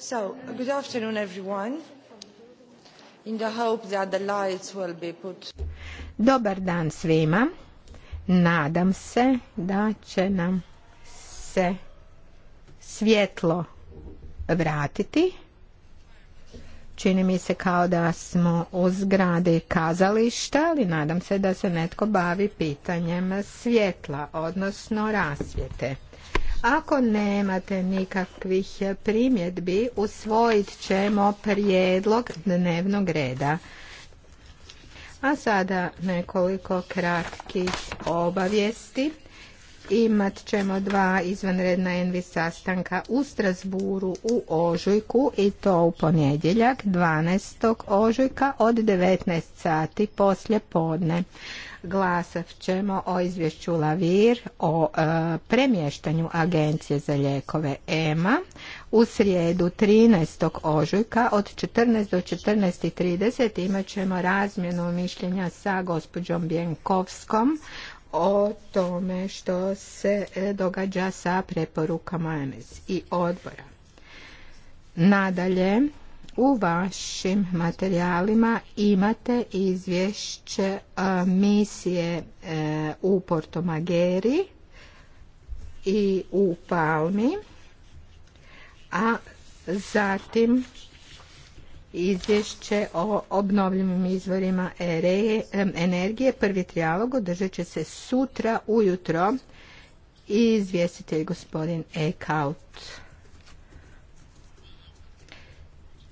So, good afternoon everyone. In the hope that the lights will be put. Dobar dan svima. Nadam se da će nam se svjetlo vratiti. Čini mi se kao da smo u zgradi kazališta, ali nadam se da se netko bavi pitanjem svjetla, odnosno rasvjete. Ako nemate nikakvih primjedbi, usvojit ćemo prijedlog dnevnog reda. A sada nekoliko kratkih obavijesti. Imat ćemo dva izvanredna envi sastanka u Strasburu u Ožujku i to u ponedjeljak 12. ožujka od 19 sati poslje podne. Glasat ćemo o izvješću Lavir o e, premještanju Agencije za lijekove EMA u srijedu 13. ožujka od 14 do 14.30 imat ćemo razmjenu mišljenja sa gospođom Bjenkovskom o tome što se e, događa sa preporukama MS i odbora. Nadalje, u vašim materijalima imate izvješće e, misije e, u Portomageri i u Palmi, a zatim izvješće o obnovljivim izvorima e, energije. Prvi trijalog održat će se sutra ujutro i izvjestitelj gospodin Ekaut.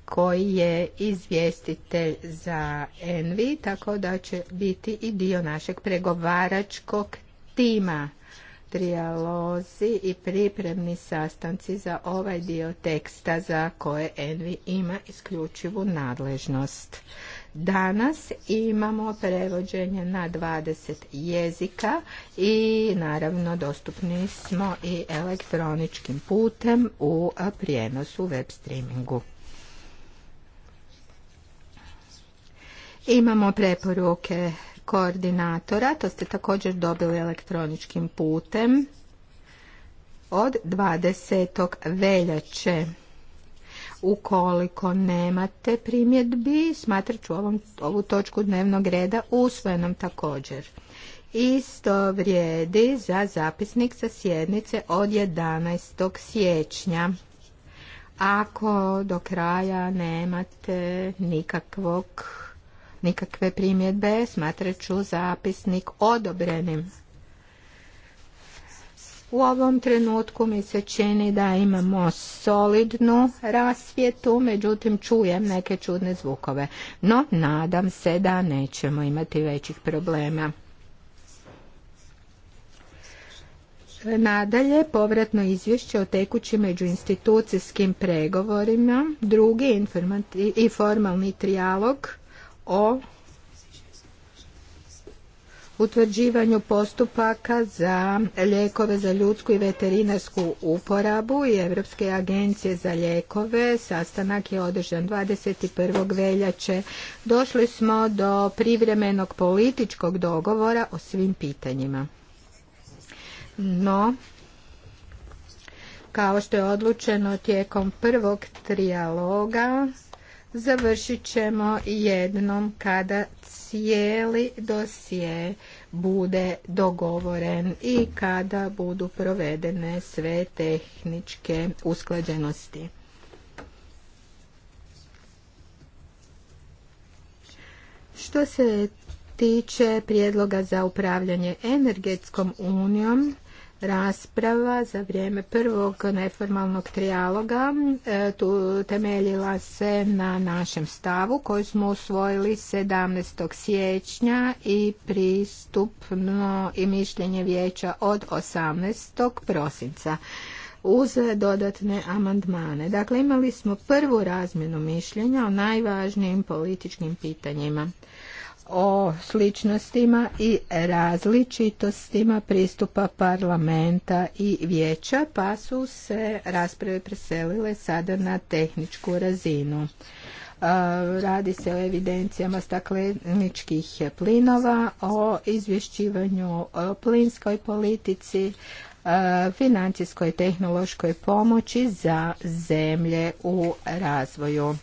koji je izvjestitelj za Envi, tako da će biti i dio našeg pregovaračkog tima. Trijalozi i pripremni sastanci za ovaj dio teksta za koje Envi ima isključivu nadležnost. Danas imamo prevođenje na 20 jezika i naravno dostupni smo i elektroničkim putem u prijenosu web streamingu. Imamo preporuke koordinatora, to ste također dobili elektroničkim putem od 20. veljače. Ukoliko nemate primjedbi, smatrat ću ovom, ovu točku dnevnog reda usvojenom također. Isto vrijedi za zapisnik sa sjednice od 11. siječnja. Ako do kraja nemate nikakvog nikakve primjedbe, smatrat ću zapisnik odobrenim. U ovom trenutku mi se čini da imamo solidnu rasvjetu, međutim čujem neke čudne zvukove, no nadam se da nećemo imati većih problema. Nadalje, povratno izvješće o tekućim institucijskim pregovorima, drugi i formalni trijalog o utvrđivanju postupaka za lijekove za ljudsku i veterinarsku uporabu i Europske agencije za lijekove. Sastanak je održan 21. veljače. Došli smo do privremenog političkog dogovora o svim pitanjima. No, kao što je odlučeno tijekom prvog trijaloga, završit ćemo jednom kada cijeli dosje bude dogovoren i kada budu provedene sve tehničke usklađenosti. Što se tiče prijedloga za upravljanje energetskom unijom, rasprava za vrijeme prvog neformalnog trijaloga e, temeljila se na našem stavu koji smo usvojili 17. siječnja i pristupno i mišljenje vijeća od 18. prosinca uz dodatne amandmane. Dakle, imali smo prvu razmjenu mišljenja o najvažnijim političkim pitanjima o sličnostima i različitostima pristupa parlamenta i vijeća, pa su se rasprave preselile sada na tehničku razinu. E, radi se o evidencijama stakleničkih plinova, o izvješćivanju o plinskoj politici, e, financijskoj i tehnološkoj pomoći za zemlje u razvoju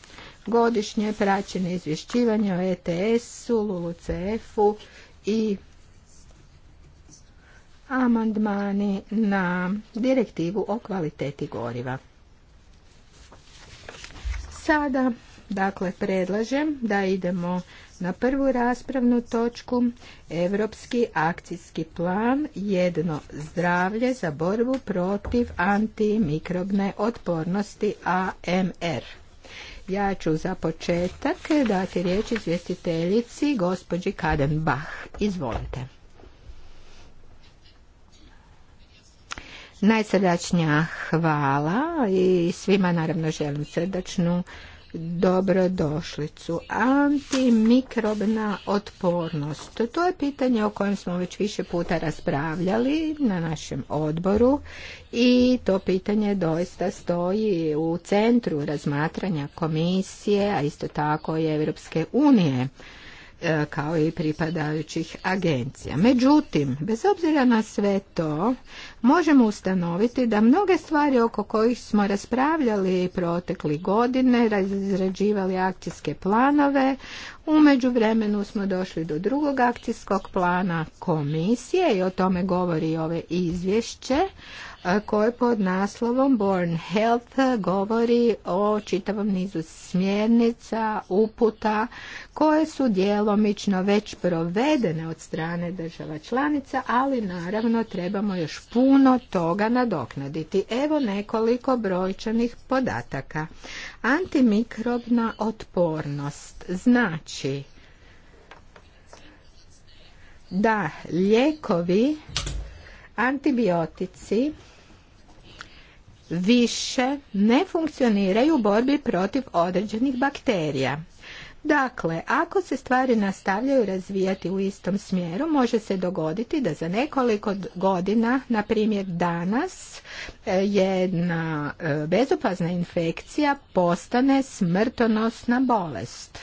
godišnje praćenje izvješćivanja o ETS-u, LULUCF-u i amandmani na direktivu o kvaliteti goriva. Sada, dakle, predlažem da idemo na prvu raspravnu točku Europski akcijski plan jedno zdravlje za borbu protiv antimikrobne otpornosti AMR. Ja ću za početak dati riječ izvjestiteljici gospođi Kadenbach. Izvolite. Najsrdačnija hvala i svima naravno želim srdačnu dobrodošlicu. Antimikrobna otpornost. To je pitanje o kojem smo već više puta raspravljali na našem odboru i to pitanje doista stoji u centru razmatranja komisije, a isto tako i Europske unije. E, kao i pripadajućih agencija. Međutim, bez obzira na sve to, možemo ustanoviti da mnoge stvari oko kojih smo raspravljali protekli godine, razrađivali akcijske planove, u međuvremenu smo došli do drugog akcijskog plana komisije i o tome govori ove izvješće, koje pod naslovom Born Health govori o čitavom nizu smjernica, uputa koje su djelomično već provedene od strane država članica, ali naravno trebamo još puno toga nadoknaditi. Evo nekoliko brojčanih podataka. Antimikrobna otpornost znači da lijekovi antibiotici više ne funkcioniraju u borbi protiv određenih bakterija. Dakle, ako se stvari nastavljaju razvijati u istom smjeru, može se dogoditi da za nekoliko godina, na primjer danas, e, jedna e, bezopazna infekcija postane smrtonosna bolest.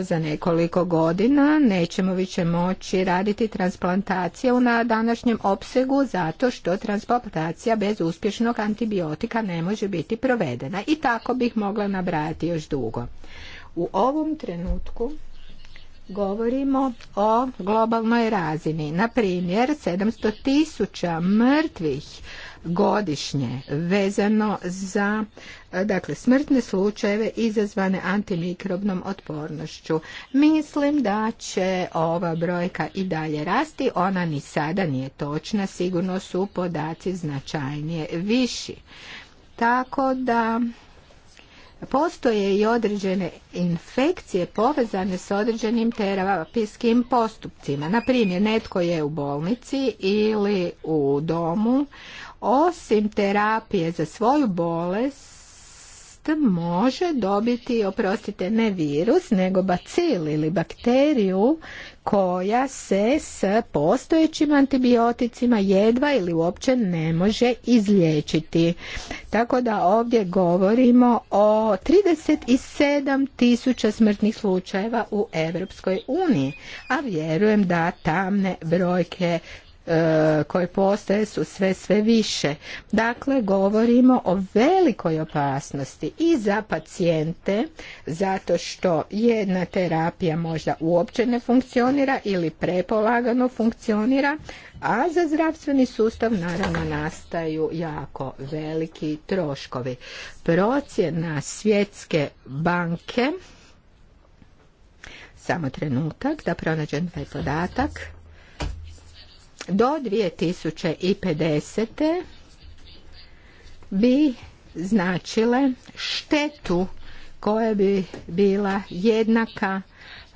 Za nekoliko godina nećemo više moći raditi transplantaciju na današnjem opsegu zato što transplantacija bez uspješnog antibiotika ne može biti provedena. I tako bih mogla nabrajati još dugo. U ovom trenutku govorimo o globalnoj razini. Na primjer, 700 tisuća mrtvih godišnje vezano za dakle, smrtne slučajeve izazvane antimikrobnom otpornošću. Mislim da će ova brojka i dalje rasti, ona ni sada nije točna, sigurno su podaci značajnije viši. Tako da postoje i određene infekcije povezane s određenim terapijskim postupcima. Na primjer, netko je u bolnici ili u domu, osim terapije za svoju bolest, može dobiti, oprostite, ne virus, nego bacil ili bakteriju koja se s postojećim antibioticima jedva ili uopće ne može izliječiti. Tako da ovdje govorimo o 37 tisuća smrtnih slučajeva u Europskoj uniji, a vjerujem da tamne brojke E, koje postaje su sve sve više. Dakle, govorimo o velikoj opasnosti i za pacijente, zato što jedna terapija možda uopće ne funkcionira ili prepolagano funkcionira, a za zdravstveni sustav naravno nastaju jako veliki troškovi. Procjena svjetske banke, samo trenutak da pronađem taj podatak, do 2050. bi značile štetu koja bi bila jednaka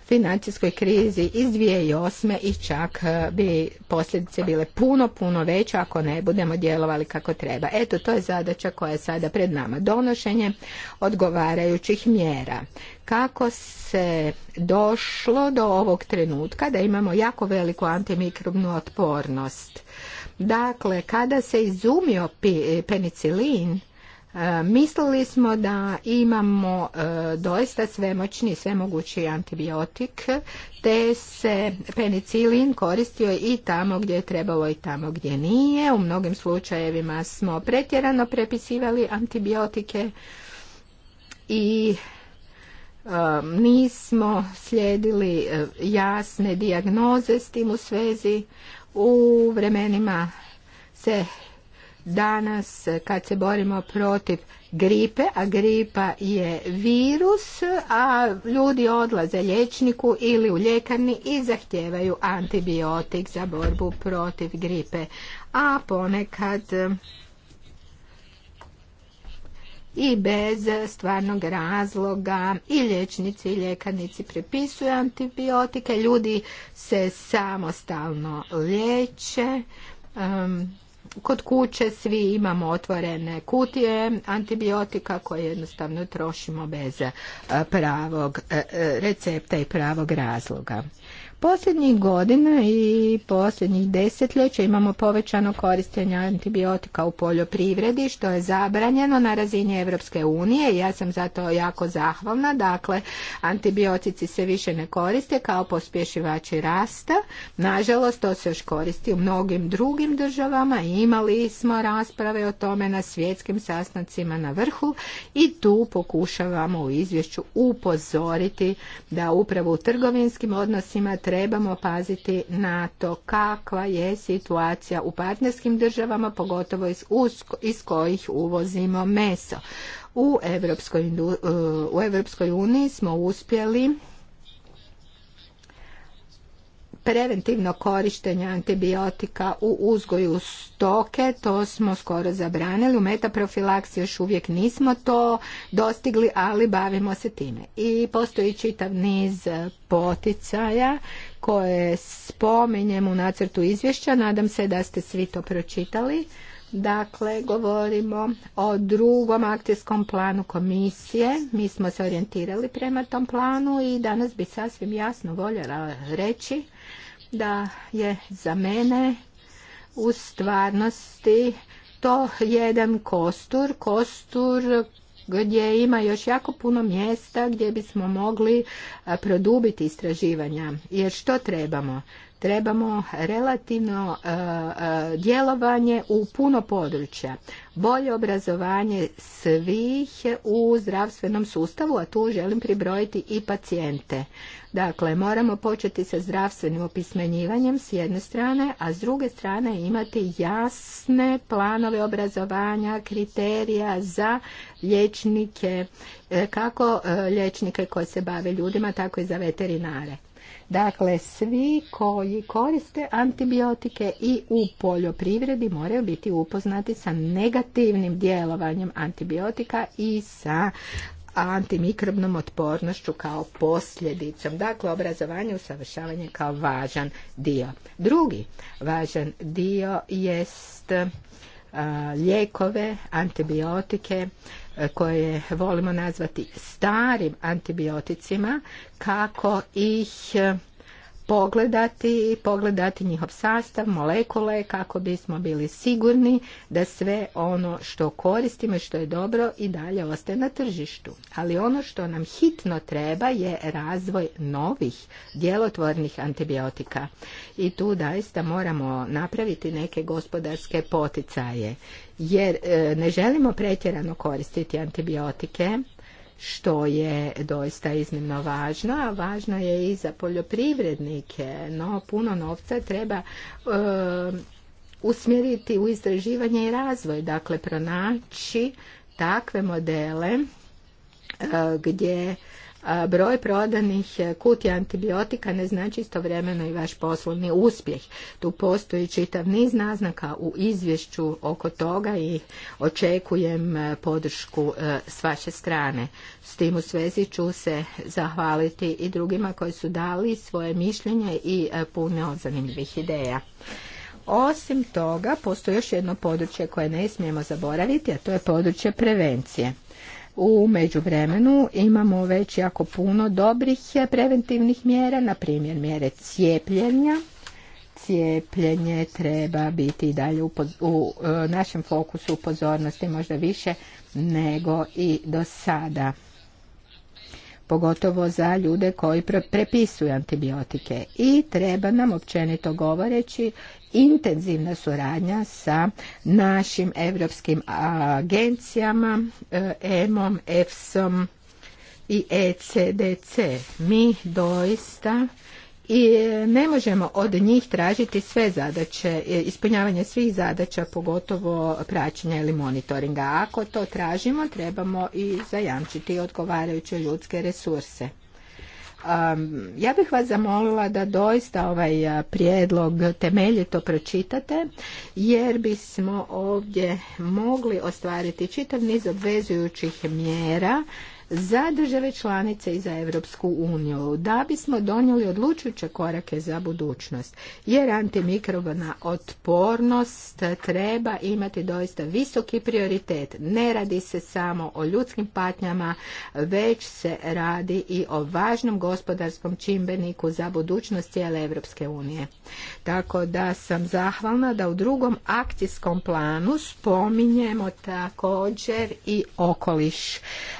financijskoj krizi iz 2008. i čak e, bi posljedice bile puno, puno veće ako ne budemo djelovali kako treba. Eto, to je zadaća koja je sada pred nama. Donošenje odgovarajućih mjera. Kako se došlo do ovog trenutka da imamo jako veliku antimikrobnu otpornost? Dakle, kada se izumio penicilin, E, mislili smo da imamo e, doista svemoćni i svemogući antibiotik, te se penicilin koristio i tamo gdje je trebalo i tamo gdje nije. U mnogim slučajevima smo pretjerano prepisivali antibiotike i e, nismo slijedili jasne dijagnoze s tim u svezi. U vremenima se danas kad se borimo protiv gripe, a gripa je virus, a ljudi odlaze liječniku ili u ljekarni i zahtijevaju antibiotik za borbu protiv gripe. A ponekad i bez stvarnog razloga i liječnici i ljekarnici prepisuju antibiotike, ljudi se samostalno liječe. Um, kod kuće svi imamo otvorene kutije antibiotika koje jednostavno trošimo bez eh, pravog eh, eh, recepta i pravog razloga. Posljednjih godina i posljednjih desetljeća imamo povećano korištenje antibiotika u poljoprivredi što je zabranjeno na razini Europske unije. Ja sam zato jako zahvalna. Dakle, antibiotici se više ne koriste kao pospješivači rasta. Nažalost, to se još koristi u mnogim drugim državama. Imali smo rasprave o tome na svjetskim sastancima na vrhu i tu pokušavamo u izvješću upozoriti da upravo u trgovinskim odnosima treba trebamo paziti na to kakva je situacija u partnerskim državama, pogotovo iz, iz kojih uvozimo meso. U europskoj u Evropskoj uniji smo uspjeli preventivno korištenje antibiotika u uzgoju stoke, to smo skoro zabranili. U metaprofilaksiji još uvijek nismo to dostigli, ali bavimo se time. I postoji čitav niz poticaja koje spominjem u nacrtu izvješća. Nadam se da ste svi to pročitali. Dakle, govorimo o drugom akcijskom planu komisije. Mi smo se orijentirali prema tom planu i danas bi sasvim jasno voljela reći da je za mene u stvarnosti to jedan kostur, kostur gdje ima još jako puno mjesta gdje bismo mogli produbiti istraživanja. Jer što trebamo? trebamo relativno e, e, djelovanje u puno područja. Bolje obrazovanje svih u zdravstvenom sustavu, a tu želim pribrojiti i pacijente. Dakle, moramo početi sa zdravstvenim opismenjivanjem s jedne strane, a s druge strane imati jasne planove obrazovanja, kriterija za liječnike, e, kako liječnike koji se bave ljudima, tako i za veterinare. Dakle, svi koji koriste antibiotike i u poljoprivredi moraju biti upoznati sa negativnim djelovanjem antibiotika i sa antimikrobnom otpornošću kao posljedicom. Dakle, obrazovanje i usavršavanje kao važan dio. Drugi važan dio jest lijekove, antibiotike koje volimo nazvati starim antibioticima kako ih pogledati, pogledati njihov sastav, molekule, kako bismo bili sigurni da sve ono što koristimo i što je dobro i dalje ostaje na tržištu. Ali ono što nam hitno treba je razvoj novih djelotvornih antibiotika. I tu daista moramo napraviti neke gospodarske poticaje. Jer e, ne želimo pretjerano koristiti antibiotike, što je doista iznimno važno, a važno je i za poljoprivrednike, no puno novca treba eh, usmjeriti u istraživanje i razvoj, dakle pronaći takve modele eh, gdje broj prodanih e, kutija antibiotika ne znači istovremeno i vaš poslovni uspjeh. Tu postoji čitav niz naznaka u izvješću oko toga i očekujem e, podršku e, s vaše strane. S tim u svezi ću se zahvaliti i drugima koji su dali svoje mišljenje i puno zanimljivih ideja. Osim toga, postoji još jedno područje koje ne smijemo zaboraviti, a to je područje prevencije. U međuvremenu imamo već jako puno dobrih preventivnih mjera, na primjer mjere cijepljenja. Cijepljenje treba biti i dalje u, u e, našem fokusu pozornosti možda više nego i do sada pogotovo za ljude koji prepisuju antibiotike. I treba nam općenito govoreći intenzivna suradnja sa našim europskim agencijama, e, EMOM, EFSOM i ECDC. Mi doista i ne možemo od njih tražiti sve zadaće, e, ispunjavanje svih zadaća, pogotovo praćenja ili monitoringa. Ako to tražimo, trebamo i zajamčiti odgovarajuće ljudske resurse. Ja bih vas zamolila da doista ovaj prijedlog temeljito pročitate, jer bismo ovdje mogli ostvariti čitav niz obvezujućih mjera za države članice i za Europsku uniju da bismo donijeli odlučujuće korake za budućnost jer antimikrobna otpornost treba imati doista visoki prioritet. Ne radi se samo o ljudskim patnjama, već se radi i o važnom gospodarskom čimbeniku za budućnost cijele Europske unije. Tako da sam zahvalna da u drugom akcijskom planu spominjemo također i okoliš.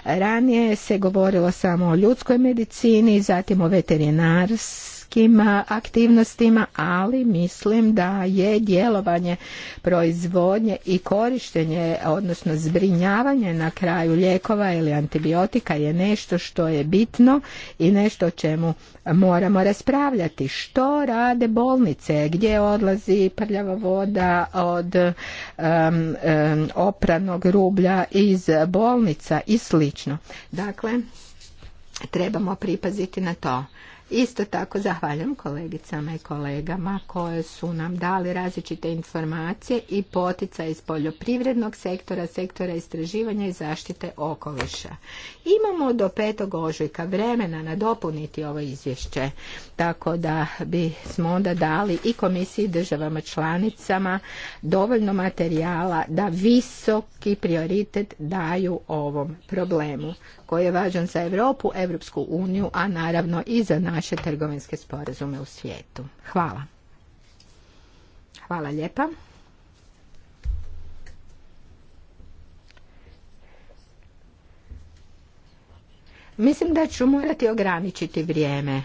Ranije se govorilo samo o ljudskoj medicini, zatim o veterinarstvu, nekim aktivnostima, ali mislim da je djelovanje proizvodnje i korištenje, odnosno zbrinjavanje na kraju lijekova ili antibiotika je nešto što je bitno i nešto o čemu moramo raspravljati. Što rade bolnice, gdje odlazi prljava voda od opranog rublja iz bolnica i slično. Dakle, trebamo pripaziti na to. Isto tako zahvaljujem kolegicama i kolegama koje su nam dali različite informacije i potica iz poljoprivrednog sektora, sektora istraživanja i zaštite okoliša. Imamo do petog ožujka vremena nadopuniti ovo izvješće, tako da smo onda dali i komisiji državama članicama dovoljno materijala da visoki prioritet daju ovom problemu koji je važan za Europu, Europsku uniju, a naravno i za naše trgovinske sporazume u svijetu. Hvala. Hvala lijepa. Mislim da ću morati ograničiti vrijeme.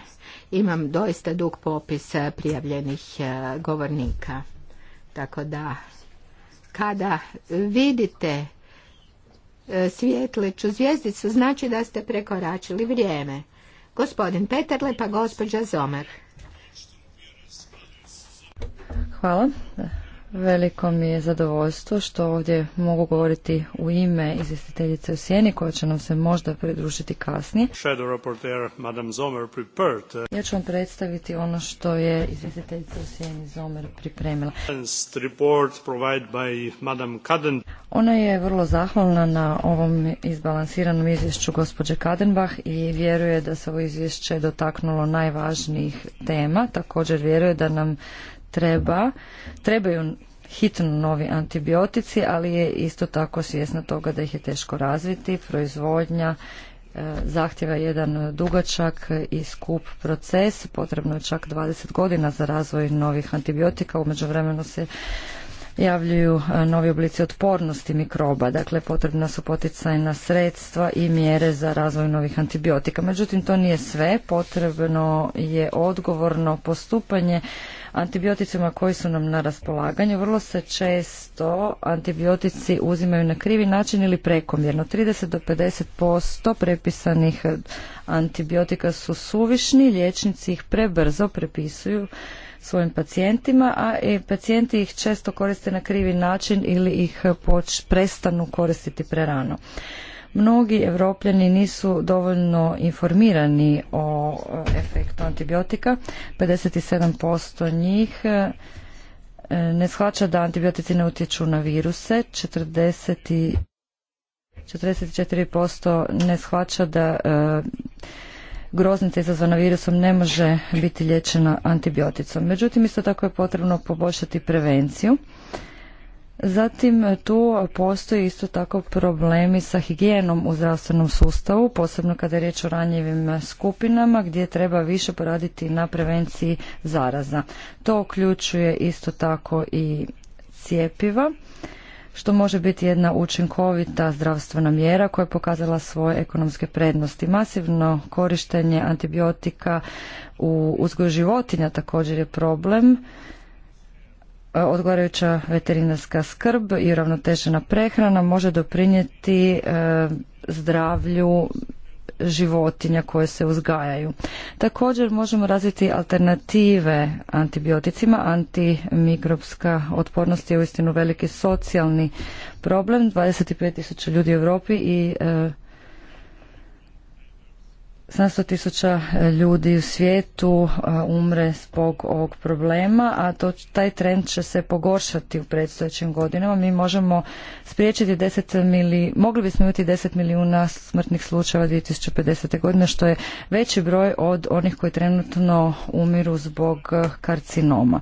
Imam doista dug popis eh, prijavljenih eh, govornika. Tako da, kada vidite E, svjetleću zvijezdicu znači da ste prekoračili vrijeme. Gospodin Peterle pa gospođa Zomer. Hvala. Veliko mi je zadovoljstvo što ovdje mogu govoriti u ime izvjestiteljice u Sjeni koja će nam se možda pridružiti kasnije. Uh, ja ću vam predstaviti ono što je izvjestiteljica u Sjeni Zomer pripremila. Ona je vrlo zahvalna na ovom izbalansiranom izvješću gospođe Kadenbach i vjeruje da se ovo izvješće dotaknulo najvažnijih tema. Također vjeruje da nam treba, trebaju hitno novi antibiotici, ali je isto tako svjesna toga da ih je teško razviti, proizvodnja e, zahtjeva jedan dugačak i skup proces, potrebno je čak 20 godina za razvoj novih antibiotika, umeđu vremenu se javljuju e, novi oblici otpornosti mikroba, dakle potrebna su poticajna sredstva i mjere za razvoj novih antibiotika. Međutim, to nije sve, potrebno je odgovorno postupanje antibioticima koji su nam na raspolaganju. Vrlo se često antibiotici uzimaju na krivi način ili prekomjerno. 30 do 50% prepisanih antibiotika su suvišni, liječnici ih prebrzo prepisuju svojim pacijentima, a i e, pacijenti ih često koriste na krivi način ili ih prestanu koristiti prerano mnogi evropljani nisu dovoljno informirani o e, efektu antibiotika. 57% njih e, ne shvaća da antibiotici ne utječu na viruse, 44% ne shvaća da e, groznica izazvana virusom ne može biti liječena antibioticom. Međutim, isto tako je potrebno poboljšati prevenciju. Zatim e, tu postoji isto tako problemi sa higijenom u zdravstvenom sustavu, posebno kada je riječ o ranjivim skupinama gdje treba više poraditi na prevenciji zaraza. To uključuje isto tako i cijepiva što može biti jedna učinkovita zdravstvena mjera koja je pokazala svoje ekonomske prednosti. Masivno korištenje antibiotika u uzgoju životinja također je problem E, odgovarajuća veterinarska skrb i ravnotežena prehrana može doprinijeti e, zdravlju životinja koje se uzgajaju. Također možemo razviti alternative antibioticima. Antimikropska otpornost je uistinu veliki socijalni problem. 25.000 ljudi u Europi i e, 700 tisuća e, ljudi u svijetu e, umre zbog ovog problema, a to, taj trend će se pogoršati u predstojećim godinama. Mi možemo spriječiti 10 mili, mogli bismo imati 10 milijuna smrtnih slučajeva 2050. godine, što je veći broj od onih koji trenutno umiru zbog e, karcinoma.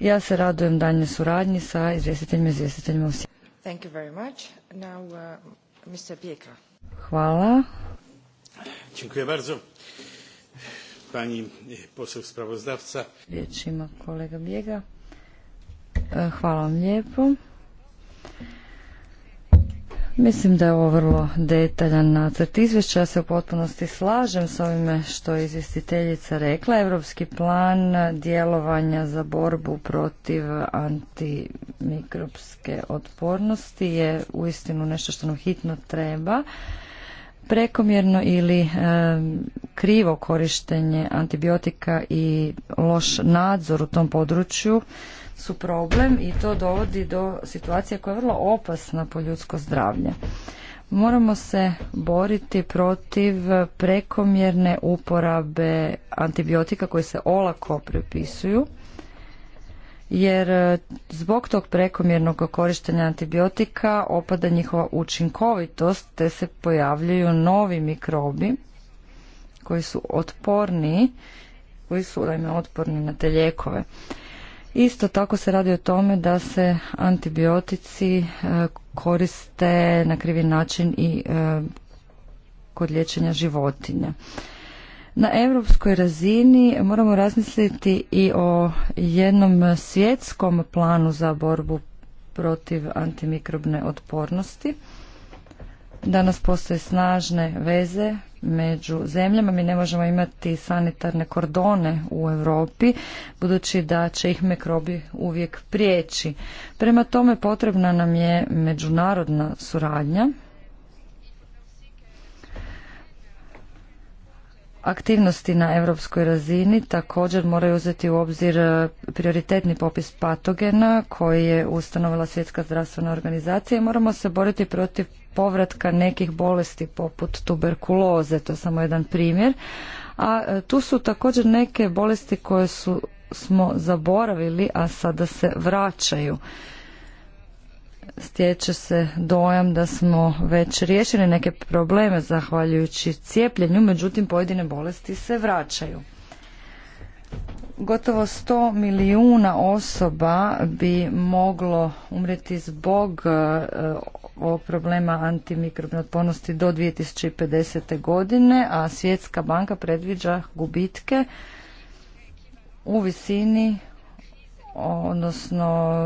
Ja se radujem danje suradnji sa izvjestiteljima i izvjestiteljima u uh, Hvala kolega e, Hvala vam lijepo. Mislim da je ovo vrlo detaljan nacrt izvješća. Ja se u potpunosti slažem s ovime što je izvjestiteljica rekla. Europski plan djelovanja za borbu protiv antimikropske otpornosti je uistinu nešto što nam hitno treba prekomjerno ili e, krivo korištenje antibiotika i loš nadzor u tom području su problem i to dovodi do situacije koja je vrlo opasna po ljudsko zdravlje. Moramo se boriti protiv prekomjerne uporabe antibiotika koji se olako prepisuju jer e, zbog tog prekomjernog korištenja antibiotika opada njihova učinkovitost te se pojavljuju novi mikrobi koji su otporniji, koji su dajme otporni na te lijekove. Isto tako se radi o tome da se antibiotici e, koriste na krivi način i e, kod liječenja životinja. Na europskoj razini moramo razmisliti i o jednom svjetskom planu za borbu protiv antimikrobne otpornosti. Danas postoje snažne veze među zemljama. Mi ne možemo imati sanitarne kordone u Europi, budući da će ih mikrobi uvijek prijeći. Prema tome potrebna nam je međunarodna suradnja Aktivnosti na europskoj razini također moraju uzeti u obzir e, prioritetni popis patogena koji je ustanovila Svjetska zdravstvena organizacija i moramo se boriti protiv povratka nekih bolesti poput tuberkuloze, to je samo jedan primjer. A e, tu su također neke bolesti koje su, smo zaboravili, a sada se vraćaju stječe se dojam da smo već riješili neke probleme zahvaljujući cijepljenju, međutim pojedine bolesti se vraćaju. Gotovo 100 milijuna osoba bi moglo umreti zbog e, ovog problema antimikrobne otpornosti do 2050. godine, a Svjetska banka predviđa gubitke u visini odnosno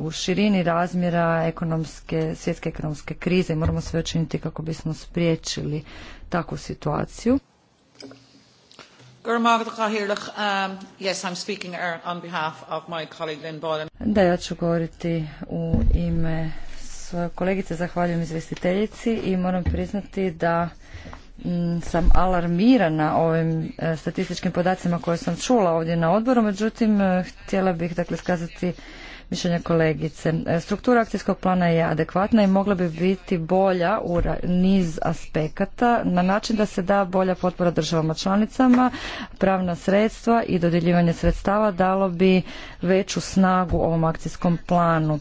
u širini razmjera ekonomske, svjetske ekonomske krize i moramo sve učiniti kako bismo spriječili takvu situaciju. Da, ja ću govoriti u ime svoje kolegice. Zahvaljujem izvjestiteljici i moram priznati da Mm, sam alarmirana ovim e, statističkim podacima koje sam čula ovdje na odboru, međutim e, htjela bih dakle skazati mišljenja kolegice. E, struktura akcijskog plana je adekvatna i mogla bi biti bolja u niz aspekata na način da se da bolja potpora državama članicama, pravna sredstva i dodjeljivanje sredstava dalo bi veću snagu ovom akcijskom planu.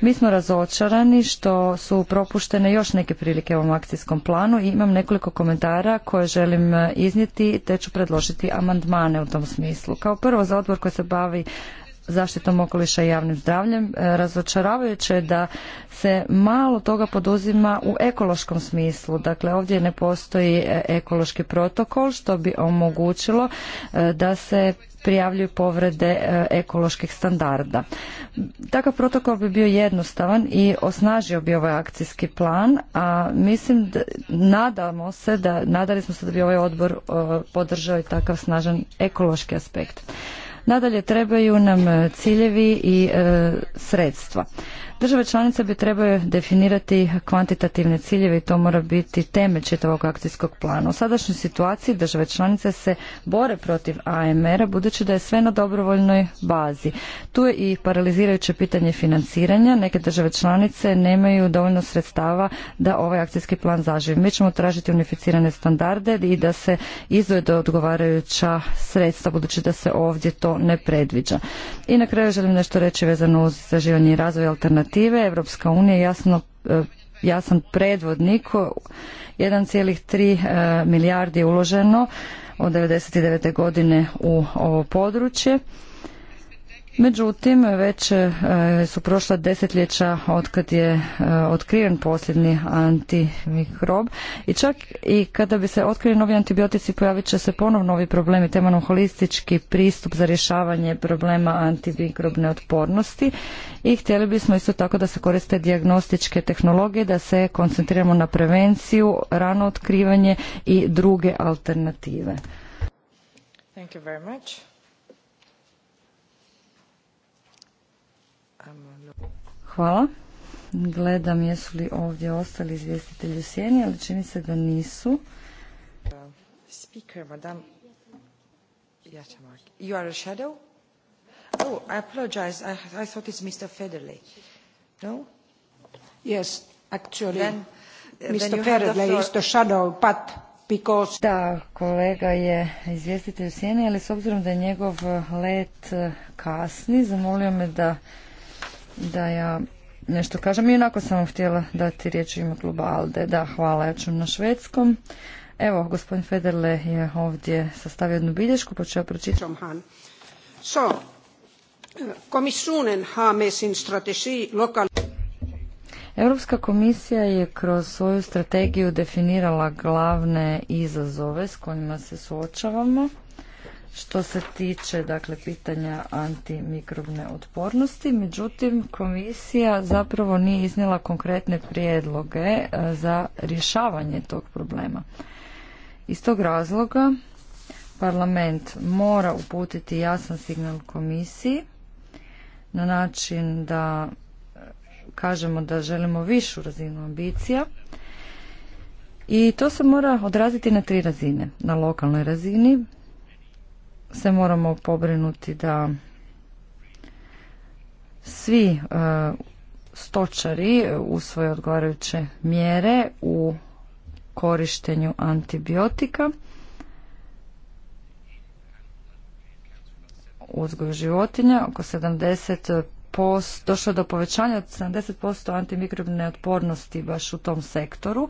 Mi smo razočarani što su propuštene još neke prilike ovom akcijskom planu i imam nekoliko komentara koje želim iznijeti te ću predložiti amandmane u tom smislu. Kao prvo za odbor koji se bavi zaštitom okoliša i javnim zdravljem. E, razočaravajuće je da se malo toga poduzima u ekološkom smislu. Dakle, ovdje ne postoji e, ekološki protokol što bi omogućilo e, da se prijavljuju povrede ekoloških standarda. Takav protokol bi bio jednostavan i osnažio bi ovaj akcijski plan, a mislim da, nadamo se da, nadali smo se da bi ovaj odbor podržao i takav snažan ekološki aspekt. Nadalje trebaju nam e, ciljevi i e, sredstva. Države članice bi trebaju definirati kvantitativne ciljeve i to mora biti temelj čitavog akcijskog plana. U sadašnjoj situaciji države članice se bore protiv AMR-a budući da je sve na dobrovoljnoj bazi. Tu je i paralizirajuće pitanje financiranja. Neke države članice nemaju dovoljno sredstava da ovaj akcijski plan zaživi. Mi ćemo tražiti unificirane standarde i da se izvede odgovarajuća sredstva budući da se ovdje to ne predviđa. I na kraju želim nešto reći vezano uz istraživanje i razvoj alternativa alternative. Europska unija jasno e, sam predvodnik. 1,3 e, milijardi je uloženo od 99. godine u ovo područje. Međutim, već e, su prošla desetljeća otkad je e, otkriven posljedni antimikrob i čak i kada bi se otkrili novi antibiotici pojavit će se ponovno novi problemi temanom holistički pristup za rješavanje problema antimikrobne otpornosti i htjeli bismo isto tako da se koriste dijagnostičke tehnologije, da se koncentriramo na prevenciju, rano otkrivanje i druge alternative. Thank you Hvala. Gledam jesu li ovdje ostali izvjestitelji u sjeni, ali čini se da nisu. You are a shadow? Oh, I apologize. I, I thought it's Mr. Federley. No? Yes, actually. Then, Mr. Federley is the shadow, but because... Da, kolega je izvjestitelj u sjeni, ali s obzirom da je njegov let eh, kasni, zamolio me da da ja nešto kažem. I onako sam vam htjela dati riječ u ime kluba Alde. Da, hvala, ja ću na švedskom. Evo, gospodin Federle je ovdje sastavio jednu bilješku, pa ću ja pročitati. So, uh, Europska komisija je kroz svoju strategiju definirala glavne izazove s kojima se suočavamo što se tiče dakle pitanja antimikrobne otpornosti. Međutim, komisija zapravo nije iznijela konkretne prijedloge e, za rješavanje tog problema. Iz tog razloga parlament mora uputiti jasan signal komisiji na način da e, kažemo da želimo višu razinu ambicija i to se mora odraziti na tri razine. Na lokalnoj razini se moramo pobrinuti da svi e, stočari usvoje odgovarajuće mjere u korištenju antibiotika uzgoju životinja. Oko 70 došlo do povećanja od 70% antimikrobne otpornosti baš u tom sektoru.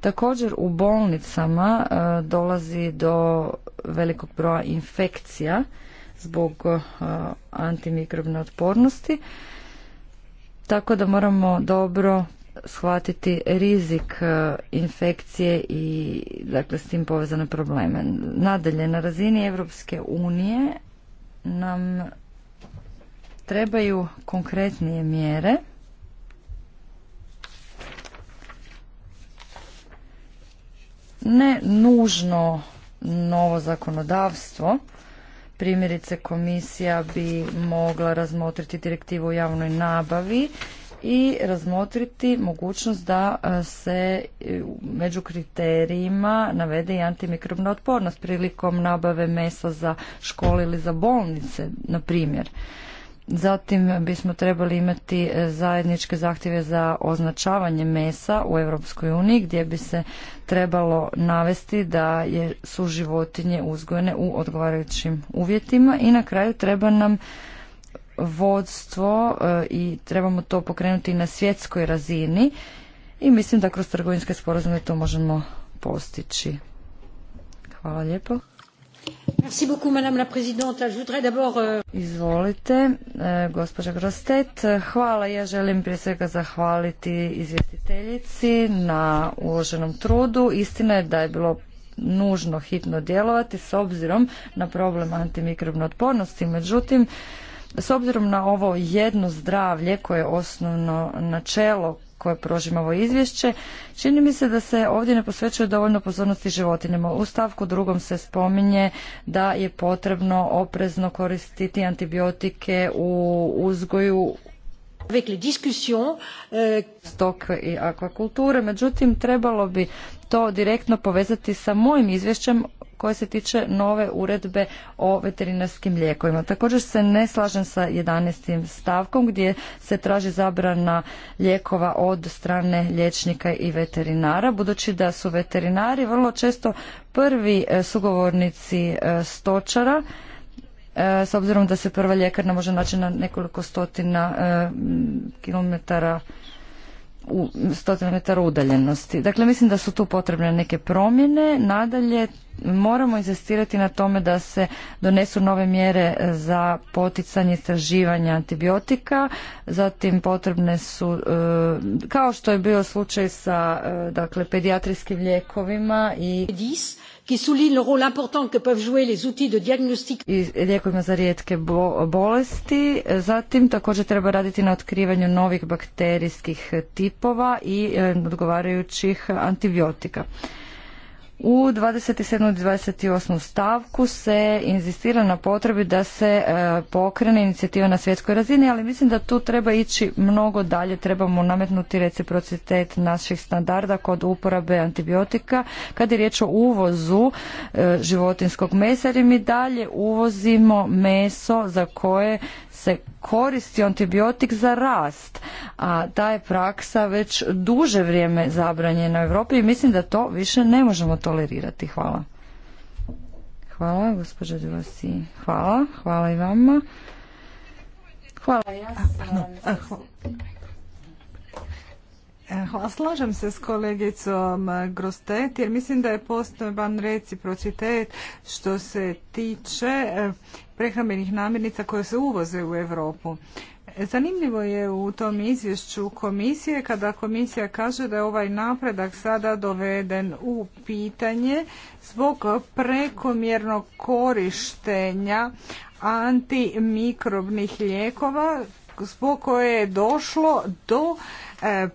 Također u bolnicama e, dolazi do velikog broja infekcija zbog e, antimikrobne otpornosti. Tako da moramo dobro shvatiti rizik e, infekcije i dakle s tim povezane probleme. Nadalje, na razini Europske unije nam trebaju konkretnije mjere ne nužno novo zakonodavstvo primjerice komisija bi mogla razmotriti direktivu o javnoj nabavi i razmotriti mogućnost da e, se e, među kriterijima navede i antimikrobna otpornost prilikom nabave mesa za škole ili za bolnice, na primjer. Zatim bismo trebali imati e, zajedničke zahtjeve za označavanje mesa u Europskoj uniji gdje bi se trebalo navesti da je, su životinje uzgojene u odgovarajućim uvjetima i na kraju treba nam vodstvo e, i trebamo to pokrenuti na svjetskoj razini i mislim da kroz trgovinske sporazume to možemo postići. Hvala lijepo. Euh, Izvolite, e, gospođa Grostet. Hvala, ja želim prije svega zahvaliti izvjestiteljici na uloženom trudu. Istina je da je bilo nužno hitno djelovati s obzirom na problem antimikrobne otpornosti. Međutim, s obzirom na ovo jedno zdravlje koje je osnovno načelo koje prožima ovo izvješće, čini mi se da se ovdje ne posvećuje dovoljno pozornosti životinjama. U stavku drugom se spominje da je potrebno oprezno koristiti antibiotike u uzgoju euh, stok i akvakulture. Međutim, trebalo bi to direktno povezati sa mojim izvješćem koje se tiče nove uredbe o veterinarskim lijekovima. Također se ne slažem sa 11. stavkom gdje se traži zabrana lijekova od strane liječnika i veterinara, budući da su veterinari vrlo često prvi e, sugovornici e, stočara, e, s obzirom da se prva ljekarna može naći na nekoliko stotina kilometara u 100 metara udaljenosti. Dakle, mislim da su tu potrebne neke promjene. Nadalje, moramo inzistirati na tome da se donesu nove mjere za poticanje istraživanja antibiotika. Zatim potrebne su, e, kao što je bio slučaj sa e, dakle, pedijatrijskim ljekovima i qui souligne le rôle important que peuvent jouer les outils de diagnostic. I lijekovima za rijetke bolesti. Zatim također treba raditi na otkrivanju novih bakterijskih tipova i e, odgovarajućih antibiotika. U 27. i 28. stavku se inzistira na potrebi da se e, pokrene inicijativa na svjetskoj razini, ali mislim da tu treba ići mnogo dalje, trebamo nametnuti reciprocitet naših standarda kod uporabe antibiotika. Kad je riječ o uvozu e, životinskog mesa, jer mi dalje uvozimo meso za koje se koristi antibiotik za rast, a ta je praksa već duže vrijeme zabranjena u Europi i mislim da to više ne možemo tolerirati. Hvala. Hvala, gospođa Hvala, hvala i vama. Hvala, ja Hvala, slažem se s kolegicom Grostet jer mislim da je postojban reciprocitet što se tiče eh, prehrambenih namirnica koje se uvoze u Europu. Zanimljivo je u tom izvješću komisije kada komisija kaže da je ovaj napredak sada doveden u pitanje zbog prekomjernog korištenja antimikrobnih lijekova zbog koje je došlo do eh,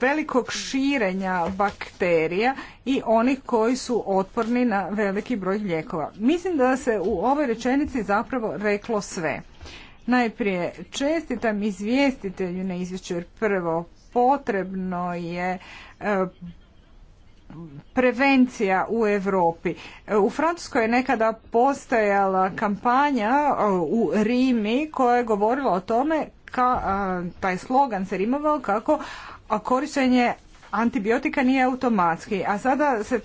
velikog širenja bakterija i onih koji su otporni na veliki broj lijekova. Mislim da se u ovoj rečenici zapravo reklo sve. Najprije čestitam izvjestitelju na izvješću jer prvo potrebno je e, prevencija u Europi. U Francuskoj je nekada postojala kampanja e, u Rimi koja je govorila o tome taj slogan se rimovao kako korištenje antibiotika nije automatski, a sada se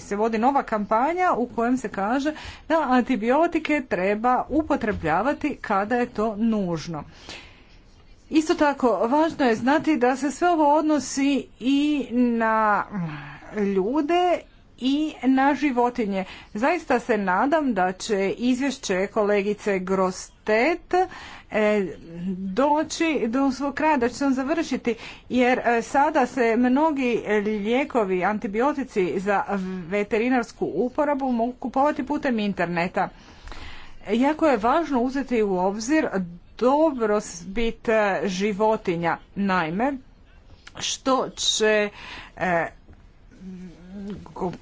se vodi nova kampanja u kojem se kaže da antibiotike treba upotrebljavati kada je to nužno. Isto tako, važno je znati da se sve ovo odnosi i na ljude i na životinje. Zaista se nadam da će izvješće kolegice Grostet e, doći do svog kraja, da će završiti, jer e, sada se mnogi lijekovi, antibiotici za veterinarsku uporabu mogu kupovati putem interneta. Jako je važno uzeti u obzir bit e, životinja, naime, što će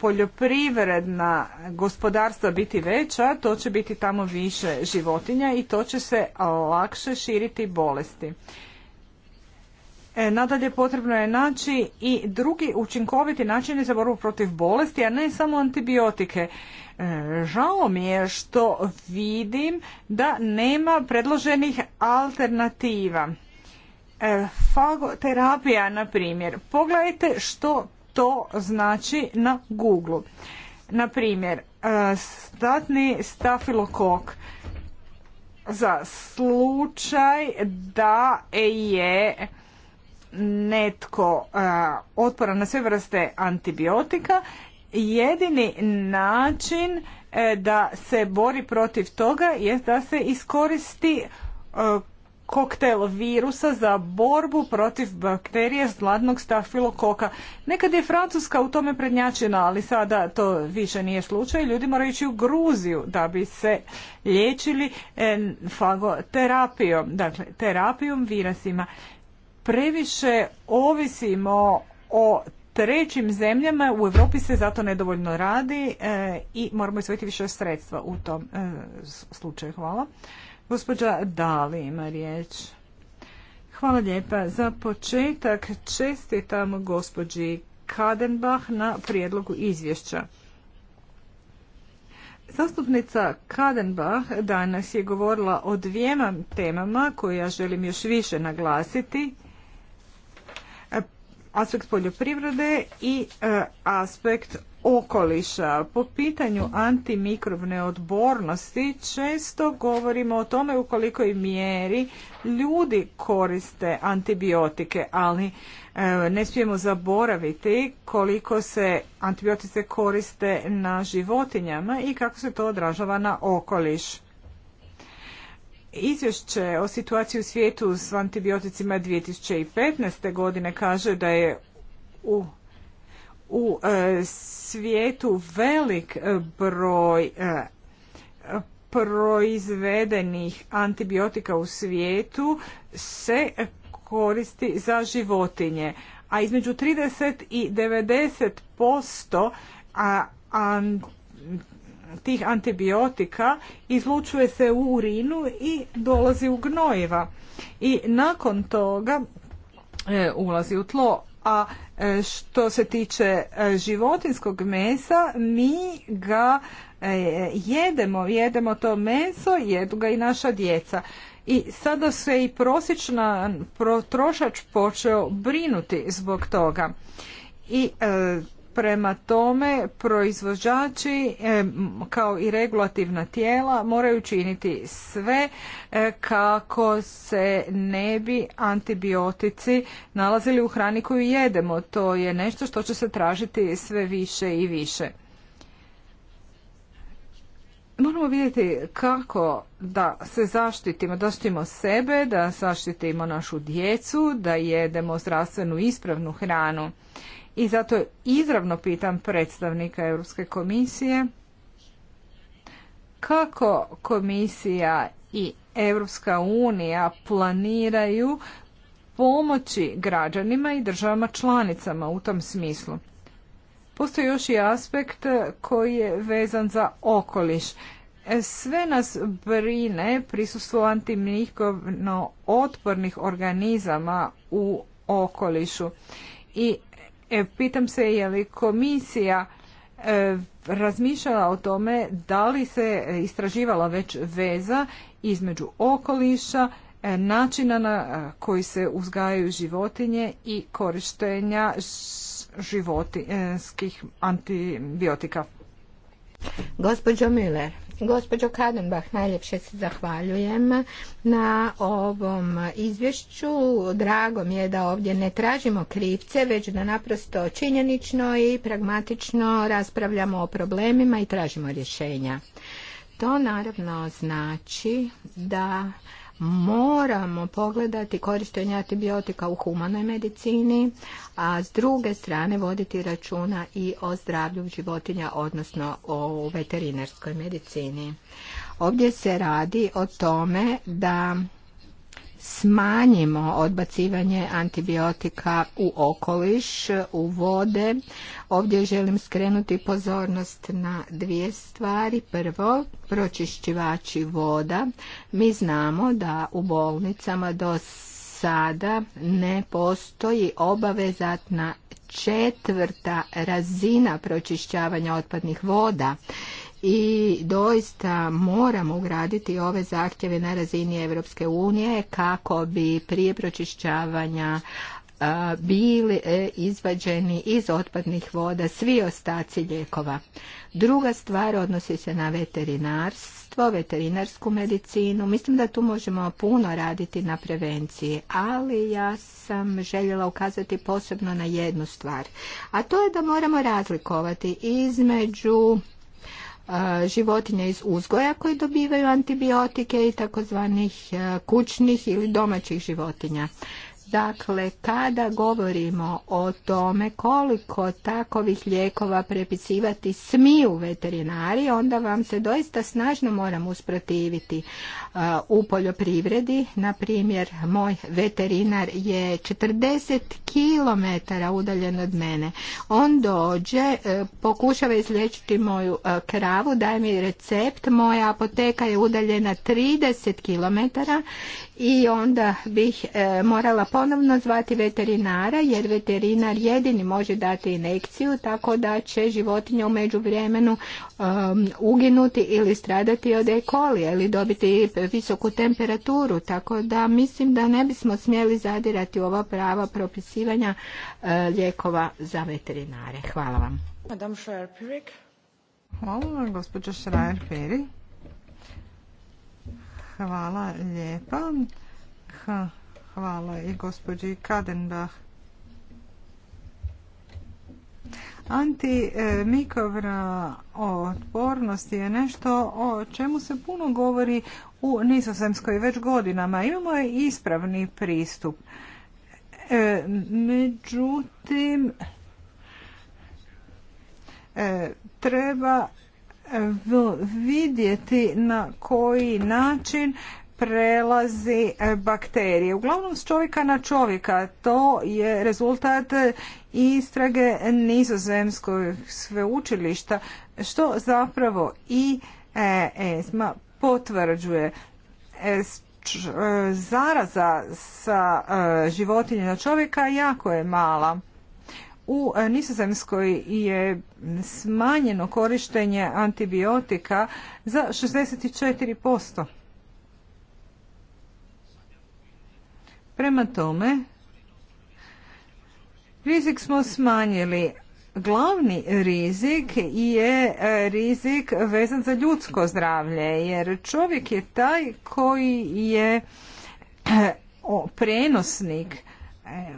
poljoprivredna gospodarstva biti veća, to će biti tamo više životinja i to će se lakše širiti bolesti. E, nadalje potrebno je naći i drugi učinkoviti načini za borbu protiv bolesti, a ne samo antibiotike. E, žao mi je što vidim da nema predloženih alternativa. E, fagoterapija, na primjer. Pogledajte što to znači na Google. Na primjer, e, statni stafilokok za slučaj da je netko e, otporan na sve vrste antibiotika, jedini način e, da se bori protiv toga je da se iskoristi koktel virusa za borbu protiv bakterije zladnog stafilokoka. Nekad je Francuska u tome prednjačena, ali sada to više nije slučaj. Ljudi moraju ići u Gruziju da bi se liječili fagoterapijom, dakle terapijom virusima. Previše ovisimo o trećim zemljama, u Europi se zato nedovoljno radi e, i moramo isvojiti više sredstva u tom e, slučaju. Hvala. Gospođa Dali ima riječ. Hvala lijepa. Za početak čestitam gospođi Kadenbach na prijedlogu izvješća. Zastupnica Kadenbach danas je govorila o dvijema temama koje ja želim još više naglasiti. Aspekt poljoprivrede i e, aspekt okoliša. Po pitanju antimikrobne odbornosti često govorimo o tome u kolikoj mjeri ljudi koriste antibiotike, ali e, ne smijemo zaboraviti koliko se antibiotice koriste na životinjama i kako se to odražava na okoliš. Izvješće o situaciji u svijetu s antibioticima 2015. godine kaže da je u u e, svijetu velik e, broj e, proizvedenih antibiotika u svijetu se koristi za životinje, a između 30 i 90 posto tih antibiotika izlučuje se u urinu i dolazi u gnojiva i nakon toga ulazi u tlo a e, što se tiče e, životinskog mesa, mi ga e, jedemo, jedemo to meso, jedu ga i naša djeca. I sada se i prosječna potrošač počeo brinuti zbog toga. I Prema tome, proizvođači kao i regulativna tijela moraju činiti sve e, kako se ne bi antibiotici nalazili u hrani koju jedemo. To je nešto što će se tražiti sve više i više. Moramo vidjeti kako da se zaštitimo, da zaštitimo sebe, da zaštitimo našu djecu, da jedemo zdravstvenu ispravnu hranu i zato izravno pitam predstavnika Europske komisije kako komisija i Europska unija planiraju pomoći građanima i državama članicama u tom smislu. Postoji još i aspekt koji je vezan za okoliš. Sve nas brine prisustvo antimikrobno otpornih organizama u okolišu i E, pitam se je li komisija e, razmišljala o tome da li se istraživala već veza između okoliša, e, načina na koji se uzgajaju životinje i korištenja životinskih antibiotika. Gospođo Miller. Gospođo Kadenbach, najljepše se zahvaljujem na ovom izvješću. Drago mi je da ovdje ne tražimo krivce, već da naprosto činjenično i pragmatično raspravljamo o problemima i tražimo rješenja. To naravno znači da moramo pogledati korištenje antibiotika u humanoj medicini, a s druge strane voditi računa i o zdravlju životinja, odnosno o veterinarskoj medicini. Ovdje se radi o tome da smanjimo odbacivanje antibiotika u okoliš, u vode. Ovdje želim skrenuti pozornost na dvije stvari. Prvo, pročišćivači voda. Mi znamo da u bolnicama do sada ne postoji obavezatna četvrta razina pročišćavanja otpadnih voda i doista moramo ugraditi ove zahtjeve na razini Europske unije kako bi prije pročišćavanja bili e, izvađeni iz otpadnih voda svi ostaci lijekova. Druga stvar odnosi se na veterinarstvo, veterinarsku medicinu. Mislim da tu možemo puno raditi na prevenciji, ali ja sam željela ukazati posebno na jednu stvar, a to je da moramo razlikovati između životinja iz uzgoja koji dobivaju antibiotike i takozvanih kućnih ili domaćih životinja. Dakle, kada govorimo o tome koliko takovih lijekova prepisivati smiju veterinari, onda vam se doista snažno moram usprotiviti u poljoprivredi. Na primjer, moj veterinar je 40 km udaljen od mene. On dođe, e, pokušava izlječiti moju e, kravu, daje mi recept, moja apoteka je udaljena 30 km i onda bih e, morala ponovno zvati veterinara jer veterinar jedini može dati inekciju tako da će životinja u međuvremenu uginuti ili stradati od ekolija ili dobiti visoku temperaturu, tako da mislim da ne bismo smjeli zadirati ova prava propisivanja e, lijekova za veterinare. Hvala vam. Madame Hvala vam, gospođo schreier peri Hvala lijepa. Hvala i gospođi Kadenbach. Antimikrobna otpornost je nešto o čemu se puno govori u Nizozemskoj već godinama. Imamo ispravni pristup. E, međutim, e, treba e, vidjeti na koji način prelazi bakterije. Uglavnom s čovjeka na čovjeka. To je rezultat istrage nizozemskog sveučilišta, što zapravo i ESMA potvrđuje e, e, zaraza sa e, životinje na čovjeka jako je mala. U Nisozemskoj je smanjeno korištenje antibiotika za 64%. Prema tome, rizik smo smanjili, Glavni rizik je e, rizik vezan za ljudsko zdravlje, jer čovjek je taj koji je e, prenosnik e,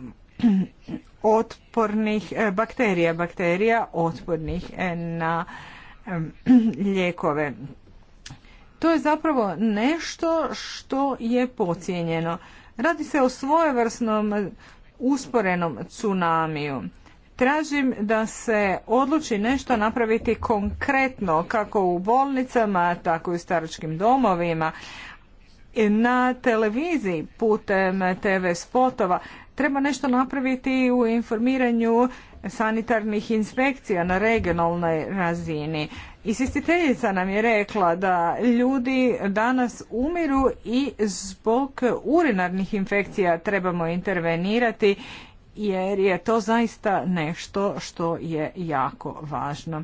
otpornih bakterija, bakterija otpornih na lijekove. To je zapravo nešto što je pocijenjeno. Radi se o svojevrsnom usporenom tsunamiju. Tražim da se odluči nešto napraviti konkretno kako u bolnicama, tako i u staračkim domovima, na televiziji putem TV spotova. Treba nešto napraviti u informiranju sanitarnih inspekcija na regionalnoj razini. Isistiteljica nam je rekla da ljudi danas umiru i zbog urinarnih infekcija trebamo intervenirati jer je to zaista nešto što je jako važno.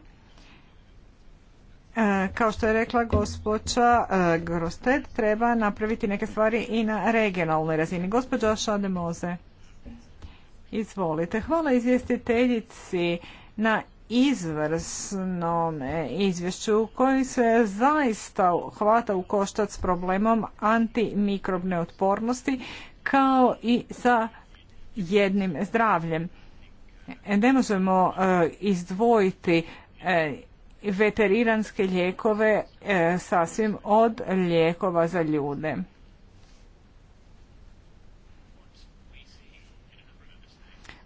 E, kao što je rekla gospođa e, Grosted, treba napraviti neke stvari i na regionalnoj razini. Gospođa Šademoze, izvolite. Hvala izvjestiteljici na izvrsnom izvješću koji se zaista hvata u koštac s problemom antimikrobne otpornosti kao i sa jednim zdravljem. E, ne možemo e, izdvojiti e, veteriranske lijekove sasvim od lijekova za ljude.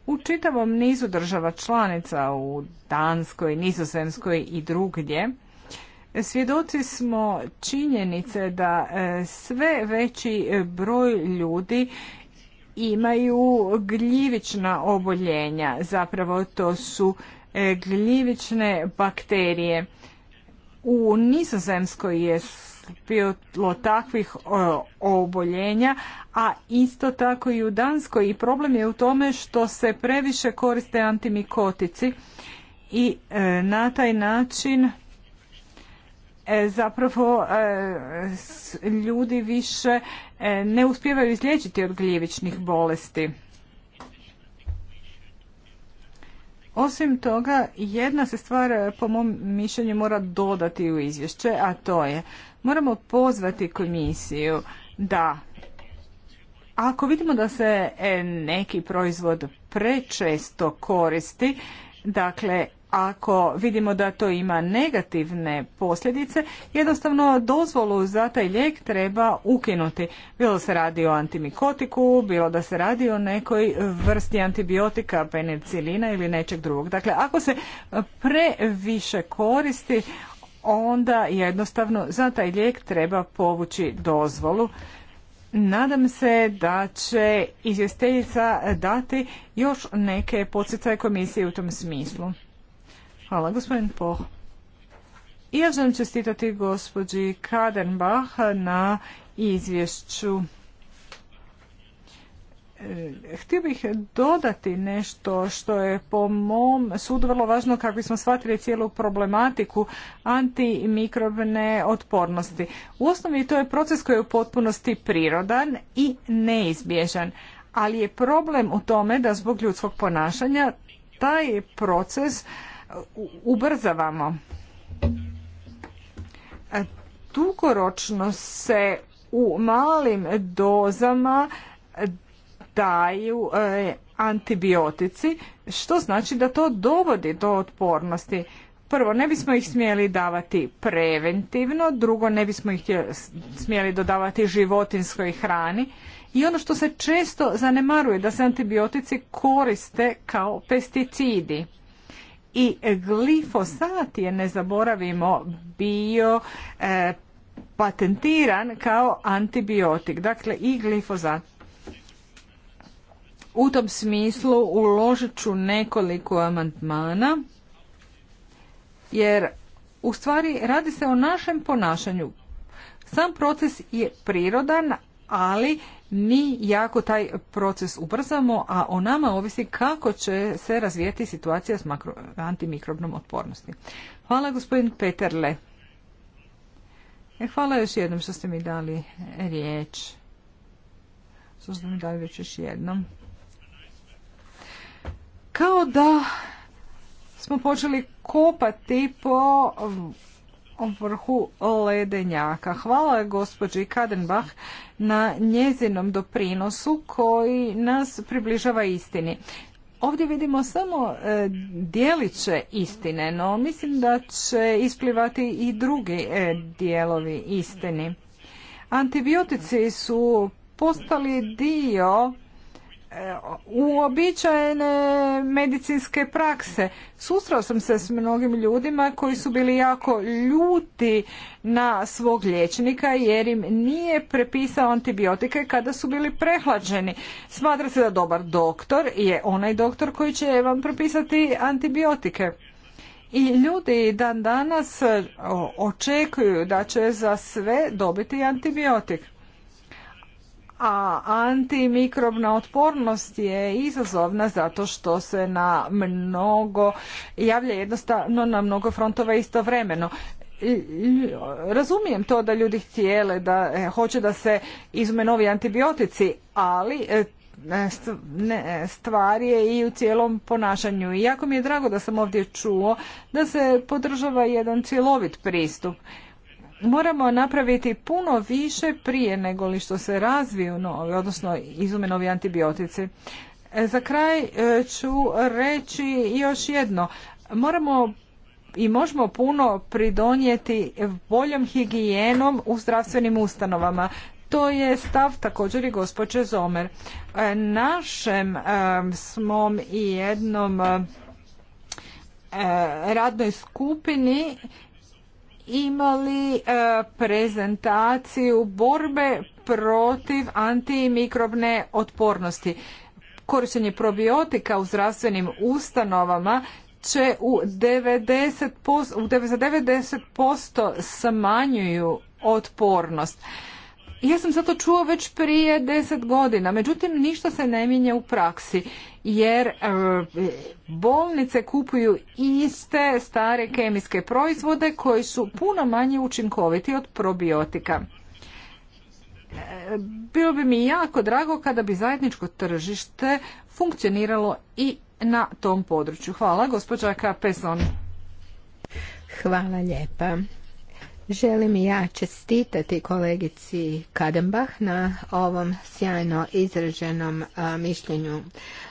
U čitavom nizu država članica u Danskoj, Nizozemskoj i drugdje svjedoci smo činjenice da sve veći broj ljudi imaju gljivična oboljenja. Zapravo to su e, gljivične bakterije. U Nizozemskoj je bilo takvih e, oboljenja, a isto tako i u Danskoj. I problem je u tome što se previše koriste antimikotici i e, na taj način E, zapravo e, ljudi više e, ne uspijevaju izlječiti od gljivičnih bolesti. Osim toga, jedna se stvar po mom mišljenju mora dodati u izvješće, a to je moramo pozvati komisiju da ako vidimo da se neki proizvod prečesto koristi, dakle ako vidimo da to ima negativne posljedice, jednostavno dozvolu za taj lijek treba ukinuti. Bilo da se radi o antimikotiku, bilo da se radi o nekoj vrsti antibiotika, penicilina ili nečeg drugog. Dakle, ako se previše koristi, onda jednostavno za taj lijek treba povući dozvolu. Nadam se da će izvjestiteljica dati još neke podsjecaje komisije u tom smislu. Hvala, gospodin Poh. I ja želim čestitati gospođi Kadenbach na izvješću. E, htio bih dodati nešto što je po mom sudu vrlo važno kako bismo shvatili cijelu problematiku antimikrobne otpornosti. U osnovi to je proces koji je u potpunosti prirodan i neizbježan, ali je problem u tome da zbog ljudskog ponašanja taj proces ubrzavamo. E, dugoročno se u malim dozama daju e, antibiotici, što znači da to dovodi do otpornosti. Prvo, ne bismo ih smjeli davati preventivno, drugo, ne bismo ih smjeli dodavati životinskoj hrani. I ono što se često zanemaruje da se antibiotici koriste kao pesticidi i glifosat je, ne zaboravimo, bio e, patentiran kao antibiotik. Dakle, i glifosat. U tom smislu uložit ću nekoliko amandmana, jer u stvari radi se o našem ponašanju. Sam proces je prirodan, ali mi jako taj proces ubrzamo, a o nama ovisi kako će se razvijeti situacija s makro, antimikrobnom otpornosti. Hvala gospodin Peterle. E, hvala još jednom što ste mi dali riječ. Što ste mi dali još jednom. Kao da smo počeli kopati po vrhu ledenjaka. Hvala gospođi Kadenbach na njezinom doprinosu koji nas približava istini. Ovdje vidimo samo e, dijeliće istine, no mislim da će isplivati i drugi e, dijelovi istini. Antibiotici su postali dio uobičajene medicinske prakse. sustrao sam se s mnogim ljudima koji su bili jako ljuti na svog liječnika jer im nije prepisao antibiotike kada su bili prehlađeni. Smatra se da dobar doktor je onaj doktor koji će vam prepisati antibiotike. I ljudi dan danas očekuju da će za sve dobiti antibiotik a antimikrobna otpornost je izazovna zato što se na mnogo javlja jednostavno na mnogo frontova istovremeno. Razumijem to da ljudi htjele da e, hoće da se izume novi antibiotici, ali e, e, stvar je i u cijelom ponašanju. I jako mi je drago da sam ovdje čuo da se podržava jedan cjelovit pristup moramo napraviti puno više prije nego li što se razviju novi, odnosno izume novi antibiotici. E, za kraj e, ću reći još jedno. Moramo i možemo puno pridonijeti boljom higijenom u zdravstvenim ustanovama. To je stav također i gospođe Zomer. E, našem smo i jednom radnoj skupini imali e, prezentaciju borbe protiv antimikrobne otpornosti. Korištenje probiotika u zdravstvenim ustanovama će u 90%, u 90% smanjuju otpornost ja sam to čuo već prije deset godina, međutim ništa se ne mijenja u praksi jer e, bolnice kupuju iste stare kemijske proizvode koji su puno manje učinkoviti od probiotika. E, bilo bi mi jako drago kada bi zajedničko tržište funkcioniralo i na tom području. Hvala, gospođa Kapeson. Hvala lijepa. Želim i ja čestitati kolegici Kadenbach na ovom sjajno izraženom mišljenju.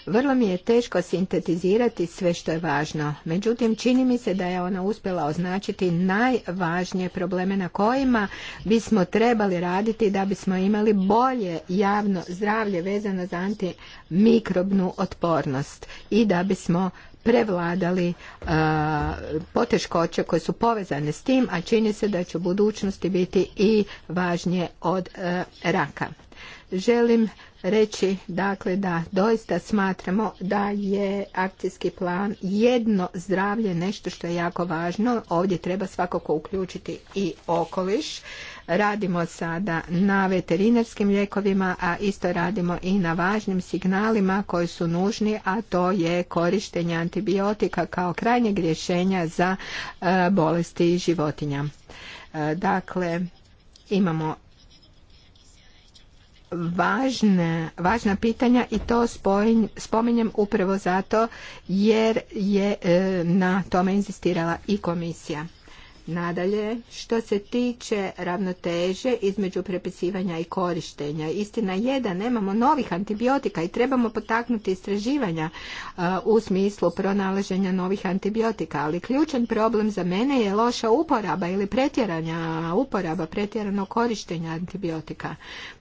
Vrlo mi je teško sintetizirati sve što je važno. Međutim, čini mi se da je ona uspjela označiti najvažnije probleme na kojima bismo trebali raditi da bismo imali bolje javno zdravlje vezano za antimikrobnu otpornost i da bismo prevladali e, poteškoće koje su povezane s tim, a čini se da će u budućnosti biti i važnije od e, raka. Želim reći dakle da doista smatramo da je akcijski plan jedno zdravlje nešto što je jako važno. Ovdje treba svakako uključiti i okoliš. Radimo sada na veterinarskim lijekovima, a isto radimo i na važnim signalima koji su nužni, a to je korištenje antibiotika kao krajnjeg rješenja za e, bolesti životinja. E, dakle, imamo važna, važna pitanja i to spominjem upravo zato jer je e, na tome insistirala i komisija. Nadalje, što se tiče ravnoteže između prepisivanja i korištenja, istina je da nemamo novih antibiotika i trebamo potaknuti istraživanja e, u smislu pronalaženja novih antibiotika, ali ključan problem za mene je loša uporaba ili pretjeranja uporaba, pretjerano korištenja antibiotika.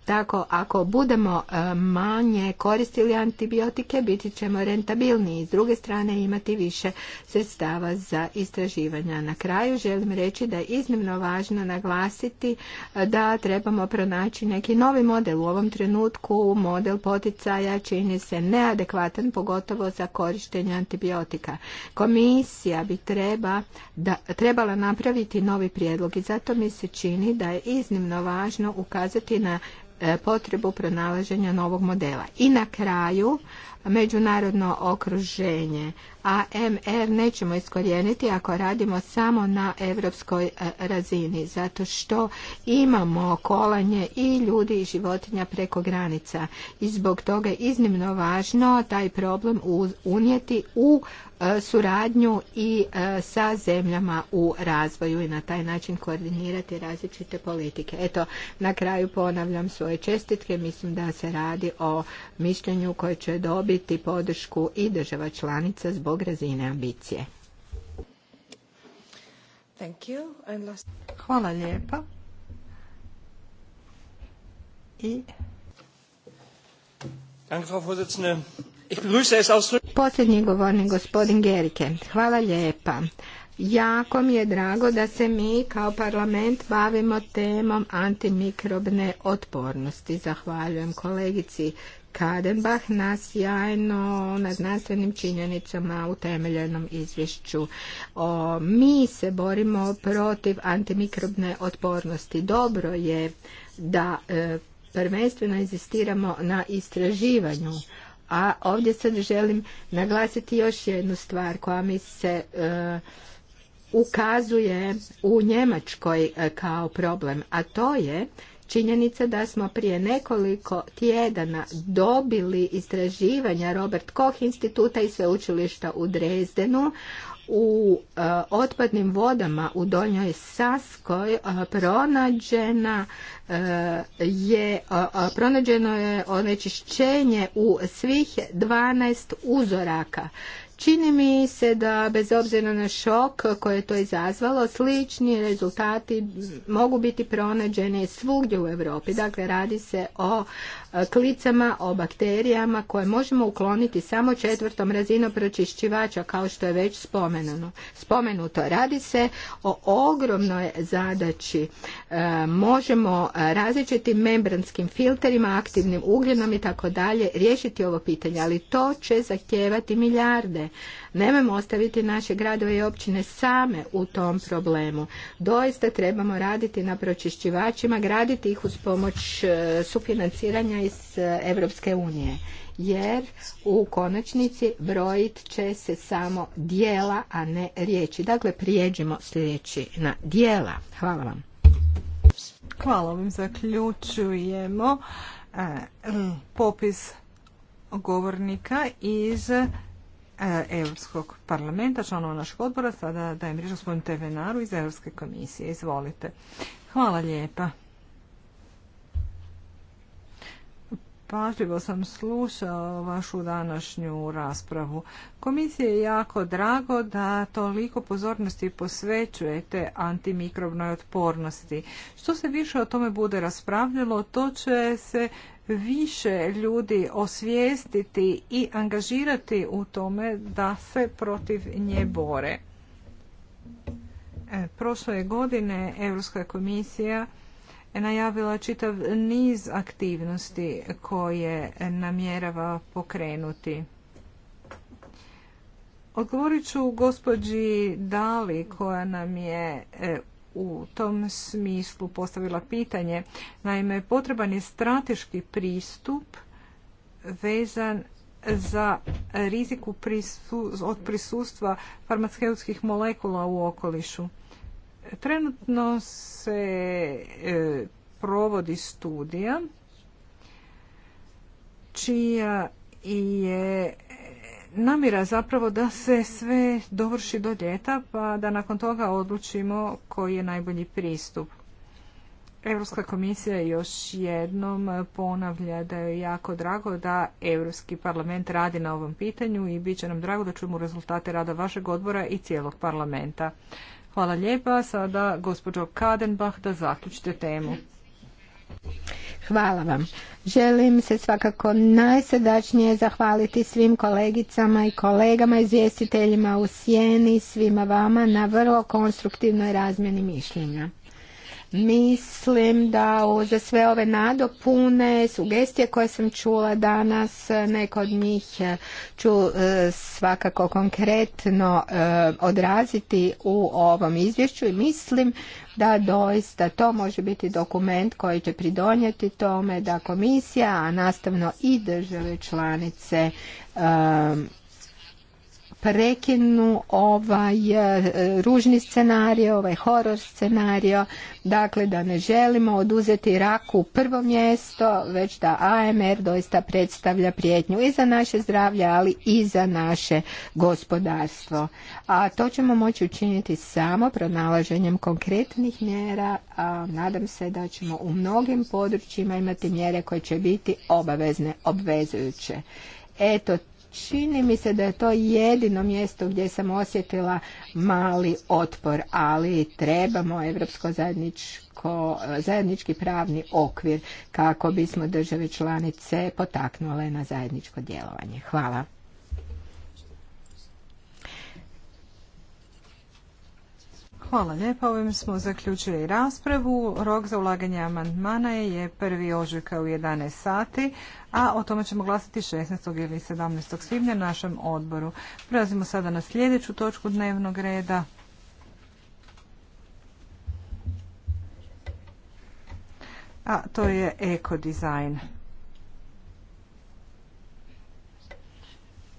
Tako, ako budemo e, manje koristili antibiotike, biti ćemo rentabilniji. S druge strane, imati više sredstava za istraživanja. Na kraju želim reći da je iznimno važno naglasiti e, da trebamo pronaći neki novi model. U ovom trenutku model poticaja čini se neadekvatan, pogotovo za korištenje antibiotika. Komisija bi treba, da, trebala napraviti novi prijedlog i zato mi se čini da je iznimno važno ukazati na E, potrebu pronalaženja novog modela. I na kraju, međunarodno okruženje. AMR nećemo iskorijeniti ako radimo samo na europskoj e, razini, zato što imamo kolanje i ljudi i životinja preko granica. I zbog toga je iznimno važno taj problem unijeti u e, suradnju i e, sa zemljama u razvoju i na taj način koordinirati različite politike. Eto, na kraju ponavljam svoje čestitke, mislim da se radi o mišljenju koje će dobiti podršku i država članica zbog dolg razine ambicije. Thank you. Hvala lijepa. I... Danke, Frau Vorsitzende. Ich begrüße Posljednji govornik, gospodin Gerike. Hvala lijepa. Jako mi je drago da se mi kao parlament bavimo temom antimikrobne otpornosti. Zahvaljujem kolegici Kadenbach nas sjajno na znanstvenim činjenicama utemeljenom izvješću. O, mi se borimo protiv antimikrobne otpornosti. Dobro je da e, prvenstveno inzistiramo na istraživanju a ovdje sad želim naglasiti još jednu stvar koja mi se e, ukazuje u Njemačkoj e, kao problem, a to je Činjenica da smo prije nekoliko tjedana dobili istraživanja Robert Koch instituta i sveučilišta u Drezdenu u e, otpadnim vodama u Donjoj Saskoj pronađena e, je pronađeno je onečišćenje u svih 12 uzoraka Čini mi se da bez obzira na šok koje je to izazvalo, slični rezultati mogu biti pronađeni svugdje u Europi. Dakle, radi se o e, klicama, o bakterijama koje možemo ukloniti samo četvrtom razinom pročišćivača kao što je već spomenuto. spomenuto. Radi se o ogromnoj zadaći. E, možemo različitim membranskim filterima, aktivnim ugljenom i tako dalje riješiti ovo pitanje, ali to će zahtijevati milijarde Nemojmo ostaviti naše gradove i općine same u tom problemu. Doista trebamo raditi na pročišćivačima, graditi ih uz pomoć e, sufinanciranja iz Europske unije jer u konačnici brojit će se samo dijela, a ne riječi. Dakle, prijeđemo sljedeći na dijela. Hvala vam. Hvala vam. Zaključujemo e, popis govornika iz E, Europskog parlamenta, članova našeg odbora. Sada dajem riječ gospodinu Tevenaru iz Europske komisije. Izvolite. Hvala lijepa. pažljivo sam slušao vašu današnju raspravu. Komisije je jako drago da toliko pozornosti posvećujete antimikrobnoj otpornosti. Što se više o tome bude raspravljalo, to će se više ljudi osvijestiti i angažirati u tome da se protiv nje bore. E, prošle godine Europska komisija najavila čitav niz aktivnosti koje namjerava pokrenuti. Odgovorit ću gospođi Dali koja nam je e, u tom smislu postavila pitanje. Naime, potreban je strateški pristup vezan za riziku od prisustva farmaceutskih molekula u okolišu. Trenutno se e, provodi studija čija je namjera zapravo da se sve dovrši do ljeta pa da nakon toga odlučimo koji je najbolji pristup. Europska komisija još jednom ponavlja da je jako drago da Europski parlament radi na ovom pitanju i bit će nam drago da čujemo rezultate rada vašeg odbora i cijelog parlamenta. Hvala lijepa. Sada gospođo Kadenbach da zaključite temu. Hvala vam. Želim se svakako najsrdačnije zahvaliti svim kolegicama i kolegama, izvjestiteljima u sjeni, svima vama na vrlo konstruktivnoj razmjeni mišljenja. Mislim da uz sve ove nadopune, sugestije koje sam čula danas, neko od njih e, ću e, svakako konkretno e, odraziti u ovom izvješću i mislim da doista to može biti dokument koji će pridonijeti tome da komisija, a nastavno i države članice prekinu ovaj e, ružni scenarij, ovaj horor scenario, dakle da ne želimo oduzeti raku prvo mjesto, već da AMR doista predstavlja prijetnju i za naše zdravlje, ali i za naše gospodarstvo. A to ćemo moći učiniti samo pronalaženjem konkretnih mjera, a nadam se da ćemo u mnogim područjima imati mjere koje će biti obavezne, obvezujuće. Eto, Čini mi se da je to jedino mjesto gdje sam osjetila mali otpor, ali trebamo Evropsko zajedničko, zajednički pravni okvir kako bismo države članice potaknule na zajedničko djelovanje. Hvala. Hvala lijepa. Ovim smo zaključili raspravu. Rok za ulaganje amandmana je 1. ožujka u 11 sati, a o tome ćemo glasati 16. ili 17. svibnja našem odboru. Prelazimo sada na sljedeću točku dnevnog reda. A to je ekodizajn.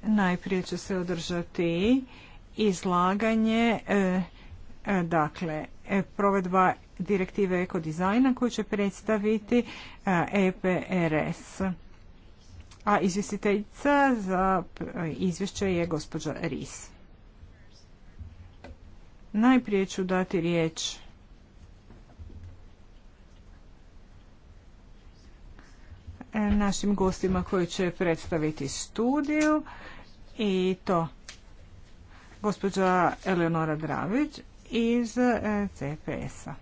Najprije će se održati izlaganje e, E, dakle, e, provedba direktive ekodizajna koju će predstaviti EPRS. E A izvjestiteljica za izvješće je gospođa Ris. Najprije ću dati riječ našim gostima koji će predstaviti studiju i to gospođa Eleonora Dravić iz e, CPS-a.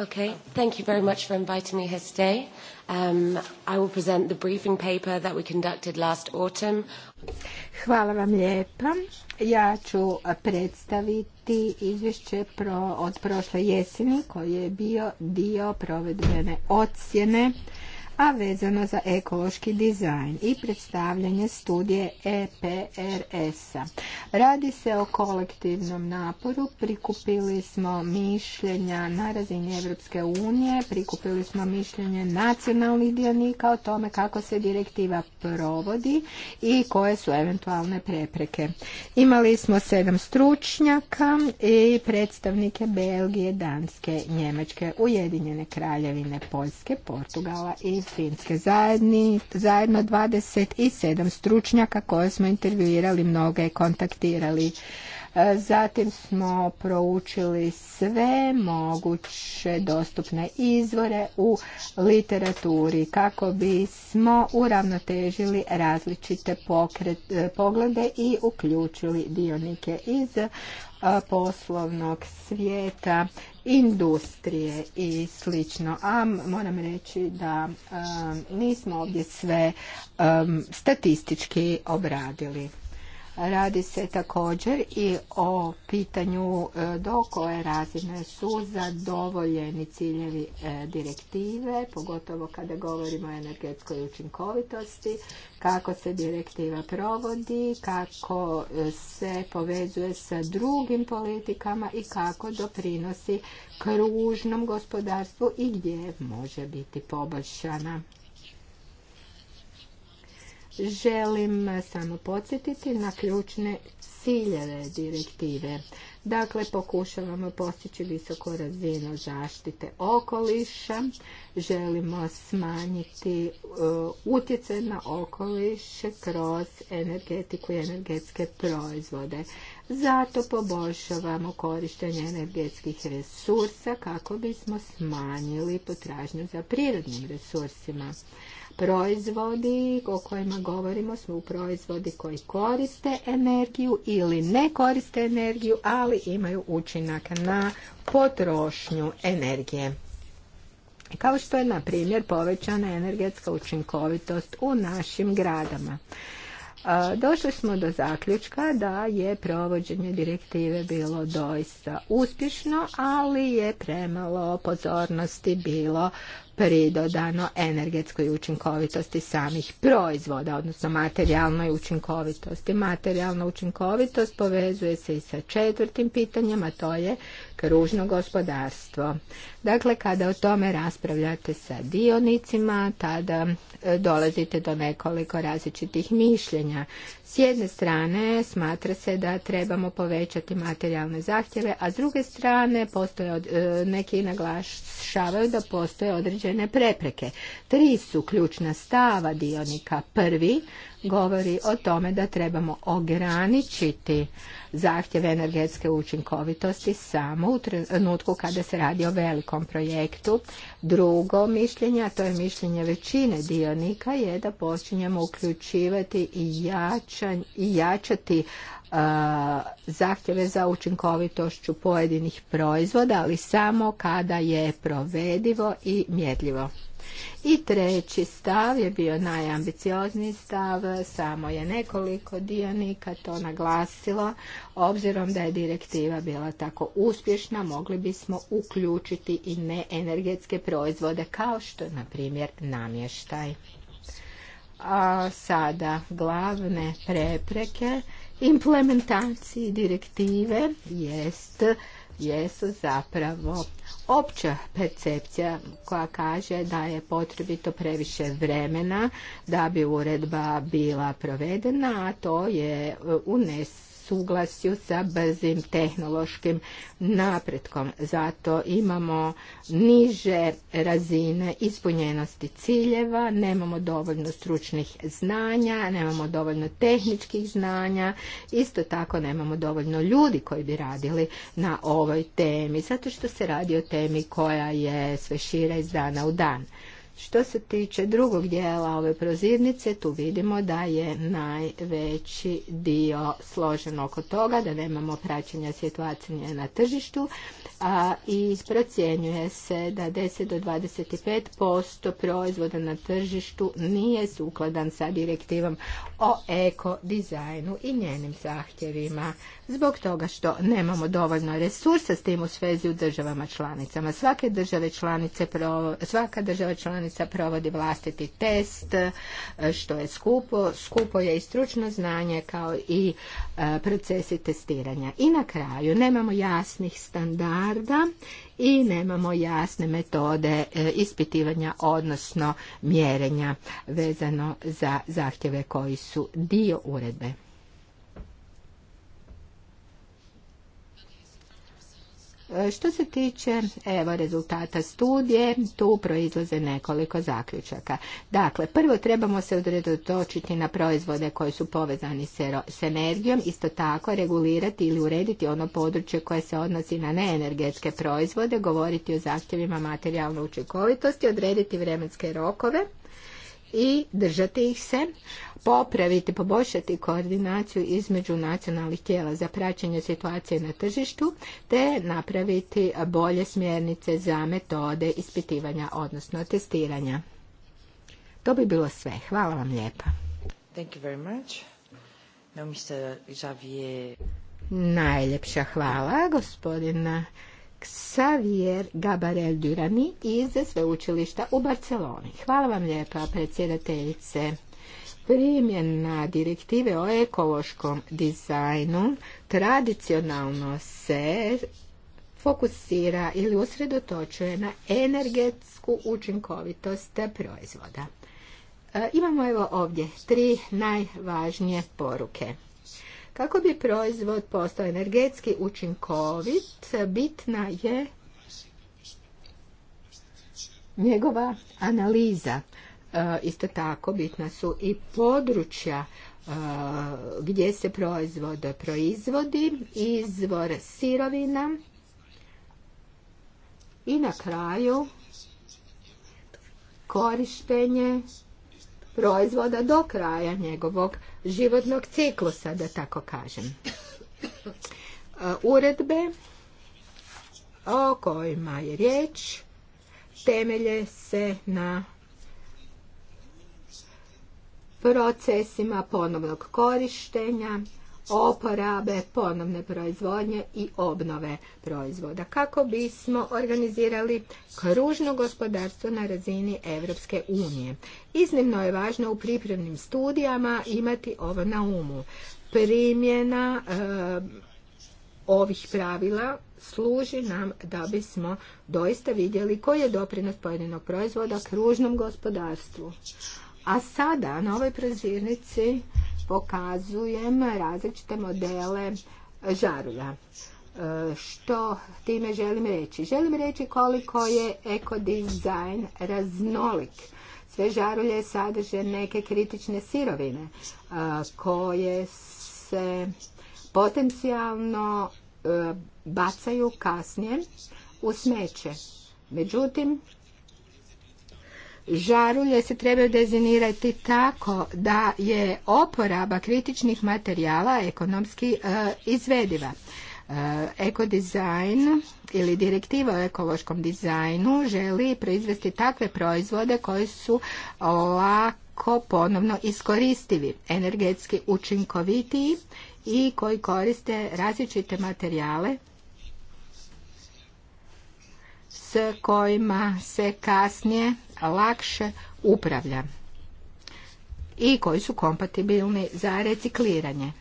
Okay, thank you very much for inviting me here today. Um, I will present the briefing paper that we conducted last autumn. Hvala vam lijepa. Ja ću predstaviti izvješće pro, od prošle jeseni koji je bio dio provedbene ocjene a vezano za ekološki dizajn i predstavljanje studije EPRS-a. Radi se o kolektivnom naporu, prikupili smo mišljenja na razini Europske unije, prikupili smo mišljenje nacionalnih dionika o tome kako se direktiva provodi i koje su eventualne prepreke. Imali smo sedam stručnjaka i predstavnike Belgije, Danske, Njemačke, Ujedinjene kraljevine, Poljske, Portugala i Finske. Zajedni, zajedno 27 stručnjaka koje smo intervjuirali, mnoge kontaktirali. E, zatim smo proučili sve moguće dostupne izvore u literaturi kako bismo uravnotežili različite e, poglede i uključili dionike iz poslovnog svijeta, industrije i slično. A moram reći da nismo ovdje sve statistički obradili. Radi se također i o pitanju e, do koje razine su zadovoljeni ciljevi e, direktive, pogotovo kada govorimo o energetskoj učinkovitosti, kako se direktiva provodi, kako e, se povezuje sa drugim politikama i kako doprinosi kružnom gospodarstvu i gdje može biti poboljšana. Želim samo podsjetiti na ključne ciljeve direktive. Dakle, pokušavamo postići visoku razinu zaštite okoliša, želimo smanjiti e, utjecaj na okoliš kroz energetiku i energetske proizvode. Zato poboljšavamo korištenje energetskih resursa kako bismo smanjili potražnju za prirodnim resursima. Proizvodi o kojima govorimo su proizvodi koji koriste energiju ili ne koriste energiju, ali imaju učinak na potrošnju energije. Kao što je, na primjer, povećana energetska učinkovitost u našim gradama. Došli smo do zaključka da je provođenje direktive bilo doista uspješno, ali je premalo pozornosti bilo pridodano energetskoj učinkovitosti samih proizvoda, odnosno materijalnoj učinkovitosti. Materijalna učinkovitost povezuje se i sa četvrtim pitanjem, a to je kružno gospodarstvo. Dakle, kada o tome raspravljate sa dionicima, tada e, dolazite do nekoliko različitih mišljenja. S jedne strane smatra se da trebamo povećati materijalne zahtjeve, a s druge strane postoje, e, neki naglašavaju da postoje određene prepreke. Tri su ključna stava dionika. Prvi, govori o tome da trebamo ograničiti zahtjeve energetske učinkovitosti samo u trenutku kada se radi o velikom projektu. Drugo mišljenje, a to je mišljenje većine dionika, je da počinjemo uključivati i, jačan, i jačati zahtjeve za učinkovitošću pojedinih proizvoda, ali samo kada je provedivo i mjerljivo. I treći stav je bio najambiciozniji stav, samo je nekoliko dionika to naglasilo. Obzirom da je direktiva bila tako uspješna, mogli bismo uključiti i neenergetske proizvode kao što je, na primjer, namještaj. A sada glavne prepreke implementaciji direktive jest jesu zapravo opća percepcija koja kaže da je potrebito previše vremena da bi uredba bila provedena, a to je unes suglasju sa brzim tehnološkim napretkom. Zato imamo niže razine ispunjenosti ciljeva, nemamo dovoljno stručnih znanja, nemamo dovoljno tehničkih znanja, isto tako nemamo dovoljno ljudi koji bi radili na ovoj temi, zato što se radi o temi koja je sve šira iz dana u dan. Što se tiče drugog dijela ove prozirnice, tu vidimo da je najveći dio složen oko toga, da nemamo praćenja situacije na tržištu a, i procjenjuje se da 10 do 25% proizvoda na tržištu nije sukladan sa direktivom o ekodizajnu i njenim zahtjevima. Zbog toga što nemamo dovoljno resursa s tim u svezi u državama članicama. Svake države članice, svaka država članica se provodi vlastiti test, e, što je skupo. Skupo je i stručno znanje kao i e, procesi testiranja. I na kraju, nemamo jasnih standarda i nemamo jasne metode e, ispitivanja, odnosno mjerenja vezano za zahtjeve koji su dio uredbe. E, što se tiče evo rezultata studije, tu proizlaze nekoliko zaključaka. Dakle, prvo trebamo se odredotočiti na proizvode koji su povezani s energijom, isto tako regulirati ili urediti ono područje koje se odnosi na neenergetske proizvode, govoriti o zahtjevima materijalne učinkovitosti, odrediti vremenske rokove i držati ih se, popraviti, poboljšati koordinaciju između nacionalnih tijela za praćenje situacije na tržištu, te napraviti bolje smjernice za metode ispitivanja, odnosno testiranja. To bi bilo sve. Hvala vam lijepa. Thank you very much. No, Mr. Najljepša hvala, gospodina Xavier Gabarel Durani iz sveučilišta u Barceloni. Hvala vam lijepa, predsjedateljice. Primjena direktive o ekološkom dizajnu tradicionalno se fokusira ili usredotočuje na energetsku učinkovitost proizvoda. E, imamo evo ovdje tri najvažnije poruke. Kako bi proizvod postao energetski učinkovit, bitna je njegova analiza. E, isto tako bitna su i područja e, gdje se proizvod proizvodi, izvor sirovina i na kraju korištenje proizvoda do kraja njegovog životnog ciklusa, da tako kažem. E, uredbe o kojima je riječ temelje se na procesima ponovnog korištenja, Znači, oporabe, ponovne proizvodnje i obnove proizvoda kako bismo organizirali kružno gospodarstvo na razini Europske unije. Iznimno je važno u pripremnim studijama imati ovo na umu. Primjena eh, ovih pravila služi nam da bismo doista vidjeli koji je doprinos pojedinog proizvoda kružnom gospodarstvu. A sada na ovoj prozirnici pokazujem različite modele žarulja. E, što time želim reći? Želim reći koliko je ekodizajn raznolik. Sve žarulje sadrže neke kritične sirovine e, koje se potencijalno e, bacaju kasnije u smeće. Međutim, Žarulje se trebaju dezinirati tako da je oporaba kritičnih materijala ekonomski e, izvediva. Eko ekodizajn ili direktiva o ekološkom dizajnu želi proizvesti takve proizvode koji su lako ponovno iskoristivi, energetski učinkovitiji i koji koriste različite materijale s kojima se kasnije lakše upravlja i koji su kompatibilni za recikliranje.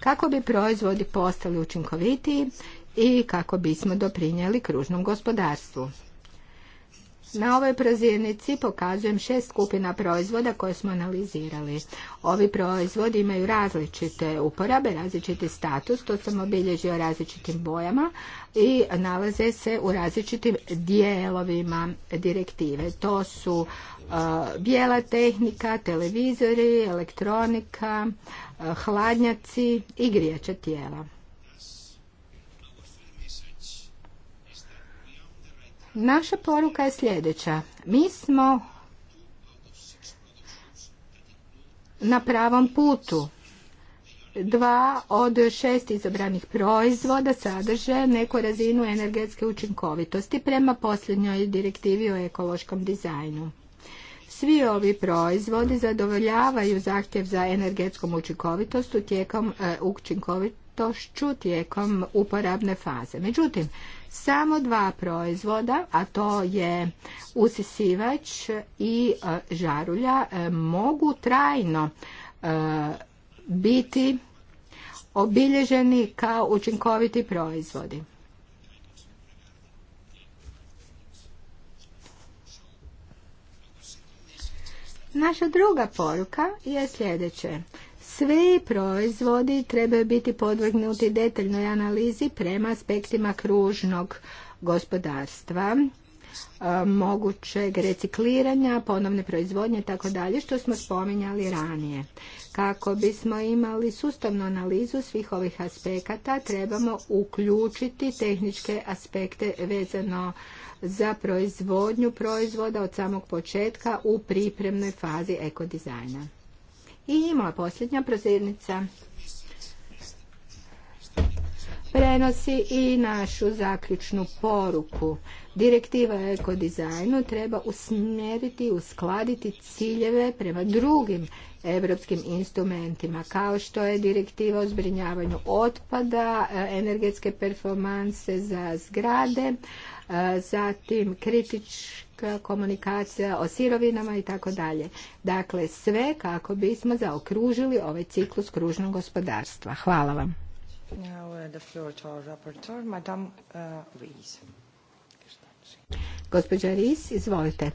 Kako bi proizvodi postali učinkovitiji i kako bismo doprinijeli kružnom gospodarstvu. Na ovoj prozirnici pokazujem šest skupina proizvoda koje smo analizirali. Ovi proizvodi imaju različite uporabe, različiti status, to sam obilježio različitim bojama i nalaze se u različitim dijelovima direktive. To su e, bijela tehnika, televizori, elektronika, e, hladnjaci i grijača tijela. Naša poruka je sljedeća. Mi smo na pravom putu. Dva od šest izabranih proizvoda sadrže neku razinu energetske učinkovitosti prema posljednjoj direktivi o ekološkom dizajnu. Svi ovi proizvodi zadovoljavaju zahtjev za energetskom učinkovitošću tijekom, e, učinkovitošću tijekom uporabne faze. Međutim, samo dva proizvoda, a to je usisivač i e, žarulja, e, mogu trajno e, biti obilježeni kao učinkoviti proizvodi. Naša druga poruka je sljedeće. Svi proizvodi trebaju biti podvrgnuti detaljnoj analizi prema aspektima kružnog gospodarstva e, mogućeg recikliranja, ponovne proizvodnje i tako dalje, što smo spominjali ranije. Kako bismo imali sustavnu analizu svih ovih aspekata, trebamo uključiti tehničke aspekte vezano za proizvodnju proizvoda od samog početka u pripremnoj fazi ekodizajna. I moja posljednja prozirnica prenosi i našu zaključnu poruku. Direktiva o ekodizajnu treba usmjeriti i uskladiti ciljeve prema drugim europskim instrumentima, kao što je direktiva o zbrinjavanju otpada, energetske performanse za zgrade, zatim kritičke komunikacija o sirovinama i tako dalje. Dakle, sve kako bismo zaokružili ovaj ciklus kružnog gospodarstva. Hvala vam. Now, uh, the uh, Gospođa izvolite.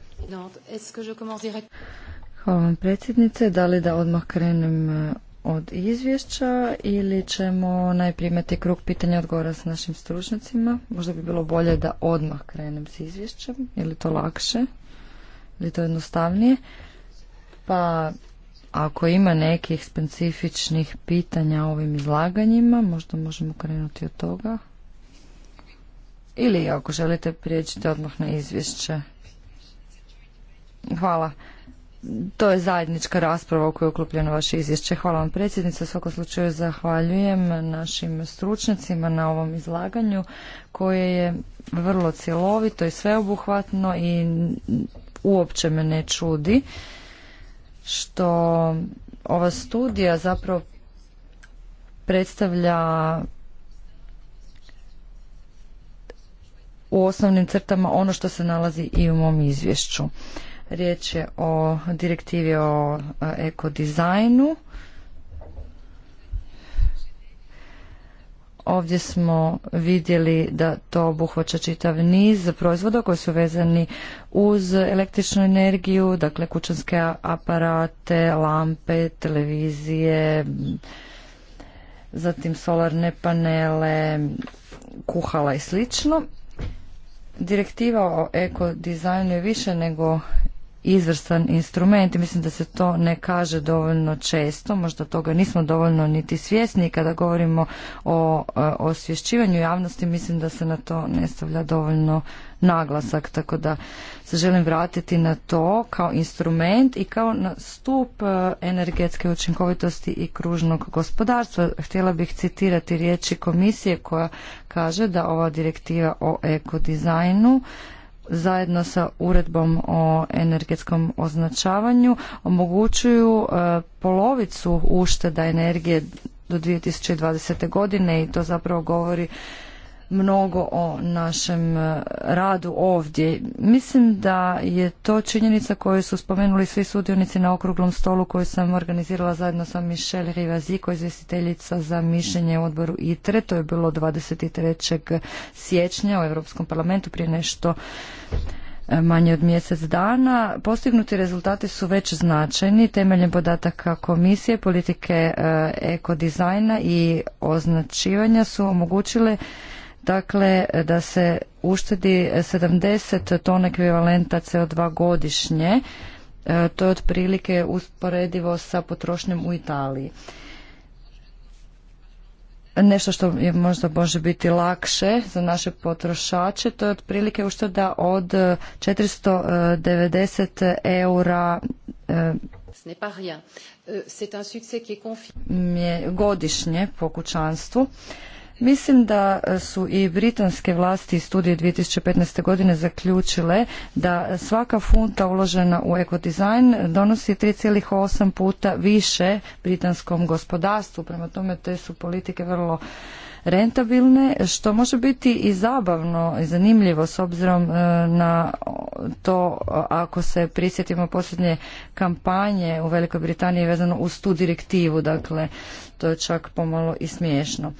Hvala vam predsjednice. Da li da odmah krenem uh, od izvješća ili ćemo najprije imati krug pitanja odgovora s našim stručnicima. Možda bi bilo bolje da odmah krenem s izvješćem, je li to lakše? Ili to jednostavnije? Pa ako ima nekih specifičnih pitanja o ovim izlaganjima, možda možemo krenuti od toga. Ili ako želite prijeđite odmah na izvješće. Hvala to je zajednička rasprava u kojoj je uklopljeno vaše izvješće. Hvala vam predsjednice. U svakom slučaju zahvaljujem našim stručnicima na ovom izlaganju koje je vrlo cjelovito i sveobuhvatno i uopće me ne čudi što ova studija zapravo predstavlja u osnovnim crtama ono što se nalazi i u mom izvješću. Riječ je o direktivi o e, ekodizajnu. Ovdje smo vidjeli da to obuhvaća čitav niz proizvoda koji su vezani uz električnu energiju, dakle kućanske aparate, lampe, televizije, zatim solarne panele, kuhala i slično. Direktiva o ekodizajnu je više nego izvrstan instrument i mislim da se to ne kaže dovoljno često, možda toga nismo dovoljno niti svjesni kada govorimo o e, osvješćivanju javnosti mislim da se na to ne stavlja dovoljno naglasak, tako da se želim vratiti na to kao instrument i kao na stup e, energetske učinkovitosti i kružnog gospodarstva. Htjela bih citirati riječi komisije koja kaže da ova direktiva o ekodizajnu zajedno sa uredbom o energetskom označavanju omogućuju e, polovicu ušteda energije do 2020. godine i to zapravo govori mnogo o našem e, radu ovdje. Mislim da je to činjenica koju su spomenuli svi sudionici na okruglom stolu koju sam organizirala zajedno sa Michelle Rivazi, izvjestiteljica za mišljenje u odboru ITRE. To je bilo 23. siječnja u Europskom parlamentu prije nešto e, manje od mjesec dana. Postignuti rezultati su već značajni temeljem podataka komisije, politike e, ekodizajna i označivanja su omogućile dakle da se uštedi 70 ton ekvivalenta CO2 godišnje, e, to je otprilike usporedivo sa potrošnjom u Italiji. Nešto što je možda može biti lakše za naše potrošače, to je otprilike ušteda od 490 eura e, euh, godišnje po kućanstvu. Mislim da su i britanske vlasti studije 2015. godine zaključile da svaka funta uložena u ekodizajn donosi 3,8 puta više britanskom gospodarstvu. Prema tome te su politike vrlo rentabilne, što može biti i zabavno i zanimljivo s obzirom e, na to ako se prisjetimo posljednje kampanje u Velikoj Britaniji vezano uz tu direktivu, dakle to je čak pomalo i smiješno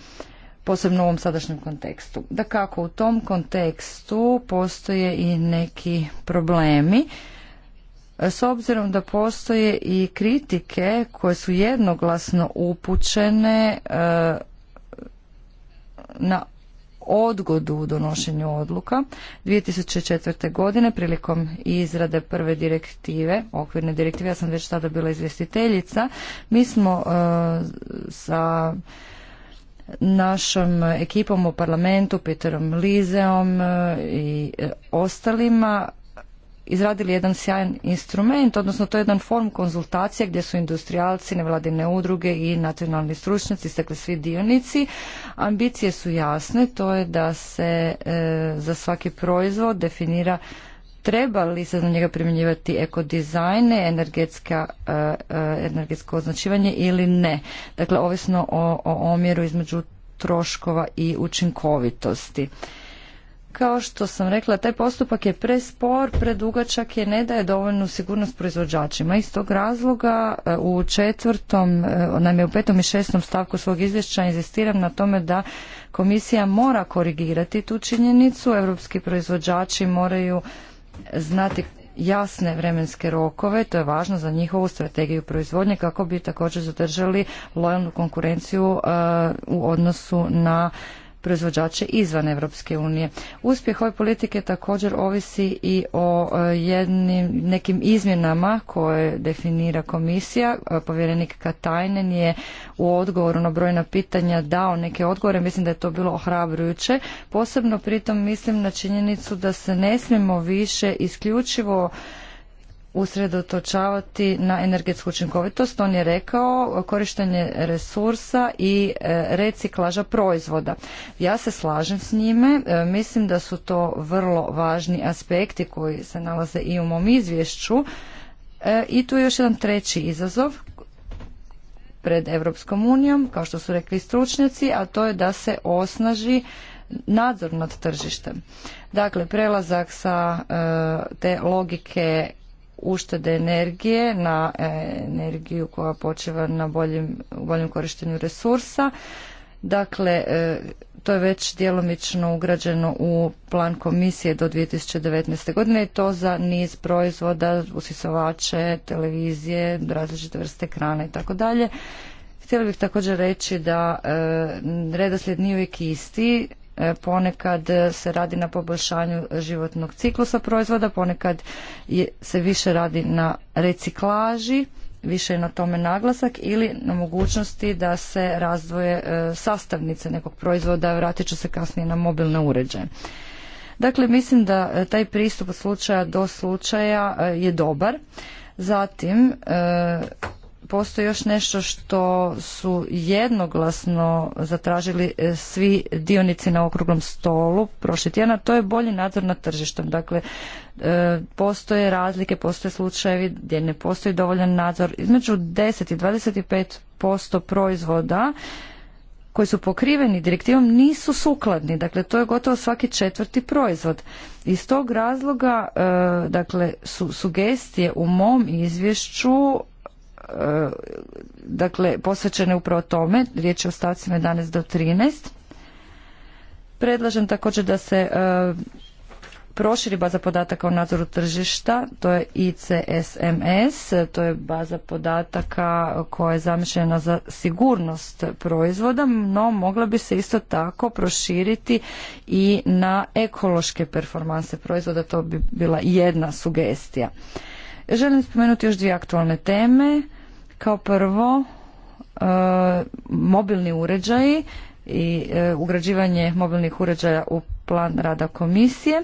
posebno u ovom sadašnjem kontekstu. Da kako u tom kontekstu postoje i neki problemi s obzirom da postoje i kritike koje su jednoglasno upućene e, na odgodu u donošenju odluka 2004. godine prilikom izrade prve direktive, okvirne direktive, ja sam već tada bila izvjestiteljica, mi smo e, sa našom ekipom u parlamentu, Peterom Lizeom e, i e, ostalima izradili jedan sjajan instrument, odnosno to je jedan form konzultacije gdje su industrijalci, nevladine udruge i nacionalni stručnjaci, dakle svi dionici. Ambicije su jasne, to je da se e, za svaki proizvod definira treba li se na njega primjenjivati ekodizajne, e, e, energetsko označivanje ili ne. Dakle, ovisno o, omjeru između troškova i učinkovitosti. Kao što sam rekla, taj postupak je prespor, predugačak je, ne daje dovoljnu sigurnost proizvođačima. Iz tog razloga e, u četvrtom, naime u petom i šestom stavku svog izvješća inzistiram na tome da komisija mora korigirati tu činjenicu. Europski proizvođači moraju znati jasne vremenske rokove, to je važno za njihovu strategiju proizvodnje kako bi također zadržali lojalnu konkurenciju e, u odnosu na proizvođače izvan Europske unije. Uspjeh ove politike također ovisi i o e, jednim, nekim izmjenama koje definira komisija. E, povjerenik Katajnen je u odgovoru na brojna pitanja dao neke odgovore. Mislim da je to bilo ohrabrujuće. Posebno pritom mislim na činjenicu da se ne smijemo više isključivo usredotočavati na energetsku učinkovitost. On je rekao korištenje resursa i e, reciklaža proizvoda. Ja se slažem s njime. E, mislim da su to vrlo važni aspekti koji se nalaze i u mom izvješću. E, I tu je još jedan treći izazov pred Europskom unijom, kao što su rekli stručnjaci, a to je da se osnaži nadzor nad tržištem. Dakle, prelazak sa te logike uštede energije na e, energiju koja počiva na boljem, boljem korištenju resursa. Dakle, e, to je već djelomično ugrađeno u plan komisije do 2019. godine i to za niz proizvoda, usisovače, televizije, različite vrste ekrana i tako dalje. Htjela bih također reći da e, redoslijed nije uvijek isti, E, ponekad se radi na poboljšanju životnog ciklusa proizvoda, ponekad se više radi na reciklaži, više je na tome naglasak ili na mogućnosti da se razdvoje e, sastavnice nekog proizvoda, vratit ću se kasnije na mobilne uređaje. Dakle, mislim da e, taj pristup od slučaja do slučaja je dobar. Zatim, postoji još nešto što su jednoglasno zatražili e, svi dionici na okruglom stolu prošli tjedan, to je bolji nadzor nad tržištem. Dakle, e, postoje razlike, postoje slučajevi gdje ne postoji dovoljan nadzor. Između 10 i 25% proizvoda koji su pokriveni direktivom nisu sukladni. Dakle, to je gotovo svaki četvrti proizvod. Iz tog razloga, e, dakle, su sugestije u mom izvješću E, dakle, posvećene upravo tome, riječ je o stavcima 11 do 13. Predlažem također da se e, proširi baza podataka o nadzoru tržišta, to je ICSMS, to je baza podataka koja je zamišljena za sigurnost proizvoda, no mogla bi se isto tako proširiti i na ekološke performanse proizvoda, to bi bila jedna sugestija. Želim spomenuti još dvije aktualne teme. Kao prvo, e, mobilni uređaji i e, ugrađivanje mobilnih uređaja u plan rada komisije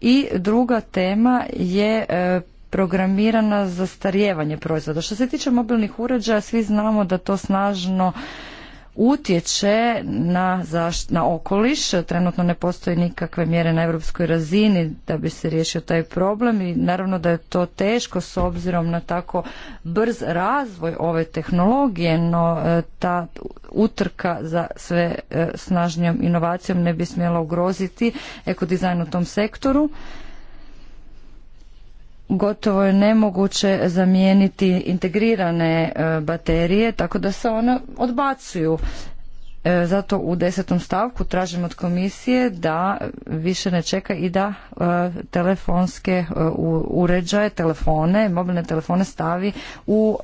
i druga tema je e, programirana za proizvoda. Što se tiče mobilnih uređaja, svi znamo da to snažno utječe na, na okoliš. Trenutno ne postoji nikakve mjere na europskoj razini da bi se riješio taj problem i naravno da je to teško s obzirom na tako brz razvoj ove tehnologije, no e, ta utrka za sve e, snažnijom inovacijom ne bi smjela ugroziti ekodizajn u tom sektoru gotovo je nemoguće zamijeniti integrirane e, baterije, tako da se one odbacuju E, zato u desetom stavku tražim od komisije da više ne čeka i da e, telefonske e, uređaje, telefone, mobilne telefone stavi u,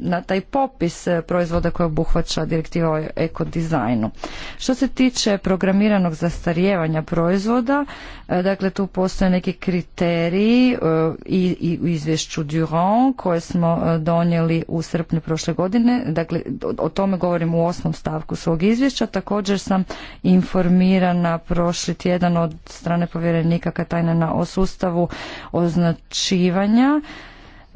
na taj popis proizvoda koje obuhvaća direktiva o ekodizajnu. Što se tiče programiranog zastarijevanja proizvoda, dakle tu postoje neki kriteriji i, i u izvješću Durand koje smo donijeli u srpnju prošle godine, dakle o tome govorim u osmom stavku svog izvješća izvješća. Također sam informirana prošli tjedan od strane povjerenika Katajnana o sustavu označivanja.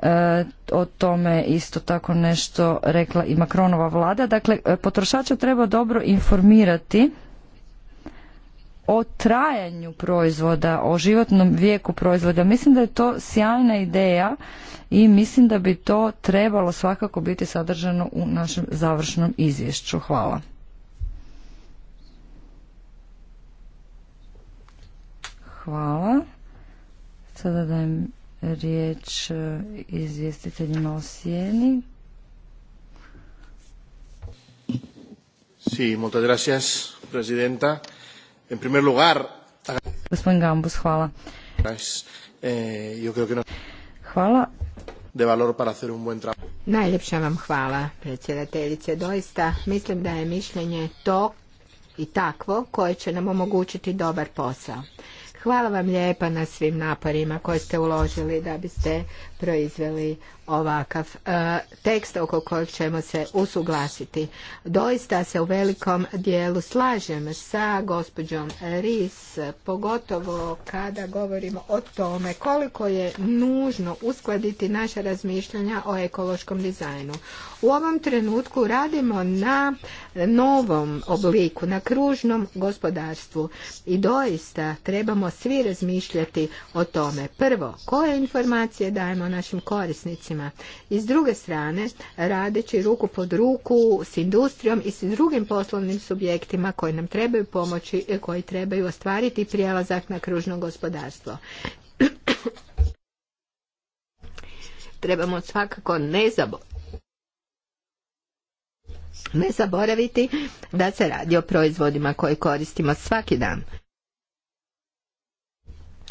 E, o tome isto tako nešto rekla i Makronova vlada. Dakle, e, potrošača treba dobro informirati o trajanju proizvoda, o životnom vijeku proizvoda. Mislim da je to sjajna ideja i mislim da bi to trebalo svakako biti sadržano u našem završnom izvješću. Hvala. Hvala. Sada dajem riječ eh, izvjestiteljima o sjeni. Sí, muchas gracias, presidenta. En primer lugar... Gospodin Gambus, hvala. Eh, hvala. De valor para hacer un buen trabajo. Najljepša vam hvala, predsjedateljice. Doista mislim da je mišljenje to i takvo koje će nam omogućiti dobar posao. Hvala vam lijepa na svim naporima koje ste uložili da biste proizveli ovakav e, tekst oko kojeg ćemo se usuglasiti. Doista se u velikom dijelu slažem sa gospođom Ris, pogotovo kada govorimo o tome koliko je nužno uskladiti naše razmišljanja o ekološkom dizajnu. U ovom trenutku radimo na novom obliku, na kružnom gospodarstvu i doista trebamo svi razmišljati o tome. Prvo, koje informacije dajemo našim korisnicima. I s druge strane, radeći ruku pod ruku s industrijom i s drugim poslovnim subjektima koji nam trebaju pomoći, i koji trebaju ostvariti prijelazak na kružno gospodarstvo trebamo svakako ne zaboraviti da se radi o proizvodima koje koristimo svaki dan.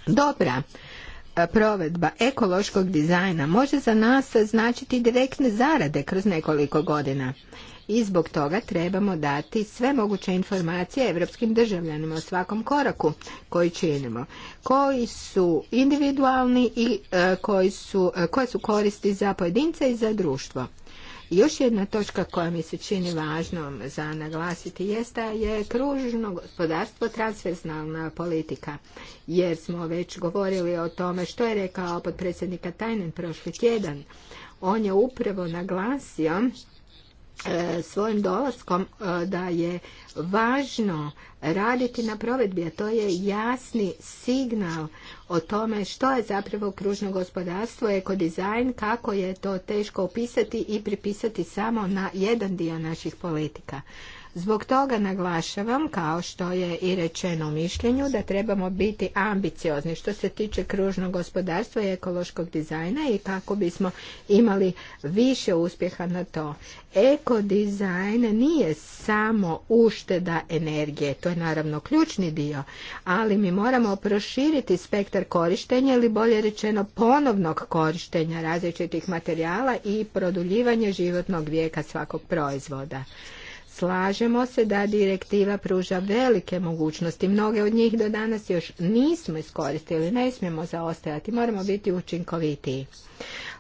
Dobra, E, provedba ekološkog dizajna može za nas značiti direktne zarade kroz nekoliko godina i zbog toga trebamo dati sve moguće informacije evropskim državljanima o svakom koraku koji činimo, koji su individualni i e, koji su, e, koje su koristi za pojedince i za društvo. Još jedna točka koja mi se čini važnom za naglasiti jeste je kružno gospodarstvo transversalna politika. Jer smo već govorili o tome što je rekao predsjednika Tajnen prošli tjedan. On je upravo naglasio e, svojim dolaskom e, da je važno raditi na provedbi, a to je jasni signal o tome što je zapravo kružno gospodarstvo, ekodizajn, kako je to teško opisati i pripisati samo na jedan dio naših politika. Zbog toga naglašavam, kao što je i rečeno u mišljenju, da trebamo biti ambiciozni što se tiče kružnog gospodarstva i ekološkog dizajna i kako bismo imali više uspjeha na to. Ekodizajn nije samo ušteda energije, to je naravno ključni dio, ali mi moramo proširiti spektar korištenja ili bolje rečeno ponovnog korištenja različitih materijala i produljivanje životnog vijeka svakog proizvoda. Slažemo se da direktiva pruža velike mogućnosti. Mnoge od njih do danas još nismo iskoristili, ne smijemo zaostajati, moramo biti učinkovitiji.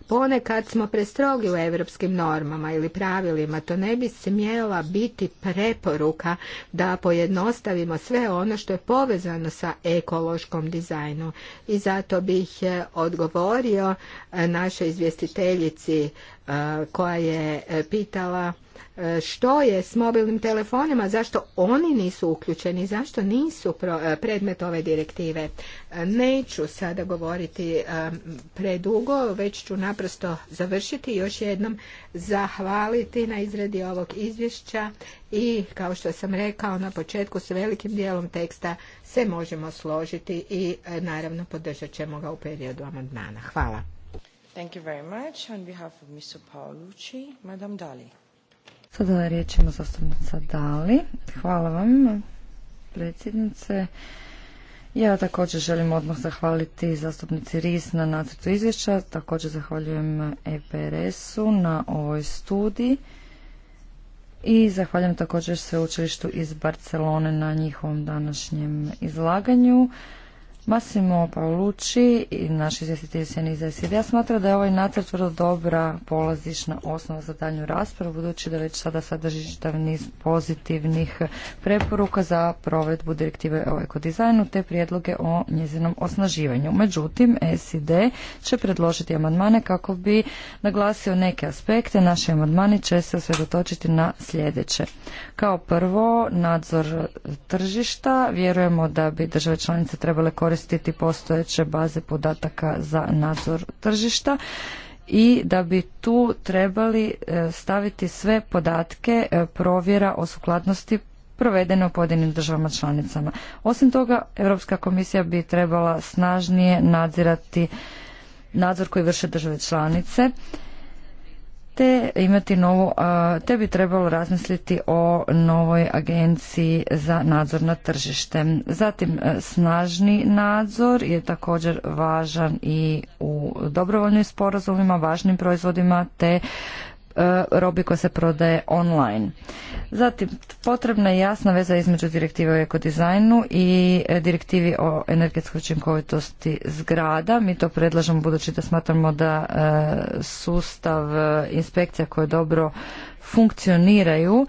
Ponekad smo prestrogi u europskim normama ili pravilima, to ne bi smjela biti preporuka da pojednostavimo sve ono što je povezano sa ekološkom dizajnu. I zato bih eh, odgovorio eh, našoj izvjestiteljici koja je e, pitala e, što je s mobilnim telefonima, zašto oni nisu uključeni, zašto nisu e, predmet ove direktive. Neću sada govoriti predugo, već ću naprosto završiti i još jednom zahvaliti na izradi ovog izvješća i kao što sam rekao na početku s velikim dijelom teksta se možemo složiti i naravno podržat ćemo ga u periodu amandmana. Hvala. Thank you very much. On behalf of Mr. Paolucci, Madame Dali. Sada na riječ ima zastupnica Dali. Hvala vam, predsjednice. Ja također želim odmah zahvaliti zastupnici RIS na nacrtu izvješća. Također zahvaljujem EPRS-u na ovoj studiji. I zahvaljujem također sveučilištu iz Barcelone na njihovom današnjem izlaganju. Massimo Paolucci i naš izvjestitelj Sjeni SID. Ja smatra da je ovaj nacrt vrlo dobra polazišna osnova za daljnju raspravu, budući da već sada sadrži čitav niz pozitivnih preporuka za provedbu direktive o ekodizajnu te prijedloge o njezinom osnaživanju. Međutim, SID će predložiti amandmane kako bi naglasio neke aspekte. Naši amandmani će se usredotočiti na sljedeće. Kao prvo, nadzor tržišta. Vjerujemo da bi države članice trebale koristiti stiti postojeće baze podataka za nadzor tržišta i da bi tu trebali e, staviti sve podatke e, provjera o sukladnosti provedene u pojedinim državama članicama. Osim toga, Europska komisija bi trebala snažnije nadzirati nadzor koji vrše države članice te imati novu, te bi trebalo razmisliti o novoj agenciji za nadzor na tržište. Zatim e, snažni nadzor je također važan i u dobrovoljnim sporazumima, važnim proizvodima te E, robi koja se prodaje online. Zatim, potrebna je jasna veza između direktive o ekodizajnu i e, direktivi o energetskoj učinkovitosti zgrada. Mi to predlažemo budući da smatramo da e, sustav inspekcija koje dobro funkcioniraju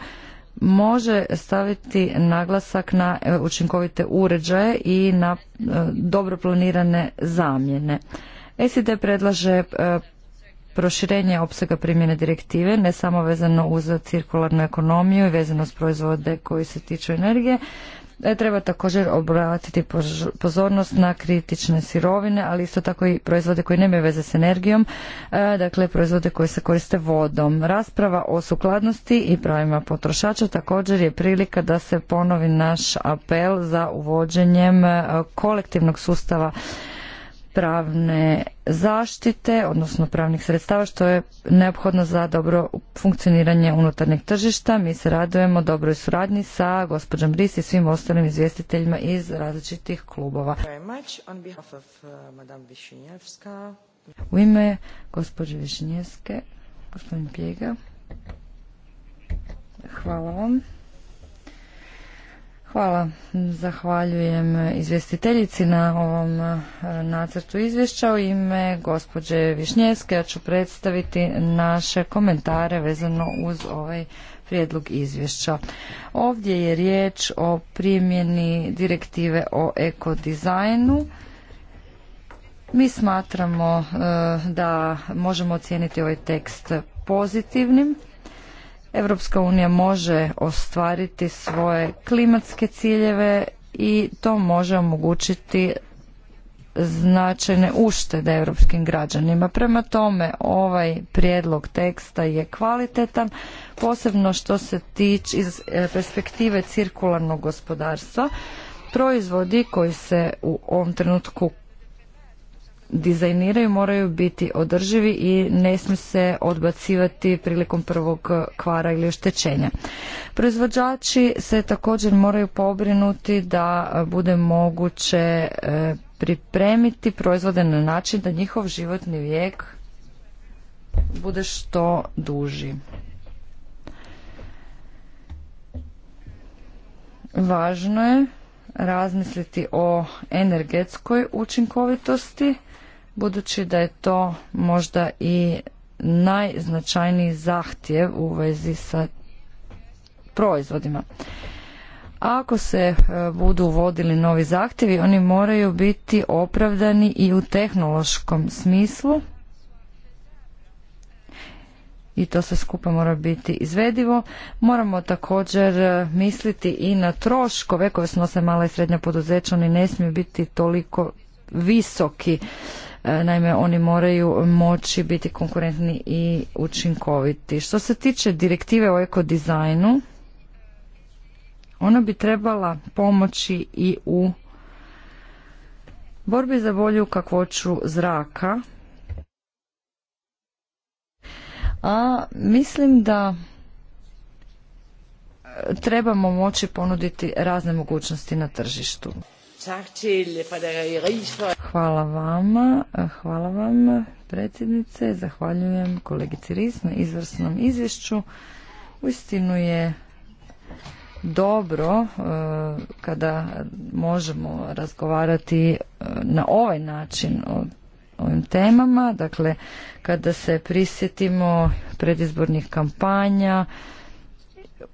može staviti naglasak na učinkovite uređaje i na dobro planirane zamjene. SID predlaže proširenje opsega primjene direktive, ne samo vezano uz cirkularnu ekonomiju i vezano uz proizvode koji se tiču energije, e, Treba također obratiti pozornost na kritične sirovine, ali isto tako i proizvode koji nemaju veze s energijom, e, dakle proizvode koji se koriste vodom. Rasprava o sukladnosti i pravima potrošača također je prilika da se ponovi naš apel za uvođenjem e, kolektivnog sustava pravne zaštite, odnosno pravnih sredstava što je neophodno za dobro funkcioniranje unutarnjeg tržišta. Mi se radujemo dobroj suradnji sa gospođom Ris i svim ostalim izvjestiteljima iz različitih klubova. U ime gospođe Višnjevske, gospodin Pjega, hvala vam. Hvala. Zahvaljujem izvjestiteljici na ovom e, nacrtu izvješća. U ime gospođe Višnjevske ja ću predstaviti naše komentare vezano uz ovaj prijedlog izvješća. Ovdje je riječ o primjeni direktive o ekodizajnu. Mi smatramo e, da možemo ocijeniti ovaj tekst pozitivnim Europska unija može ostvariti svoje klimatske ciljeve i to može omogućiti značajne uštede europskim građanima. Prema tome, ovaj prijedlog teksta je kvalitetan, posebno što se tiče iz e, perspektive cirkularnog gospodarstva. Proizvodi koji se u ovom trenutku dizajniraju moraju biti održivi i ne smiju se odbacivati prilikom prvog kvara ili oštećenja. Proizvođači se također moraju pobrinuti da bude moguće e, pripremiti proizvode na način da njihov životni vijek bude što duži. Važno je razmisliti o energetskoj učinkovitosti budući da je to možda i najznačajniji zahtjev u vezi sa proizvodima. Ako se e, budu uvodili novi zahtjevi, oni moraju biti opravdani i u tehnološkom smislu i to se skupa mora biti izvedivo. Moramo također e, misliti i na troškove koje snose mala i srednja poduzeća, oni ne smiju biti toliko visoki E, naime, oni moraju moći biti konkurentni i učinkoviti. Što se tiče direktive o ekodizajnu, ona bi trebala pomoći i u borbi za bolju kakvoću zraka. A mislim da e, trebamo moći ponuditi razne mogućnosti na tržištu. Eh, er hvala vama, eh, hvala vam predsjednice, zahvaljujem kolegici Ris na izvrsnom izvješću. Uistinu je dobro eh, kada možemo razgovarati na ovaj način o ovim temama, dakle kada se prisjetimo predizbornih kampanja,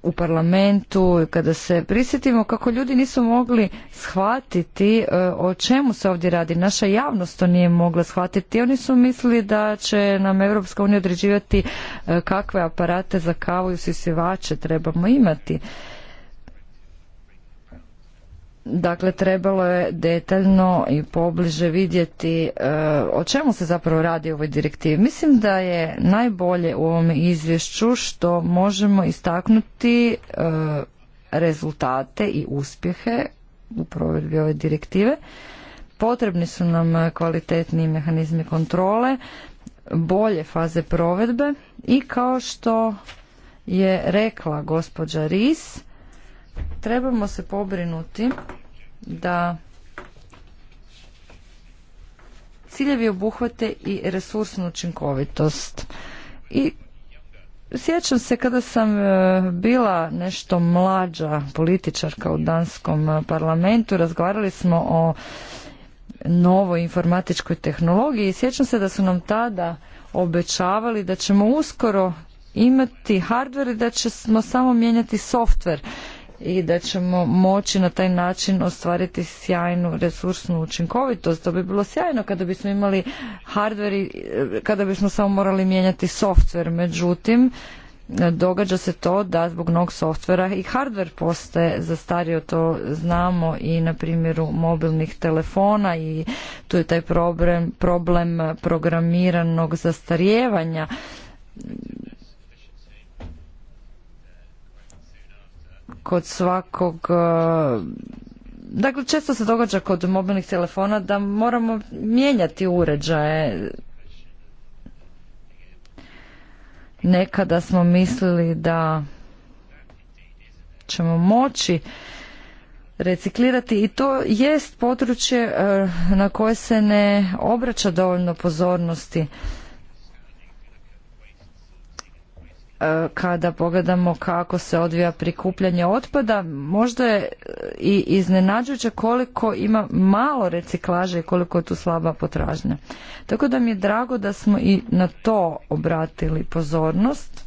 u parlamentu, kada se prisjetimo kako ljudi nisu mogli shvatiti e, o čemu se ovdje radi. Naša javnost to nije mogla shvatiti. Oni su mislili da će nam Europska unija određivati e, kakve aparate za kavu i usisivače trebamo imati. Dakle, trebalo je detaljno i pobliže vidjeti e, o čemu se zapravo radi u ovoj direktivi. Mislim da je najbolje u ovom izvješću što možemo istaknuti e, rezultate i uspjehe u provedbi ove direktive. Potrebni su nam kvalitetni mehanizmi kontrole, bolje faze provedbe i kao što je rekla gospođa Ris, trebamo se pobrinuti da ciljevi obuhvate i resursnu učinkovitost. I sjećam se kada sam e, bila nešto mlađa političarka u danskom e, parlamentu, razgovarali smo o novoj informatičkoj tehnologiji i sjećam se da su nam tada obećavali da ćemo uskoro imati hardware i da ćemo samo mijenjati software i da ćemo moći na taj način ostvariti sjajnu resursnu učinkovitost. To bi bilo sjajno kada bismo imali hardware i e, kada bismo samo morali mijenjati software. Međutim, događa se to da zbog nog softvera i hardware postaje zastario, to znamo i na primjeru mobilnih telefona i tu je taj problem, problem programiranog zastarijevanja kod svakog e, Dakle, često se događa kod mobilnih telefona da moramo mijenjati uređaje. Nekada smo mislili da ćemo moći reciklirati i to jest područje e, na koje se ne obraća dovoljno pozornosti. E, kada pogledamo kako se odvija prikupljanje otpada, možda je e, i iznenađujuće koliko ima malo reciklaže i koliko je tu slaba potražnja. Tako da mi je drago da smo i na to obratili pozornost.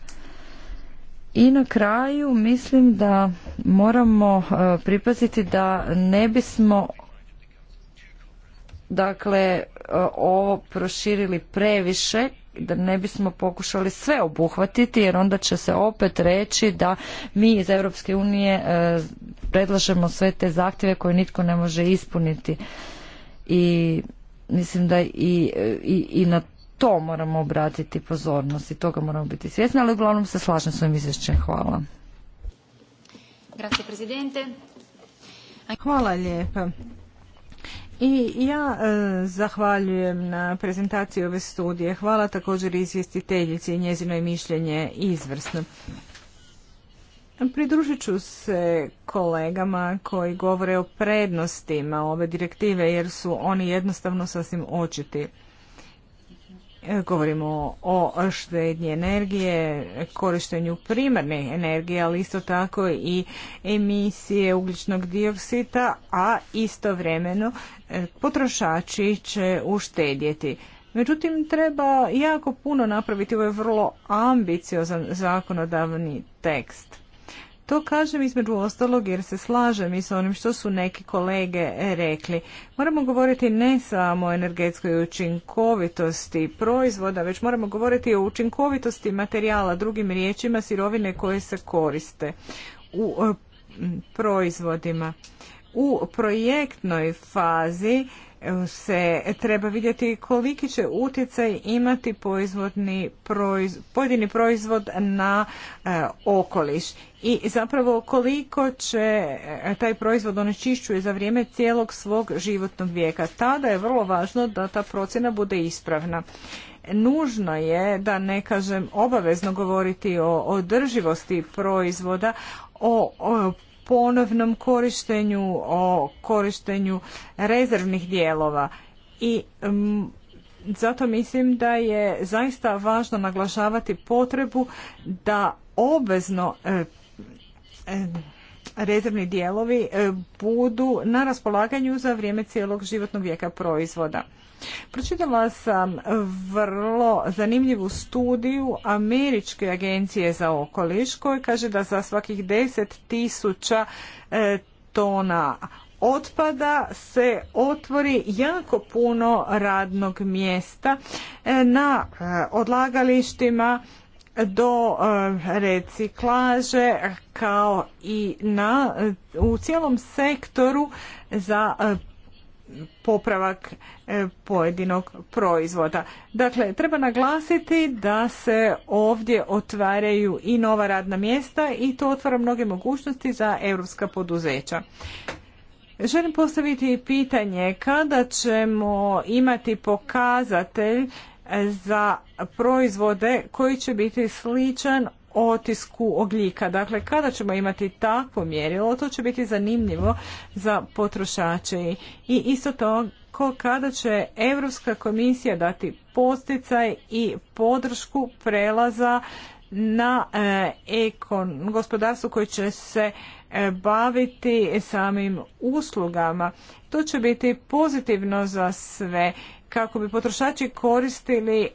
I na kraju mislim da moramo e, pripaziti da ne bismo dakle ovo proširili previše da ne bismo pokušali sve obuhvatiti jer onda će se opet reći da mi iz Europske unije e, predlažemo sve te zahtjeve koje nitko ne može ispuniti i mislim da e, i, i, na to moramo obratiti pozornost i toga moramo biti svjesni, ali uglavnom se slažem s ovim izvješćem. Hvala. Hvala lijepa. I ja e, zahvaljujem na prezentaciji ove studije. Hvala također izvjestiteljici i njezino je mišljenje izvrsno. Pridružit ću se kolegama koji govore o prednostima ove direktive jer su oni jednostavno sasvim očiti. Govorimo o štednji energije, korištenju primarne energije, ali isto tako i emisije ugljičnog dioksida, a istovremeno e, potrošači će uštedjeti. Međutim, treba jako puno napraviti. Ovo je vrlo ambiciozan zakonodavni tekst. To kažem između ostalog jer se slažem i sa onim što su neki kolege rekli. Moramo govoriti ne samo o energetskoj učinkovitosti proizvoda, već moramo govoriti o učinkovitosti materijala, drugim riječima sirovine koje se koriste u e, proizvodima. U projektnoj fazi se treba vidjeti koliki će utjecaj imati pojedini proizvod na e, okoliš i zapravo koliko će e, taj proizvod onečišćuje za vrijeme cijelog svog životnog vijeka. Tada je vrlo važno da ta procjena bude ispravna. Nužno je, da ne kažem obavezno govoriti o održivosti proizvoda, o ponovnom korištenju, o korištenju rezervnih dijelova i mm, zato mislim da je zaista važno naglašavati potrebu da obvezno e, e, rezervni dijelovi e, budu na raspolaganju za vrijeme cijelog životnog vijeka proizvoda. Pročitala sam vrlo zanimljivu studiju Američke agencije za okoliš koja kaže da za svakih 10 tisuća e, tona otpada se otvori jako puno radnog mjesta e, na e, odlagalištima do reciklaže kao i na, u cijelom sektoru za popravak e, pojedinog proizvoda. Dakle, treba naglasiti da se ovdje otvaraju i nova radna mjesta i to otvara mnoge mogućnosti za europska poduzeća. Želim postaviti pitanje kada ćemo imati pokazatelj za proizvode koji će biti sličan otisku ogljika. Dakle, kada ćemo imati takvo mjerilo, to će biti zanimljivo za potrošače. I isto tako, kada će Europska komisija dati posticaj i podršku prelaza na eh, ekon, gospodarstvo koje će se eh, baviti samim uslugama. To će biti pozitivno za sve kako bi potrošači koristili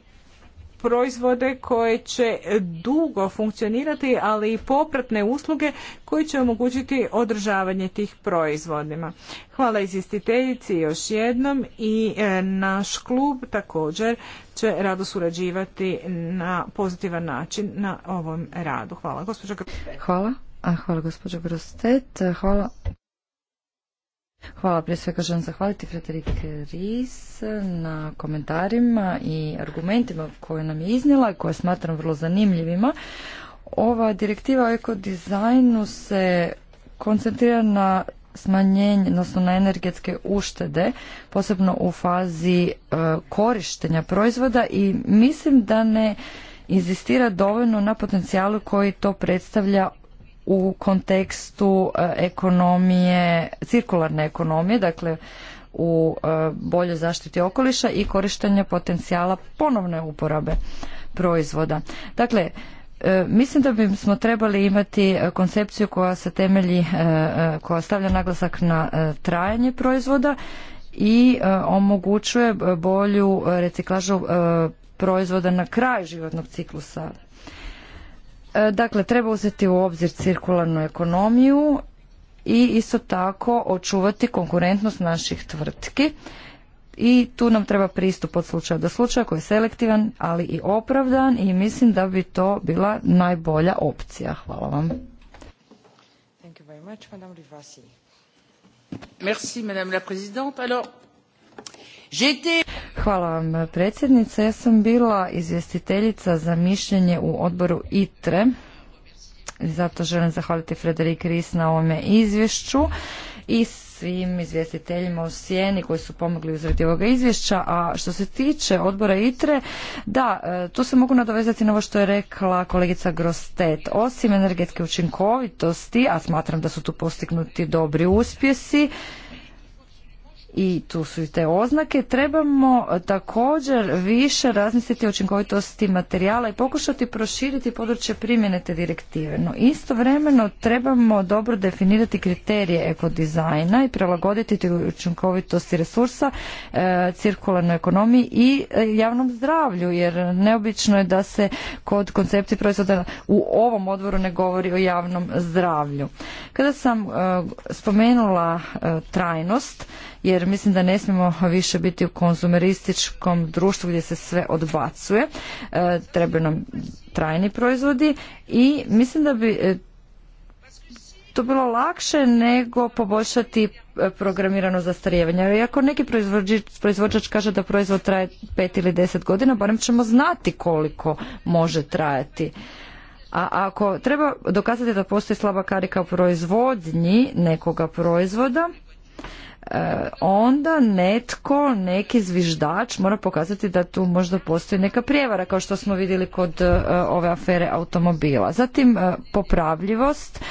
proizvode koje će dugo funkcionirati, ali i popratne usluge koji će omogućiti održavanje tih proizvodima. Hvala izvjestiteljici još jednom i e, naš klub također će rado surađivati na pozitivan način na ovom radu. Hvala gospođo Hvala. hvala gospođo Grostet. Hvala. Hvala. Prije svega želim zahvaliti Frederik Ries na komentarima i argumentima koje nam je iznijela i koje smatram vrlo zanimljivima. Ova direktiva o ekodizajnu se koncentrira na smanjenje, odnosno na energetske uštede, posebno u fazi e, korištenja proizvoda i mislim da ne inzistira dovoljno na potencijalu koji to predstavlja u kontekstu e, ekonomije, cirkularne ekonomije, dakle u e, boljoj zaštiti okoliša i korištenja potencijala ponovne uporabe proizvoda. Dakle, e, mislim da bismo trebali imati koncepciju koja se temelji, koja stavlja naglasak na trajanje proizvoda i omogućuje bolju reciklažu proizvoda na kraj životnog ciklusa E, dakle, treba uzeti u obzir cirkularnu ekonomiju i isto tako očuvati konkurentnost naših tvrtki. I tu nam treba pristup od slučaja do slučaja koji je selektivan, ali i opravdan i mislim da bi to bila najbolja opcija. Hvala vam. Thank Merci, Madame la Présidente. Alors, Hvala vam predsjednice. Ja sam bila izvjestiteljica za mišljenje u odboru ITRE. Zato želim zahvaliti Frederik Ris na ovome izvješću i svim izvjestiteljima u sjeni koji su pomogli izradi ovoga izvješća. A što se tiče odbora ITRE, da, e, tu se mogu nadovezati na ovo što je rekla kolegica Grostet. Osim energetske učinkovitosti, a smatram da su tu postignuti dobri uspjesi, i tu su i te oznake. Trebamo e, također više razmisliti o učinkovitosti materijala i pokušati proširiti područje primjene te direktive. No istovremeno trebamo dobro definirati kriterije ekodizajna i prilagoditi učinkovitosti resursa e, cirkularnoj ekonomiji i e, javnom zdravlju jer neobično je da se kod koncepcije proizvoda u ovom odvoru ne govori o javnom zdravlju. Kada sam spomenula trajnost jer mislim da ne smijemo više biti u konzumerističkom društvu gdje se sve odbacuje. E, trebaju nam trajni proizvodi i mislim da bi e, to bilo lakše nego poboljšati e, programirano zastarijevanje. Jer neki proizvođač kaže da proizvod traje pet ili deset godina, barem ćemo znati koliko može trajati. A ako treba dokazati da postoji slaba karika u proizvodnji nekoga proizvoda, E, onda netko, neki zviždač mora pokazati da tu možda postoji neka prijevara kao što smo vidjeli kod e, ove afere automobila. Zatim e, popravljivost,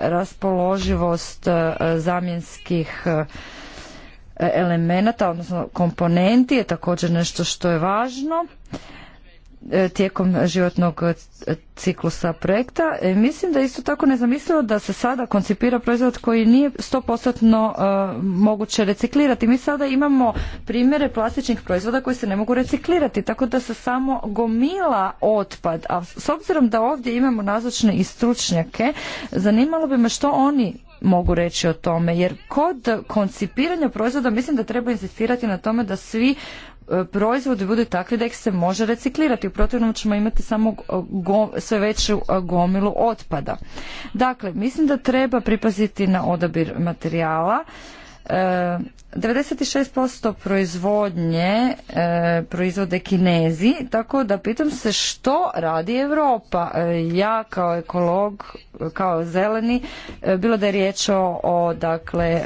raspoloživost zamjenskih elemenata, odnosno komponenti je također nešto što je važno. E, tijekom životnog e, ciklusa projekta. E, mislim da je isto tako nezamislivo da se sada koncipira proizvod koji nije 100% moguće reciklirati. Mi sada imamo primjere plastičnih proizvoda koji se ne mogu reciklirati, tako da se samo gomila otpad. A s obzirom da ovdje imamo nazočne i stručnjake, zanimalo bi me što oni mogu reći o tome jer kod koncipiranja proizvoda mislim da treba insistirati na tome da svi E, proizvodi budu takvi da ih se može reciklirati. U protivnom ćemo imati samo e, sve veću e, gomilu otpada. Dakle, mislim da treba pripaziti na odabir materijala 96% e, proizvodnje e, proizvode Kinezi, tako da pitam se što radi Europa. E, ja kao ekolog, kao zeleni, bilo da je riječ o dakle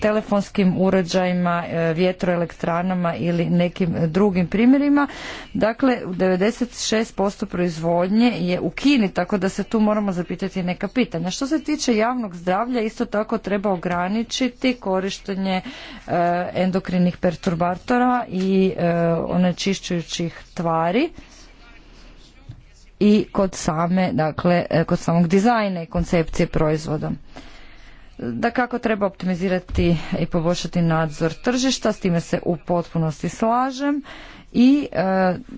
telefonskim uređajima, vjetroelektranama ili nekim drugim primjerima, dakle 96% proizvodnje je u Kini, tako da se tu moramo zapitati neka pitanja. Što se tiče javnog zdravlja, isto tako treba ograničiti korištenje korištenje e, endokrinih perturbatora i e, onečišćujućih tvari i kod same, dakle, e, kod samog dizajna i koncepcije proizvoda. Da kako treba optimizirati i poboljšati nadzor tržišta, s time se u potpunosti slažem i e,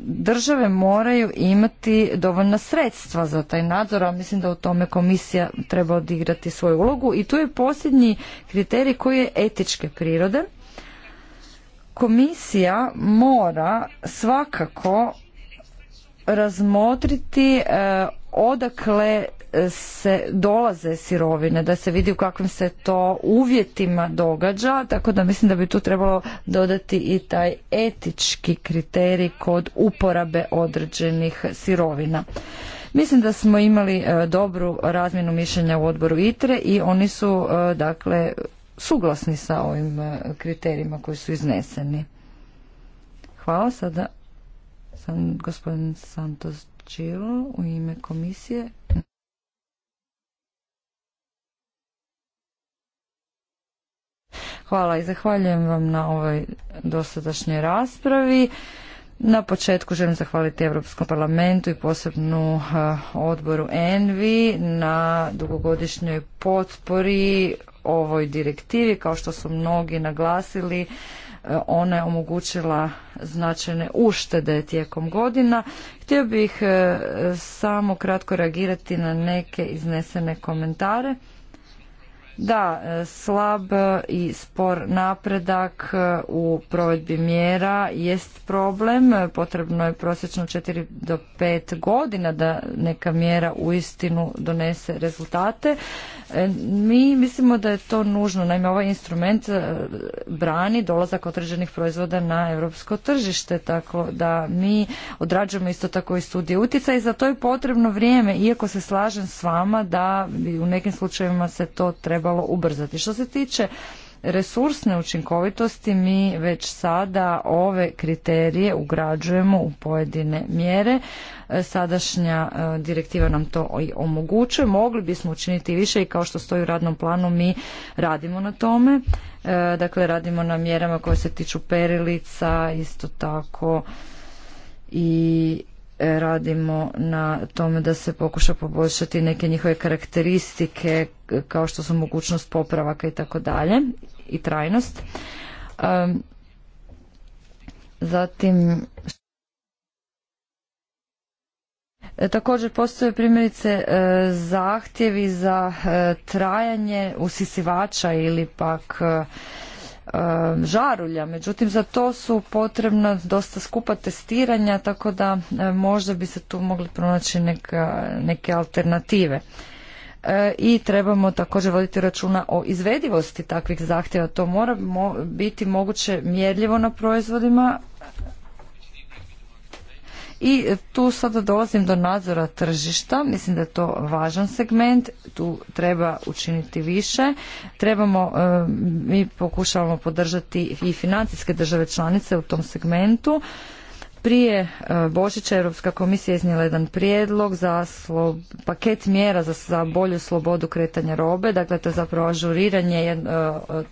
države moraju imati dovoljna sredstva za taj nadzor, a mislim da u tome komisija treba odigrati svoju ulogu i tu je posljednji kriterij koji je etičke prirode. Komisija mora svakako razmotriti e, odakle se dolaze sirovine, da se vidi u kakvim se to uvjetima događa, tako da mislim da bi tu trebalo dodati i taj etički kriterij kod uporabe određenih sirovina. Mislim da smo imali e, dobru razmjenu mišljenja u odboru ITRE i oni su e, dakle suglasni sa ovim e, kriterijima koji su izneseni. Hvala sada sam gospodin Santos Čilo u ime komisije. Hvala i zahvaljujem vam na ovoj dosadašnjoj raspravi. Na početku želim zahvaliti Europskom parlamentu i posebnu eh, odboru ENVI na dugogodišnjoj potpori ovoj direktivi. Kao što su mnogi naglasili, eh, ona je omogućila značajne uštede tijekom godina. Htio bih eh, samo kratko reagirati na neke iznesene komentare. Da, e, slab i spor napredak e, u provedbi mjera jest problem. Potrebno je prosječno 4 do 5 godina da neka mjera uistinu donese rezultate. E, mi mislimo da je to nužno. Naime, ovaj instrument brani dolazak određenih proizvoda na europsko tržište, tako da mi odrađujemo isto tako i studije utjecaja i za to je potrebno vrijeme, iako se slažem s vama da u nekim slučajevima se to treba trebalo ubrzati. Što se tiče resursne učinkovitosti mi već sada ove kriterije ugrađujemo u pojedine mjere. E, sadašnja e, direktiva nam to i omogućuje. Mogli bismo učiniti više i kao što stoji u radnom planu mi radimo na tome. E, dakle, radimo na mjerama koje se tiču perilica, isto tako i E, radimo na tome da se pokuša poboljšati neke njihove karakteristike kao što su mogućnost popravaka i tako dalje i trajnost. Zatim e, Također postoje primjerice e, zahtjevi za trajanje usisivača ili pak Um, žarulja, međutim za to su potrebna dosta skupa testiranja, tako da e, možda bi se tu mogli pronaći neka, neke alternative. E, I trebamo također voditi računa o izvedivosti takvih zahtjeva. To mora biti moguće mjerljivo na proizvodima i tu sada dolazim do nadzora tržišta, mislim da je to važan segment, tu treba učiniti više. Trebamo, e, mi pokušavamo podržati i financijske države članice u tom segmentu. Prije e, Božića Europska komisija iznijela jedan prijedlog za paket mjera za, bolju slobodu kretanja robe, dakle to je zapravo ažuriranje jed,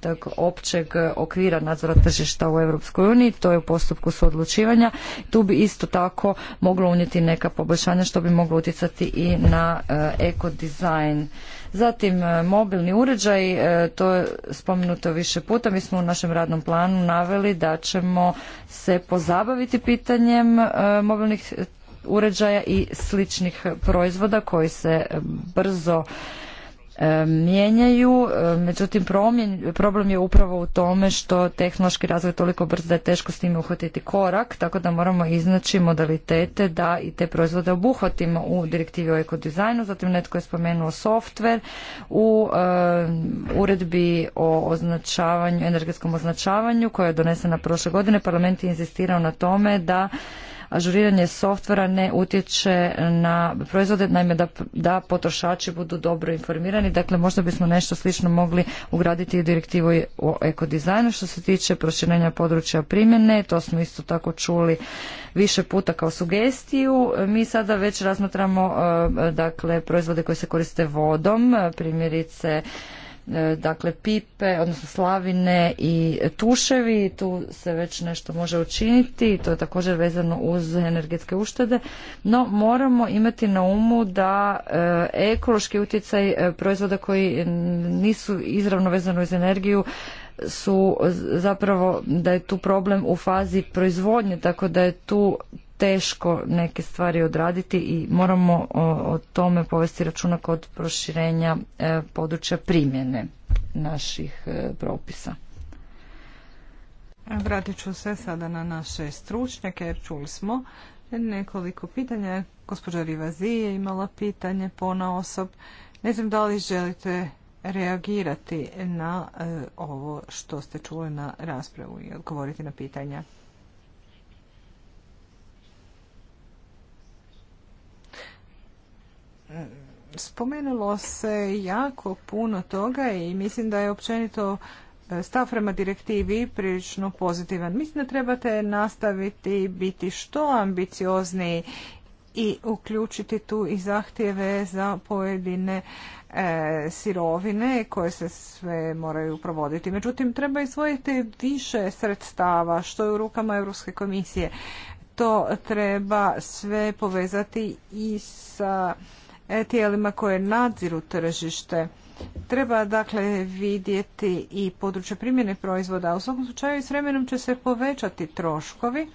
e, općeg okvira nadzora tržišta u Europskoj uniji, to je u postupku suodlučivanja. Tu bi isto tako moglo unijeti neka poboljšanja što bi moglo utjecati i na e, ekodizajn Zatim e, mobilni uređaj, e, to je spomenuto više puta, mi smo u našem radnom planu naveli da ćemo se pozabaviti pitanjem e, mobilnih uređaja i sličnih proizvoda koji se brzo E, mijenjaju, e, međutim problem je upravo u tome što tehnološki razvoj toliko brz da je teško s time uhvatiti korak, tako da moramo iznaći modalitete da i te proizvode obuhvatimo u direktivi o ekodizajnu, zatim netko je spomenuo softver u e, uredbi o označavanju, energetskom označavanju koja je donesena prošle godine, parlament je inzistirao na tome da ažuriranje softvera ne utječe na proizvode, naime da, da potrošači budu dobro informirani. Dakle, možda bismo nešto slično mogli ugraditi u direktivu o ekodizajnu. Što se tiče proširenja područja primjene, to smo isto tako čuli više puta kao sugestiju. Mi sada već razmatramo e, dakle, proizvode koji se koriste vodom, primjerice E, dakle pipe, odnosno slavine i tuševi, tu se već nešto može učiniti, to je također vezano uz energetske uštede, no moramo imati na umu da e, ekološki utjecaj e, proizvoda koji nisu izravno vezani uz energiju su zapravo da je tu problem u fazi proizvodnje, tako da je tu teško neke stvari odraditi i moramo o, tome povesti računa kod proširenja e, područja primjene naših e, propisa. Vratit ću se sada na naše stručnjake jer čuli smo nekoliko pitanja. Gospođa Rivazi je imala pitanje pona osob. Ne znam da li želite reagirati na e, ovo što ste čuli na raspravu i odgovoriti na pitanja. spomenulo se jako puno toga i mislim da je općenito e, stav prema direktivi prilično pozitivan. Mislim da trebate nastaviti biti što ambiciozniji i uključiti tu i zahtjeve za pojedine e, sirovine koje se sve moraju provoditi. Međutim, treba izvojiti više sredstava što je u rukama Europske komisije. To treba sve povezati i sa tijelima koje nadziru tržište. Treba dakle vidjeti i područje primjene proizvoda, a u svakom slučaju s vremenom će se povećati troškovi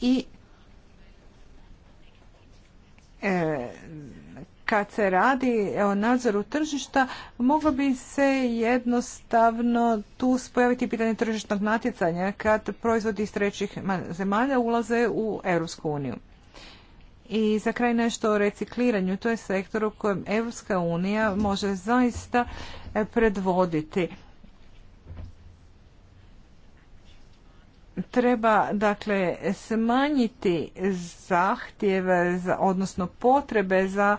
i e, kad se radi o nadzoru tržišta, moglo bi se jednostavno tu spojaviti pitanje tržišnog natjecanja kad proizvodi iz trećih zemalja ulaze u Europsku uniju. I za kraj nešto o recikliranju. To je sektor u kojem Evropska unija može zaista e, predvoditi. Treba dakle smanjiti zahtjeve, odnosno potrebe za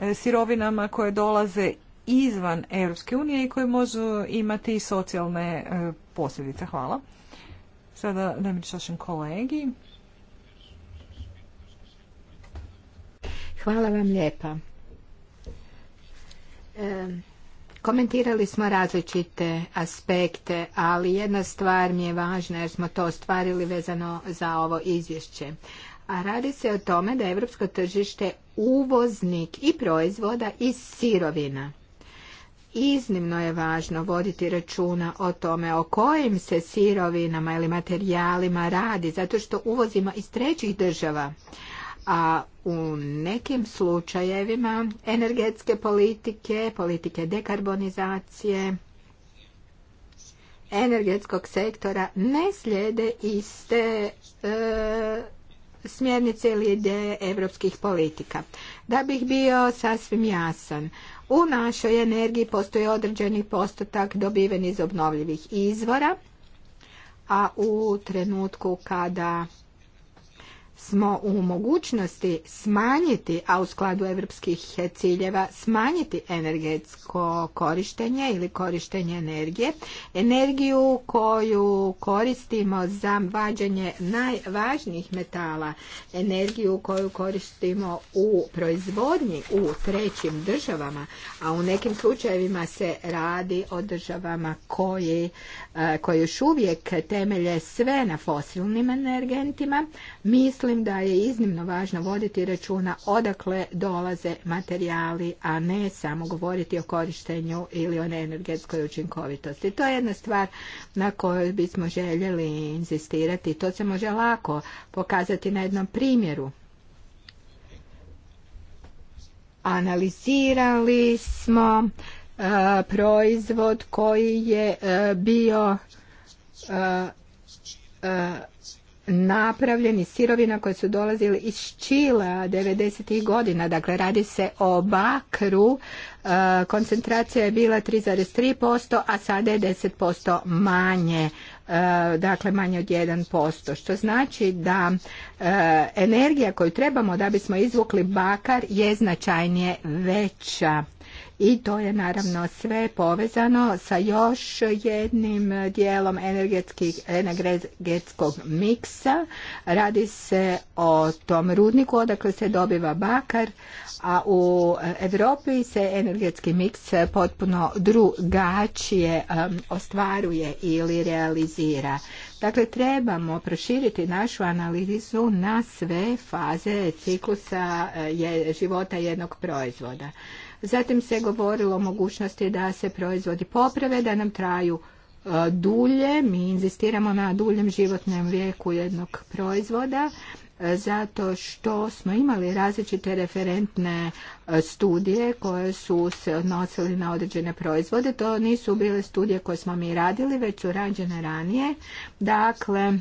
e, sirovinama koje dolaze izvan Europske unije i koje možu imati i socijalne e, posljedice. Hvala. Sada da mi čašem kolegi. Hvala vam lijepa. E, komentirali smo različite aspekte, ali jedna stvar mi je važna jer smo to ostvarili vezano za ovo izvješće. A radi se o tome da je evropsko tržište uvoznik i proizvoda iz sirovina. Iznimno je važno voditi računa o tome o kojim se sirovinama ili materijalima radi, zato što uvozimo iz trećih država a u nekim slučajevima energetske politike, politike dekarbonizacije, energetskog sektora ne slijede iste e, smjernice ili ideje evropskih politika. Da bih bio sasvim jasan, u našoj energiji postoji određeni postotak dobiven iz obnovljivih izvora, a u trenutku kada smo u mogućnosti smanjiti, a u skladu evropskih ciljeva smanjiti energetsko korištenje ili korištenje energije, energiju koju koristimo za vađanje najvažnijih metala, energiju koju koristimo u proizvodnji u trećim državama, a u nekim slučajevima se radi o državama koji E, koje još uvijek temelje sve na fosilnim energentima, mislim da je iznimno važno voditi računa odakle dolaze materijali, a ne samo govoriti o korištenju ili o energetskoj učinkovitosti. To je jedna stvar na kojoj bismo željeli inzistirati. To se može lako pokazati na jednom primjeru analizirali smo proizvod koji je bio napravljen iz sirovina koje su dolazili iz Čila 90. godina. Dakle, radi se o bakru. Koncentracija je bila 3,3%, a sada je 10% manje dakle manje od 1%, što znači da energija koju trebamo da bismo izvukli bakar je značajnije veća i to je naravno sve povezano sa još jednim dijelom energetskog miksa. Radi se o tom rudniku odakle se dobiva bakar, a u Europi se energetski miks potpuno drugačije ostvaruje ili realizira. Dakle, trebamo proširiti našu analizu na sve faze ciklusa eh, života jednog proizvoda. Zatim se govorilo o mogućnosti da se proizvodi poprave, da nam traju e, dulje, mi inzistiramo na duljem životnom vijeku jednog proizvoda e, zato što smo imali različite referentne e, studije koje su se odnosili na određene proizvode. To nisu bile studije koje smo mi radili, već su rađene ranije. Dakle,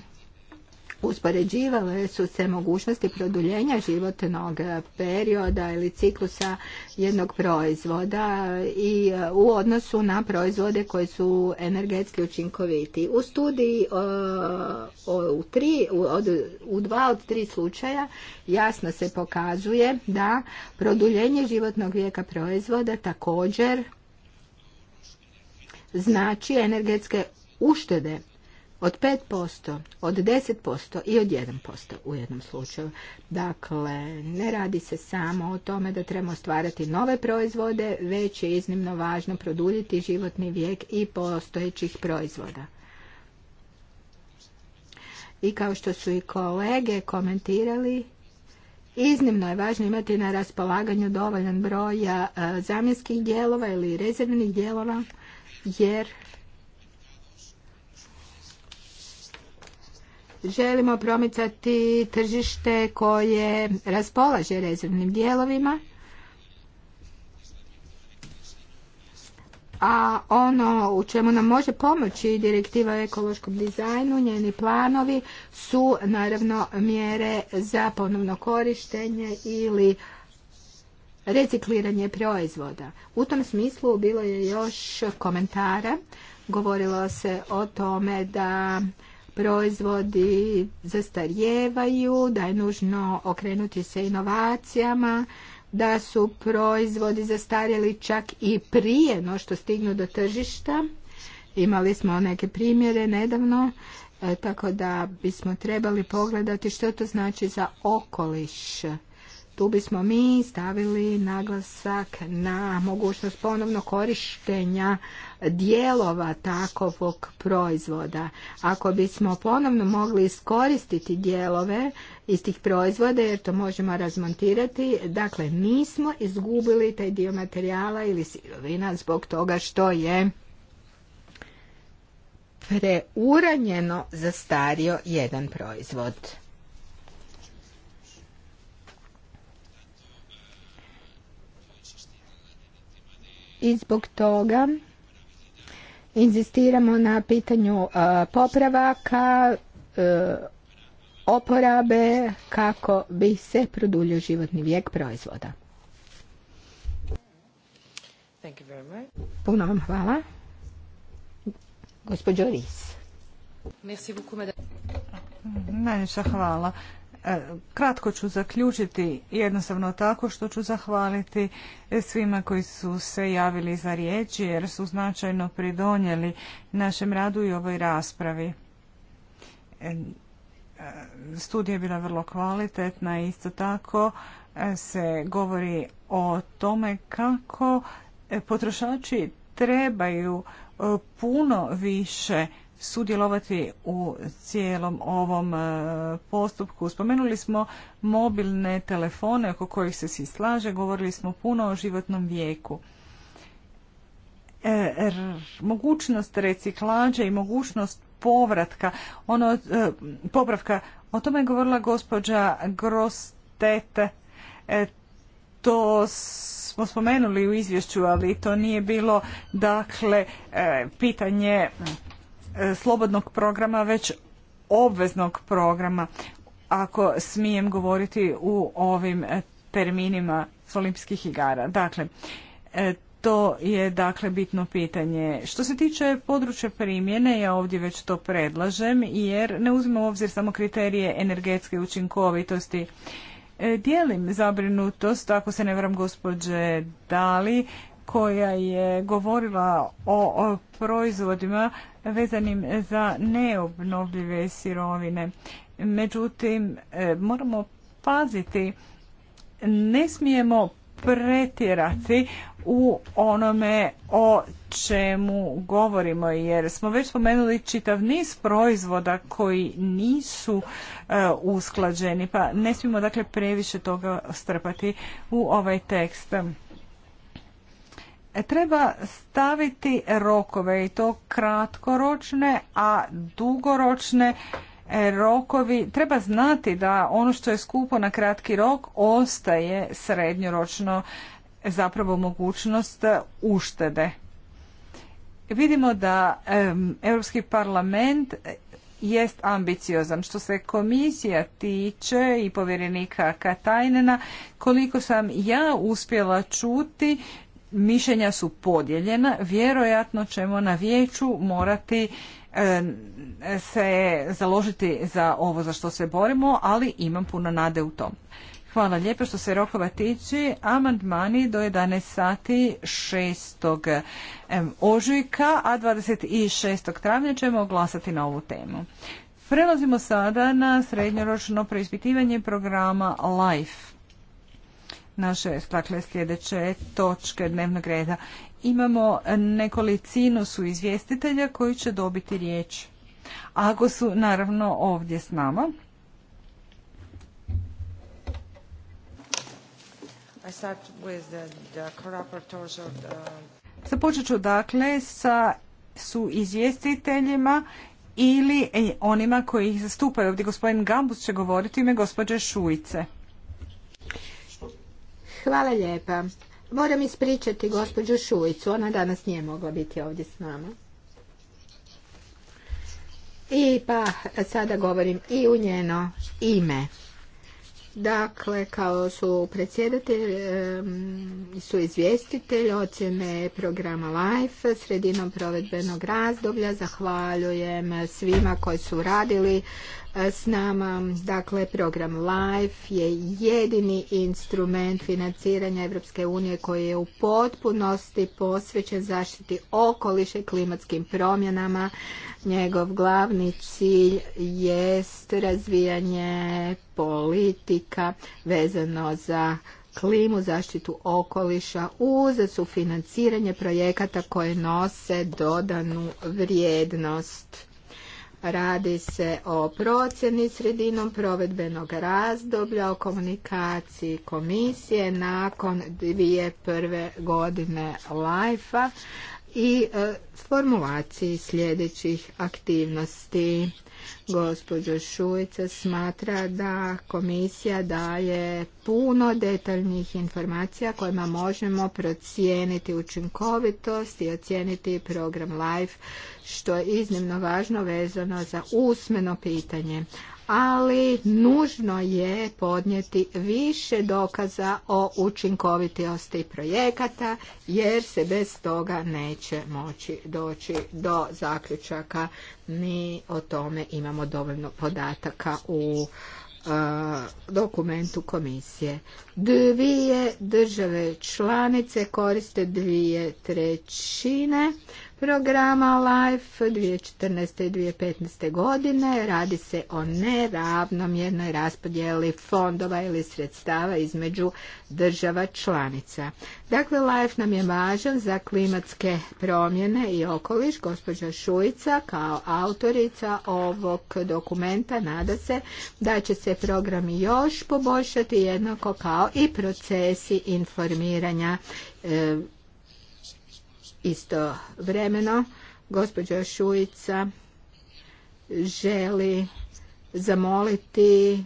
uspoređivale su se mogućnosti produljenja životnog eh, perioda ili ciklusa jednog proizvoda i eh, u odnosu na proizvode koji su energetski učinkoviti. U studiji eh, u, u dva od tri slučaja jasno se pokazuje da produljenje životnog vijeka proizvoda također znači energetske uštede od 5%, od 10% i od 1% u jednom slučaju. Dakle, ne radi se samo o tome da trebamo stvarati nove proizvode, već je iznimno važno produljiti životni vijek i postojećih proizvoda. I kao što su i kolege komentirali, Iznimno je važno imati na raspolaganju dovoljan broj zamjenskih dijelova ili rezervnih dijelova jer Želimo promicati tržište koje raspolaže rezervnim dijelovima. a ono u čemu nam može pomoći direktiva o ekološkom dizajnu, njeni planovi su naravno mjere za ponovno korištenje ili recikliranje proizvoda. U tom smislu bilo je još komentara. Govorilo se o tome da proizvodi zastarjevaju, da je nužno okrenuti se inovacijama, da su proizvodi zastarjeli čak i prije no što stignu do tržišta. Imali smo neke primjere nedavno, e, tako da bismo trebali pogledati što to znači za okoliš. Tu bismo mi stavili naglasak na mogućnost ponovno korištenja dijelova takovog proizvoda. Ako bismo ponovno mogli iskoristiti dijelove iz tih proizvoda jer to možemo razmontirati, dakle nismo izgubili taj dio materijala ili sirovina zbog toga što je preuranjeno zastario jedan proizvod. I zbog toga inzistiramo na pitanju uh, popravaka, uh, oporabe kako bi se produljio životni vijek proizvoda. Puno vam hvala. Gospođo Ris. Najljepša hvala. E, kratko ću zaključiti jednostavno tako što ću zahvaliti svima koji su se javili za riječi jer su značajno pridonijeli našem radu i ovoj raspravi. E, studija je bila vrlo kvalitetna i isto tako e, se govori o tome kako potrošači trebaju puno više sudjelovati u cijelom ovom e, postupku. Spomenuli smo mobilne telefone oko kojih se svi slaže, govorili smo puno o životnom vijeku. E, mogućnost reciklaže i mogućnost povratka, ono, e, popravka, o tome je govorila gospođa Grostete. to smo spomenuli u izvješću, ali to nije bilo dakle pitanje E, slobodnog programa već obveznog programa ako smijem govoriti u ovim e, terminima s olimpijskih igara. Dakle, e, to je dakle bitno pitanje. Što se tiče područja primjene, ja ovdje već to predlažem jer ne uzimam u obzir samo kriterije energetske učinkovitosti. Dijelim zabrinutost, ako se ne vram gospođe Dali, koja je govorila o, proizvodima vezanim za neobnovljive sirovine. Međutim, e, moramo paziti, ne smijemo pretjerati u onome o čemu govorimo jer smo već spomenuli čitav niz proizvoda koji nisu e, usklađeni pa ne smijemo dakle previše toga strpati u ovaj tekst. E, treba staviti rokove i to kratkoročne, a dugoročne e, rokovi. Treba znati da ono što je skupo na kratki rok ostaje srednjoročno zapravo mogućnost uštede. Vidimo da Europski parlament jest ambiciozan. Što se komisija tiče i povjerenika Katajnena, koliko sam ja uspjela čuti, mišljenja su podijeljena, vjerojatno ćemo na vijeću morati e, se založiti za ovo za što se borimo, ali imam puno nade u tom. Hvala lijepo što se rokova tiče. Amandmani do 11 sati 6. ožujka, a 26. travnja ćemo glasati na ovu temu. Prelazimo sada na srednjoročno preispitivanje programa LIFE naše dakle, sljedeće točke dnevnog reda. Imamo nekolicinu su izvjestitelja koji će dobiti riječ. Ako su naravno ovdje s nama. Započet ću dakle sa su izvjestiteljima ili e, onima koji ih zastupaju. Ovdje gospodin Gambus će govoriti u ime gospođe Šujice. Hvala lijepa. Moram ispričati gospođu Šujicu, ona danas nije mogla biti ovdje s nama. I pa sada govorim i u njeno ime. Dakle, kao su predsjedatelj, su izvjestitelj ocjene programa LIFE sredinom provedbenog razdoblja. Zahvaljujem svima koji su radili s nama. Dakle, program LIFE je jedini instrument financiranja Europske unije koji je u potpunosti posvećen zaštiti okoliša i klimatskim promjenama. Njegov glavni cilj jest razvijanje politika vezano za klimu, zaštitu okoliša uz sufinanciranje projekata koje nose dodanu vrijednost. Radi se o procjeni sredinom provedbenog razdoblja, o komunikaciji komisije nakon dvije prve godine life i e, formulaciji sljedećih aktivnosti. Gospođo Šujica smatra da komisija daje puno detaljnih informacija kojima možemo procijeniti učinkovitost i ocijeniti program LIFE, što je iznimno važno vezano za usmeno pitanje ali nužno je podnijeti više dokaza o učinkovitosti projekata jer se bez toga neće moći doći do zaključaka ni o tome imamo dovoljno podataka u e, dokumentu komisije. Dvije države članice koriste dvije trećine programa LIFE 2014. 2015. godine. Radi se o neravnomjernoj raspodjeli fondova ili sredstava između država članica. Dakle, LIFE nam je važan za klimatske promjene i okoliš. Gospođa Šujica kao autorica ovog dokumenta nada se da će se program još poboljšati jednako kao i procesi informiranja e, Istovremeno, gospođa Šujica želi zamoliti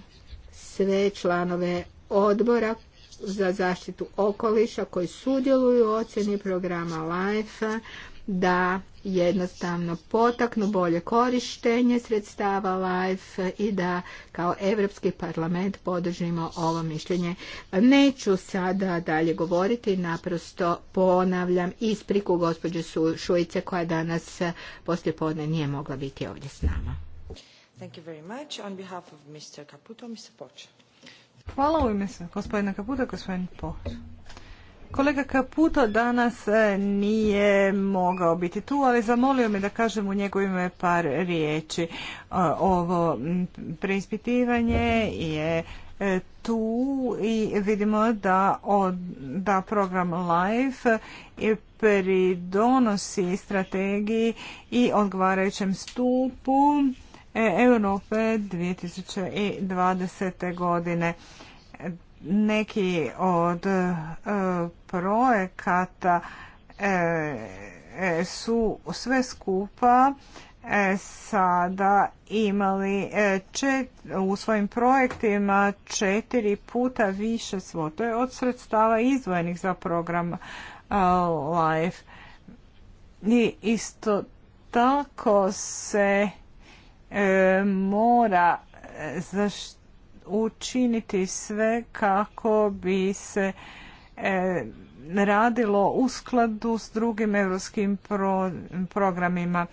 sve članove odbora za zaštitu okoliša koji sudjeluju u ocjeni programa LIFE da jednostavno potaknu bolje korištenje sredstava LIFE i da kao Europski parlament podržimo ovo mišljenje. Neću sada dalje govoriti, naprosto ponavljam ispriku gospođe Šujice koja danas poslijepodne nije mogla biti ovdje s nama. Thank you very On behalf of Mr. Hvala u ime gospodina Kaputa, gospodin Poč. Kolega Kaputo danas e, nije mogao biti tu, ali zamolio me da kažem u njegovime par riječi. E, ovo preispitivanje je e, tu i vidimo da, da program LIFE pridonosi strategiji i odgovarajućem stupu Europe 2020. godine neki od e, projekata e, e, su sve skupa sada imali u svojim projektima četiri puta više je od sredstava izdvojenih za program LIFE. I isto tako se mora za učiniti sve kako bi se e, radilo u skladu s drugim europskim programima.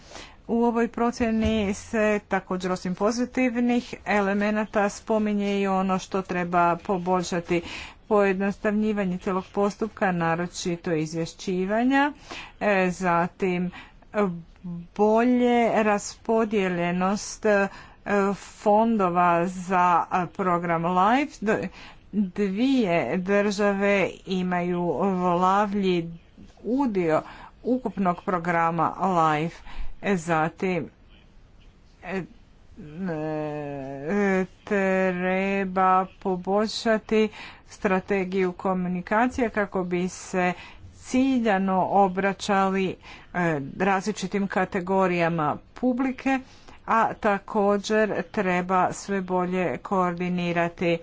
U ovoj procjeni se također osim pozitivnih elemenata spominje i ono što treba poboljšati pojednostavljivanje cijelog postupka, naročito izvješćivanja, e, zatim bolje raspodjeljenost E, fondova za e, program LIFE. Dvije države imaju volavlji udio ukupnog programa LIFE. E, zatim treba poboljšati strategiju komunikacije kako bi se ciljano obraćali različitim kategorijama publike a također treba sve bolje koordinirati.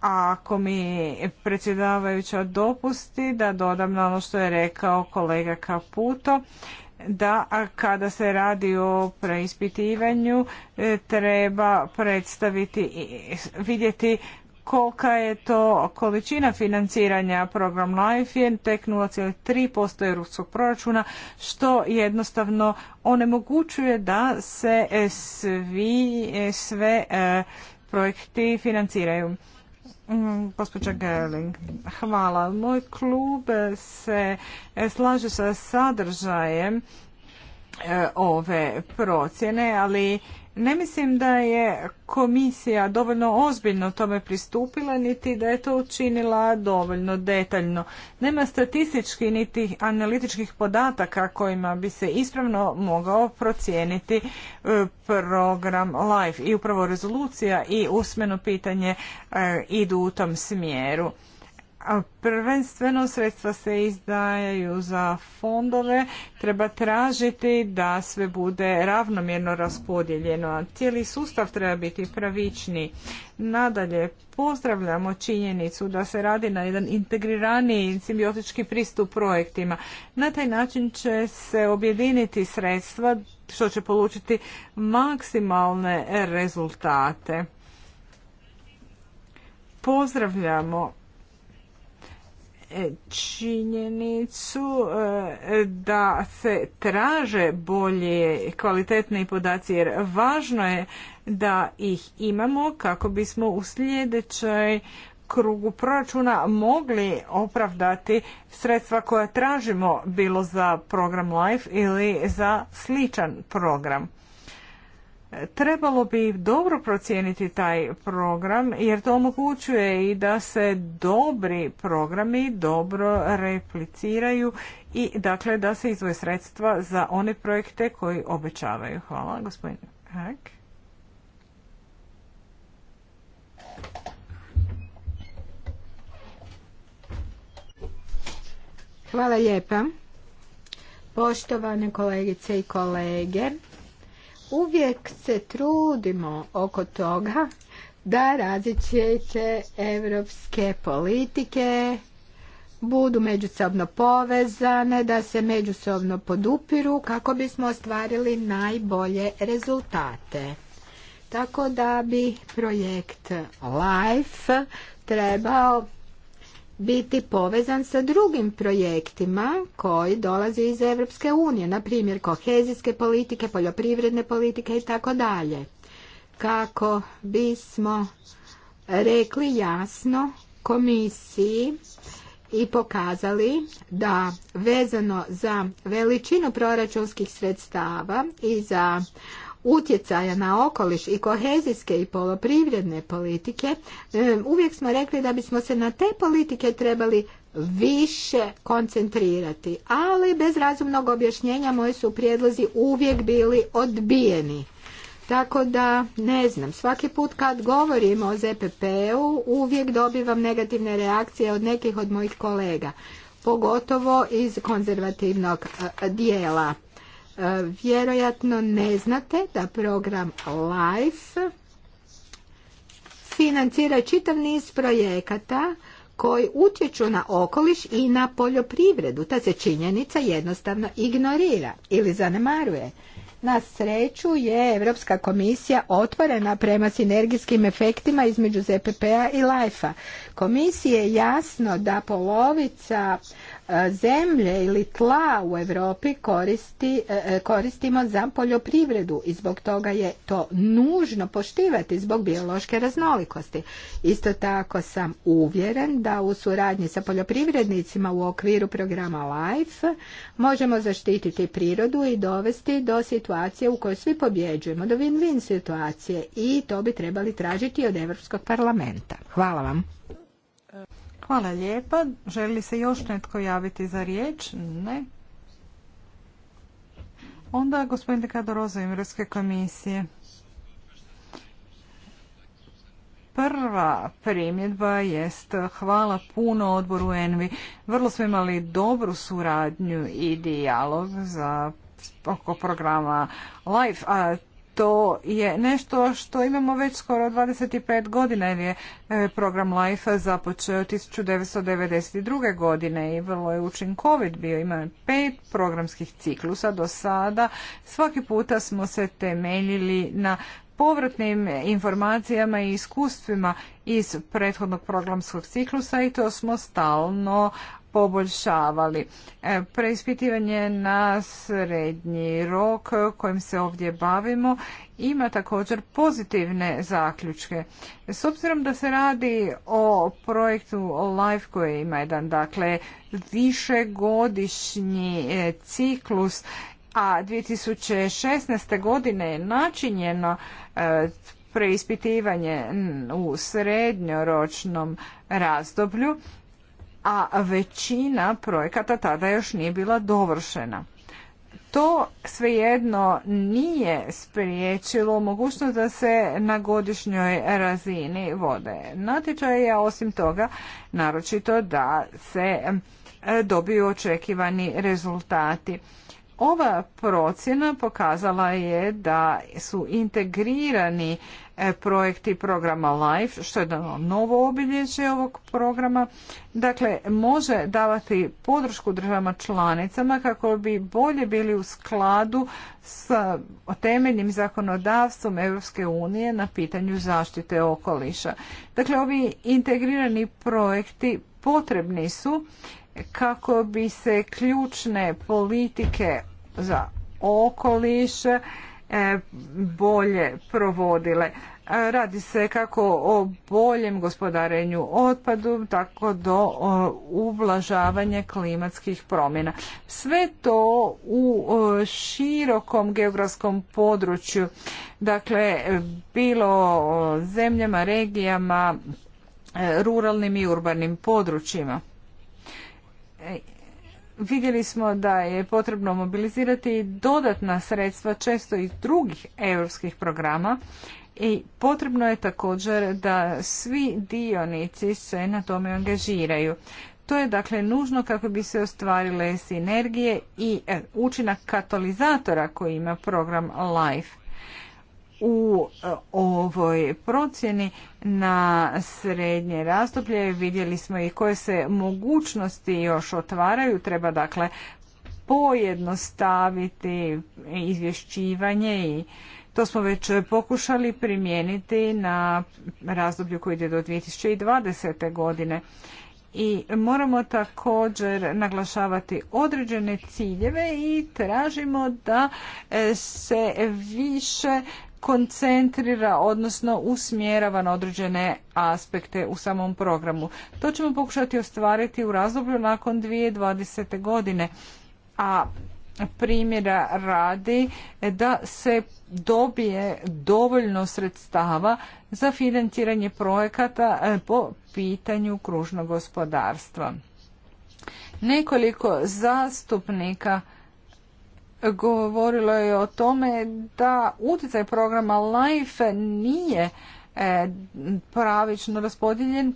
A ako mi predsjedavajuća dopusti da dodam na ono što je rekao kolega Kaputo, da kada se radi o preispitivanju e, treba predstaviti vidjeti kolika je to količina financiranja program LIFE je tek 0,3% europskog proračuna što jednostavno onemogućuje da se svi sve e, projekti financiraju. Mm, gospođa Gerling, hvala. Moj klub se slaže sa sadržajem e, ove procjene, ali ne mislim da je komisija dovoljno ozbiljno tome pristupila, niti da je to učinila dovoljno detaljno. Nema statističkih niti analitičkih podataka kojima bi se ispravno mogao procijeniti e, program LIFE. I upravo rezolucija i usmeno pitanje e, idu u tom smjeru prvenstveno sredstva se izdajaju za fondove, treba tražiti da sve bude ravnomjerno raspodijeljeno. Cijeli sustav treba biti pravični. Nadalje, pozdravljamo činjenicu da se radi na jedan integrirani simbiotički pristup projektima. Na taj način će se objediniti sredstva što će polučiti maksimalne rezultate. Pozdravljamo činjenicu e, da se traže bolje kvalitetne podaci jer važno je da ih imamo kako bismo u sljedećoj krugu proračuna mogli opravdati sredstva koja tražimo bilo za program LIFE ili za sličan program. Trebalo bi dobro procijeniti taj program jer to omogućuje i da se dobri programi dobro repliciraju i dakle da se izvoje sredstva za one projekte koji obećavaju. Hvala, gospodin Hak. Hvala lijepa. Poštovane kolegice i kolege, Uvijek se trudimo oko toga da različite evropske politike budu međusobno povezane, da se međusobno podupiru kako bismo ostvarili najbolje rezultate. Tako da bi projekt LIFE trebao biti povezan sa drugim projektima koji dolaze iz Europske unije, na primjer kohezijske politike, poljoprivredne politike i tako dalje. Kako bismo rekli jasno komisiji i pokazali da vezano za veličinu proračunskih sredstava i za utjecaja na okoliš i kohezijske i poloprivredne politike, e, uvijek smo rekli da bismo se na te politike trebali više koncentrirati, ali bez razumnog objašnjenja moji su prijedlozi uvijek bili odbijeni. Tako da, ne znam, svaki put kad govorimo o ZPP-u, uvijek dobivam negativne reakcije od nekih od mojih kolega, pogotovo iz konzervativnog e, dijela E, vjerojatno ne znate da program LIFE financira čitav niz projekata koji utječu na okoliš i na poljoprivredu. Ta se činjenica jednostavno ignorira ili zanemaruje. Na sreću je Europska komisija otvorena prema sinergijskim efektima između ZPP-a i LIFE-a. Komisiji je jasno da polovica E, zemlje ili tla u Europi koristi, e, e, koristimo za poljoprivredu i zbog toga je to nužno poštivati zbog biološke raznolikosti. Isto tako sam uvjeren da u suradnji sa poljoprivrednicima u okviru programa LIFE možemo zaštititi prirodu i dovesti do situacije u kojoj svi pobjeđujemo, do win-win situacije i to bi trebali tražiti od Europskog parlamenta. Hvala vam. Hvala lijepa. Želi li se još netko javiti za riječ? Ne. Onda gospodin Dekadoroza Europske komisije. Prva primjedba jest hvala puno odboru Envi. Vrlo smo imali dobru suradnju i dijalog za oko programa Life, a to je nešto što imamo već skoro 25 godina jer je e, program LIFE započeo 1992. godine i vrlo je učinkovit bio. Ima pet programskih ciklusa do sada. Svaki puta smo se temeljili na povratnim informacijama i iskustvima iz prethodnog programskog ciklusa i to smo stalno poboljšavali. E, preispitivanje na srednji rok kojim se ovdje bavimo ima također pozitivne zaključke. S obzirom da se radi o projektu Life koji ima jedan dakle višegodišnji e, ciklus a 2016. godine je načinjeno e, preispitivanje u srednjoročnom razdoblju a većina projekata tada još nije bila dovršena. To svejedno nije spriječilo mogućnost da se na godišnjoj razini vode natječaj je osim toga naročito da se e, dobiju očekivani rezultati. Ova procjena pokazala je da su integrirani E, projekti programa LIFE, što je dano novo obilježje ovog programa. Dakle, može davati podršku državama članicama kako bi bolje bili u skladu s temeljnim zakonodavstvom Europske unije na pitanju zaštite okoliša. Dakle, ovi integrirani projekti potrebni su kako bi se ključne politike za okoliš E, bolje provodile. E, radi se kako o boljem gospodarenju otpadu, tako do ublažavanja klimatskih promjena. Sve to u širokom geografskom području, dakle bilo zemljama, regijama, e, ruralnim i urbanim područjima vidjeli smo da je potrebno mobilizirati dodatna sredstva često iz drugih europskih programa i potrebno je također da svi dionici se na tome angažiraju. To je dakle nužno kako bi se ostvarile sinergije i e, učinak katalizatora koji ima program LIFE u e, ovoj procjeni na srednje razdoblje vidjeli smo i koje se mogućnosti još otvaraju. Treba dakle pojednostaviti izvješćivanje i to smo već pokušali primijeniti na razdoblju koji ide do 2020. godine. I moramo također naglašavati određene ciljeve i tražimo da e, se više koncentrira, odnosno usmjerava na određene aspekte u samom programu. To ćemo pokušati ostvariti u razdoblju nakon 2020. godine, a primjera radi da se dobije dovoljno sredstava za financiranje projekata e, po pitanju kružnog gospodarstva. Nekoliko zastupnika govorilo je o tome da utjecaj programa LIFE nije e, pravično raspodijeljen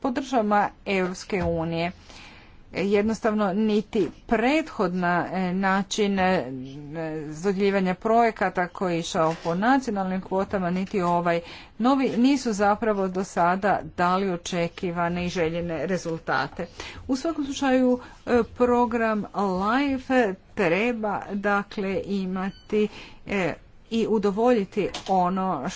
po državama Europske unije jednostavno niti prethodna e, način e, dodjeljivanja projekata koji je išao po nacionalnim kvotama niti ovaj novi nisu zapravo do sada dali očekivane i željene rezultate. U svakom slučaju e, program LIFE treba dakle imati i udovoljiti ono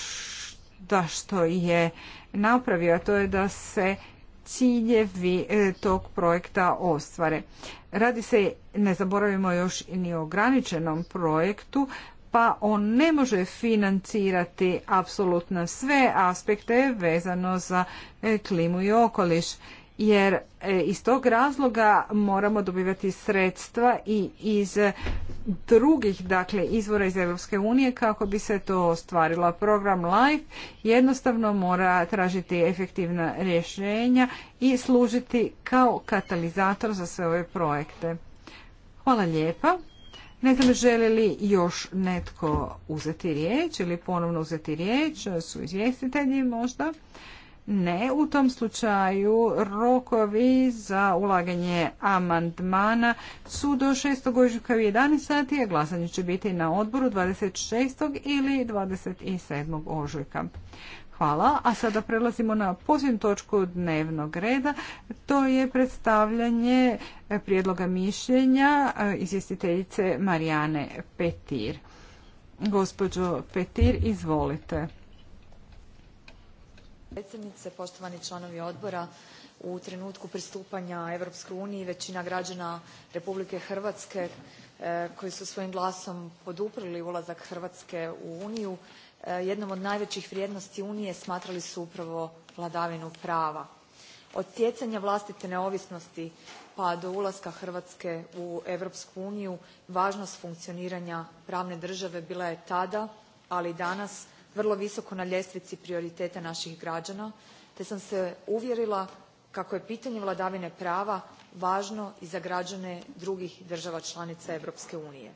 što je napravio, a to je da se ciljevi e, tog projekta ostvare. Radi se, ne zaboravimo još i ni o ograničenom projektu, pa on ne može financirati apsolutno sve aspekte vezano za e, klimu i okoliš jer e, iz tog razloga moramo dobivati sredstva i iz drugih dakle izvora iz Europske unije kako bi se to ostvarilo. Program LIFE jednostavno mora tražiti efektivna rješenja i služiti kao katalizator za sve ove projekte. Hvala lijepa. Ne znam želi li još netko uzeti riječ ili ponovno uzeti riječ, su izvjestitelji možda. Ne, u tom slučaju rokovi za ulaganje amandmana su do 6. ožujka u 11 sati, a glasanje će biti na odboru 26. ili 27. ožujka. Hvala, a sada prelazimo na posljednju točku dnevnog reda. To je predstavljanje prijedloga mišljenja eh, izvjestiteljice Marijane Petir. Gospođo Petir, izvolite predsjednice, poštovani članovi odbora. U trenutku pristupanja Europskoj uniji većina građana Republike Hrvatske e, koji su svojim glasom poduprli ulazak Hrvatske u Uniju e, jednom od najvećih vrijednosti Unije smatrali su upravo vladavinu prava. Od stjecanja vlastite neovisnosti pa do ulaska Hrvatske u Europsku uniju važnost funkcioniranja pravne države bila je tada, ali i danas vrlo visoko na ljestvici prioriteta naših građana te sam se uvjerila kako je pitanje vladavine prava važno i za građane drugih država članica europske unije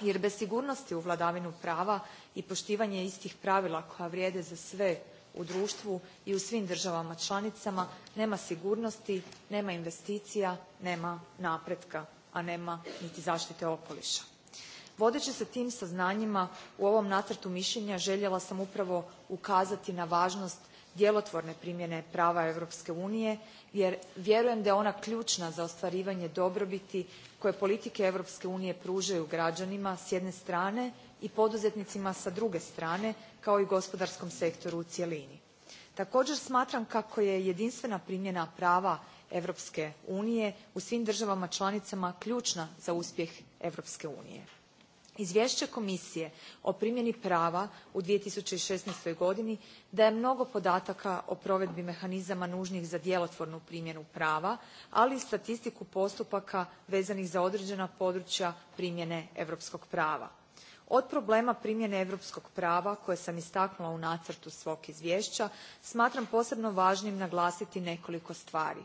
jer bez sigurnosti u vladavinu prava i poštivanje istih pravila koja vrijede za sve u društvu i u svim državama članicama nema sigurnosti nema investicija nema napretka a nema niti zaštite okoliša vodeći se tim saznanjima u ovom nacrtu mišljenja željela sam upravo ukazati na važnost djelotvorne primjene prava europske unije jer vjerujem da je ona ključna za ostvarivanje dobrobiti koje politike europske unije pružaju građanima s jedne strane i poduzetnicima s druge strane kao i gospodarskom sektoru u cjelini. također smatram kako je jedinstvena primjena prava europske unije u svim državama članicama ključna za uspjeh europske unije izvješće komisije o primjeni prava u. two thousand and sixteen godini daje mnogo podataka o provedbi mehanizama nužnih za djelotvornu primjenu prava ali i statistiku postupaka vezanih za određena područja primjene europskog prava. od problema primjene europskog prava koje sam istaknula u nacrtu svog izvješća smatram posebno važnim naglasiti nekoliko stvari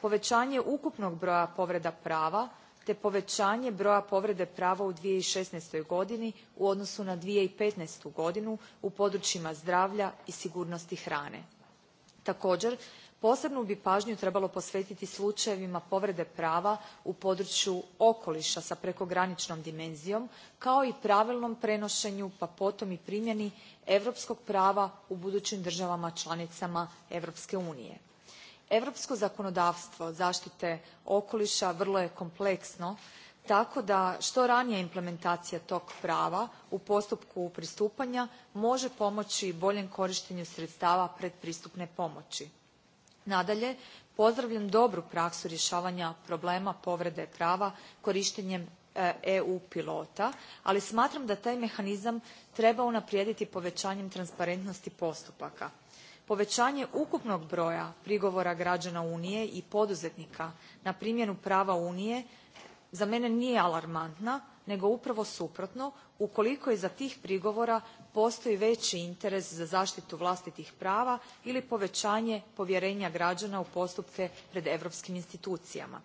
povećanje ukupnog broja povreda prava te povećanje broja povrede prava u. two thousand and sixteen godini u odnosu na. two thousand and fifteen godinu u područjima zdravlja i sigurnosti hrane. također posebnu bi pažnju trebalo posvetiti slučajevima povrede prava u području okoliša s prekograničnom dimenzijom kao i pravilnom prenošenju pa potom i primjeni europskog prava u budućim državama članicama europske unije europsko zakonodavstvo zaštite okoliša vrlo je kompleksno tako da što ranija implementacija tog prava u postupku pristupanja može pomoći boljem korištenju sredstava predpristupne pomoći. nadalje pozdravljam dobru praksu rješavanja problema povrede prava korištenjem eu e pilota ali smatram da taj mehanizam treba unaprijediti povećanjem transparentnosti postupaka povećanje ukupnog broja prigovora građana unije i poduzetnika na primjenu prava unije za mene nije alarmantna nego upravo suprotno ukoliko iza tih prigovora postoji veći interes za zaštitu vlastitih prava ili povećanje povjerenja građana u postupke pred europskim institucijama.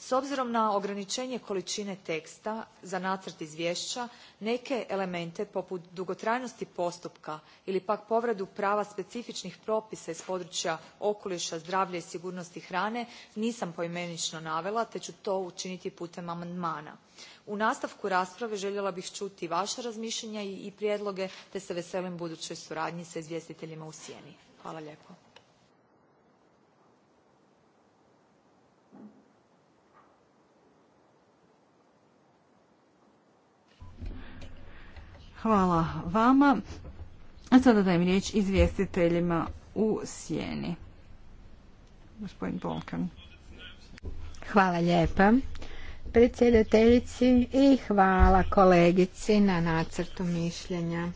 S obzirom na ograničenje količine teksta za nacrt izvješća neke elemente poput dugotrajnosti postupka ili pak povredu prava specifičnih propisa iz područja okoliša, zdravlja i sigurnosti hrane nisam poimenično navela te ću to učiniti putem amandmana. U nastavku rasprave željela bih čuti vaša razmišljanja i prijedloge te se veselim budućoj suradnji sa izvjestiteljima u sjeni. Hvala lijepo. Hvala vama. A sada dajem riječ izvjestiteljima u sjeni. Gospodin Polkan. Hvala lijepa predsjedateljici i hvala kolegici na nacrtu mišljenja.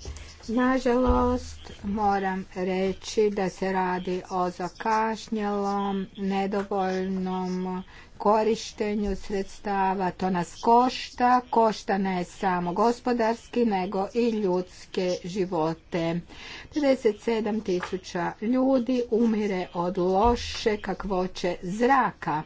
Nažalost, moram reći da se radi o zakašnjelom, nedovoljnom korištenju sredstava. To nas košta, košta ne samo gospodarski, nego i ljudske živote. 57 tisuća ljudi umire od loše kakvoće zraka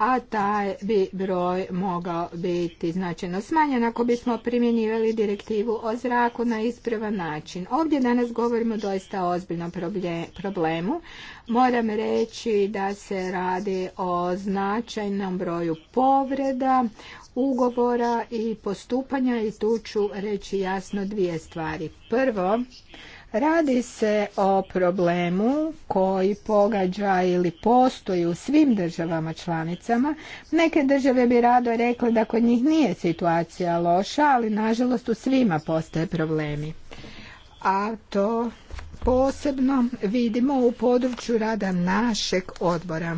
a taj bi broj mogao biti značajno smanjen ako bismo primjenjivali direktivu o zraku na ispravan način. Ovdje danas govorimo doista o ozbiljnom problemu. Moram reći da se radi o značajnom broju povreda, ugovora i postupanja i tu ću reći jasno dvije stvari. Prvo, Radi se o problemu koji pogađa ili postoji u svim državama članicama. Neke države bi rado rekle da kod njih nije situacija loša, ali nažalost u svima postoje problemi. A to posebno vidimo u području rada našeg odbora.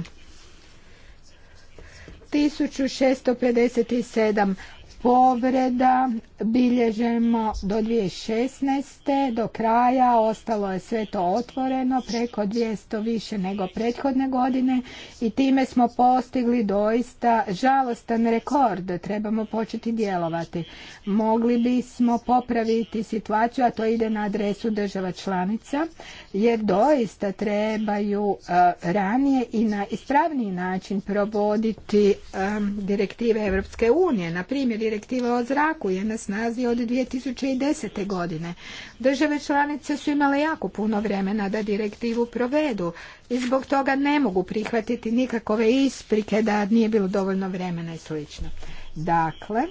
1657 povreda bilježemo do 2016. do kraja ostalo je sve to otvoreno preko 200 više nego prethodne godine i time smo postigli doista žalostan rekord trebamo početi djelovati mogli bismo popraviti situaciju a to ide na adresu država članica jer doista trebaju e, ranije i na ispravniji način provoditi e, direktive Europske unije na primjer direktiva o zraku je na snazi od 2010. godine. Države članice su imale jako puno vremena da direktivu provedu i zbog toga ne mogu prihvatiti nikakove isprike da nije bilo dovoljno vremena i slično. Dakle,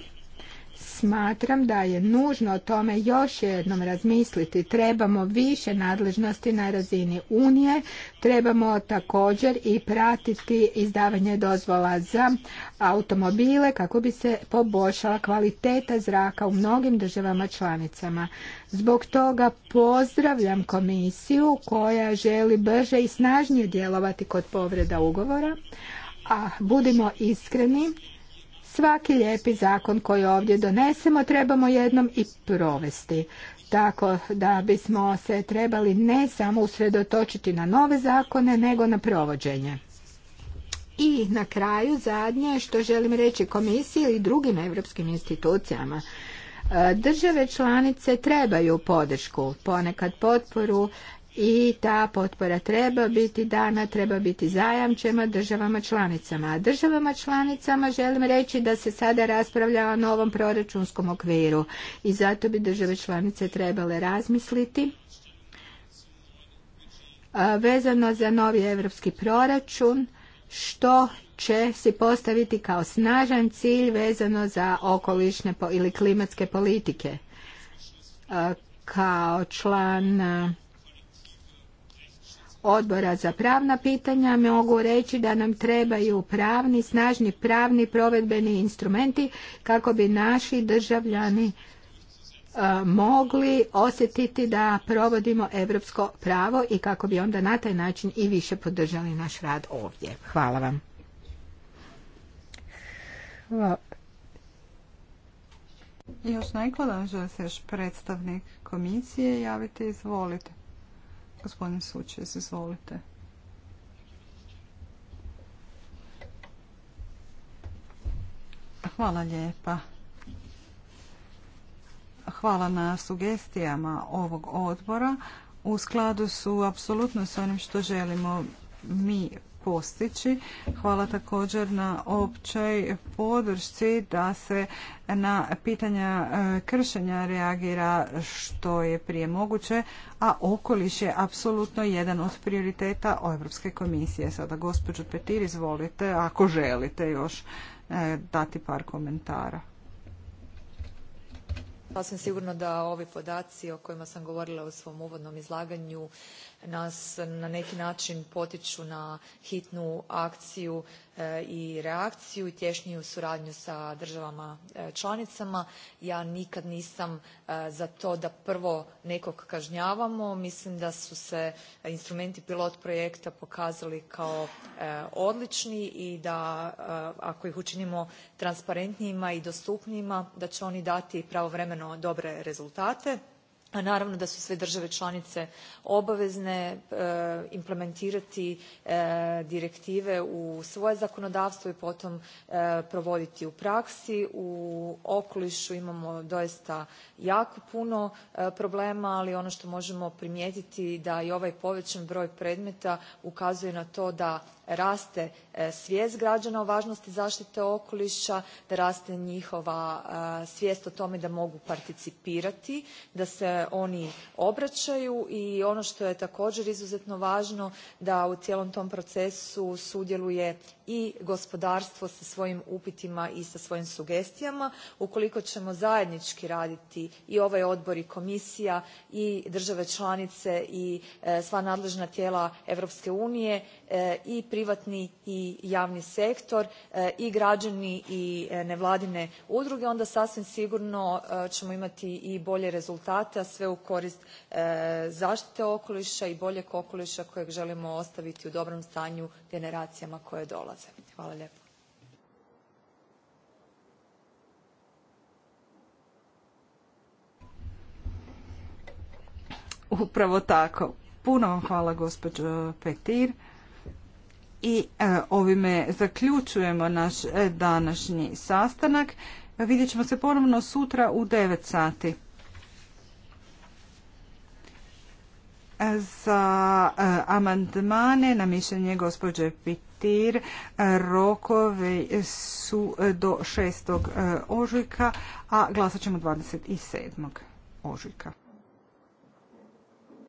smatram da je nužno o tome još jednom razmisliti. Trebamo više nadležnosti na razini Unije, trebamo također i pratiti izdavanje dozvola za automobile kako bi se poboljšala kvaliteta zraka u mnogim državama članicama. Zbog toga pozdravljam komisiju koja želi brže i snažnije djelovati kod povreda ugovora, a budimo iskreni, Svaki lijepi zakon koji ovdje donesemo trebamo jednom i provesti. Tako da bismo se trebali ne samo usredotočiti na nove zakone, nego na provođenje. I na kraju zadnje što želim reći komisiji i drugim europskim institucijama. E, države članice trebaju podršku, ponekad potporu i ta potpora treba biti dana, treba biti zajamčena državama članicama. A državama članicama želim reći da se sada raspravlja o novom proračunskom okviru i zato bi države članice trebale razmisliti vezano za novi europski proračun što će se postaviti kao snažan cilj vezano za okolišne ili klimatske politike. Kao član odbora za pravna pitanja mogu reći da nam trebaju pravni, snažni pravni provedbeni instrumenti kako bi naši državljani e, mogli osjetiti da provodimo europsko pravo i kako bi onda na taj način i više podržali naš rad ovdje. Hvala vam. Još se još predstavnik komisije javiti, izvolite. Gospodin Sučes, izvolite. Hvala lijepa. Hvala na sugestijama ovog odbora. U skladu su apsolutno s onim što želimo mi postići. Hvala također na općoj podršci da se na pitanja e, kršenja reagira što je prije moguće, a okoliš je apsolutno jedan od prioriteta Europske komisije. Sada gospođo Petir, izvolite, ako želite još e, dati par komentara. sam sigurno da ovi podaci o kojima sam govorila u svom uvodnom izlaganju nas na neki način potiču na hitnu akciju eh, i reakciju i tješniju suradnju sa državama eh, članicama. Ja nikad nisam eh, za to da prvo nekog kažnjavamo. Mislim da su se instrumenti pilot projekta pokazali kao odlični i da ako ih učinimo transparentnijima i dostupnijima da će oni dati pravovremeno dobre rezultate naravno da su sve države članice obavezne e, implementirati e, direktive u svoje zakonodavstvo i potom e, provoditi u praksi. u okolišu imamo doista jako puno problema ali ono što možemo primijetiti da i ovaj povećan broj predmeta ukazuje na to da raste e, svijest građana o važnosti zaštite okoliša da raste njihova e, svijest o tome da mogu participirati da se oni obraćaju i ono što je također izuzetno važno da u cijelom tom procesu sudjeluje i gospodarstvo sa svojim upitima i sa svojim sugestijama. ukoliko ćemo zajednički raditi i ovaj odbor i komisija i države članice i e, sva nadležna tijela europske unije E, i privatni i javni sektor e, i građani i e, nevladine udruge onda sasvim sigurno ćemo imati i bolje rezultate a sve u korist zaštite okoliša i boljeg okoliša kojeg želimo ostaviti u dobrom stanju generacijama koje dolaze. Hvala Upravo tako. Puno vam hvala gospođo Petir. I e, ovime zaključujemo naš e, današnji sastanak. Vidjet ćemo se ponovno sutra u 9 sati. E, za amandmane na mišljenje gospođe Pitir rokovi su do 6. ožujka, a glasat ćemo 27. ožujka.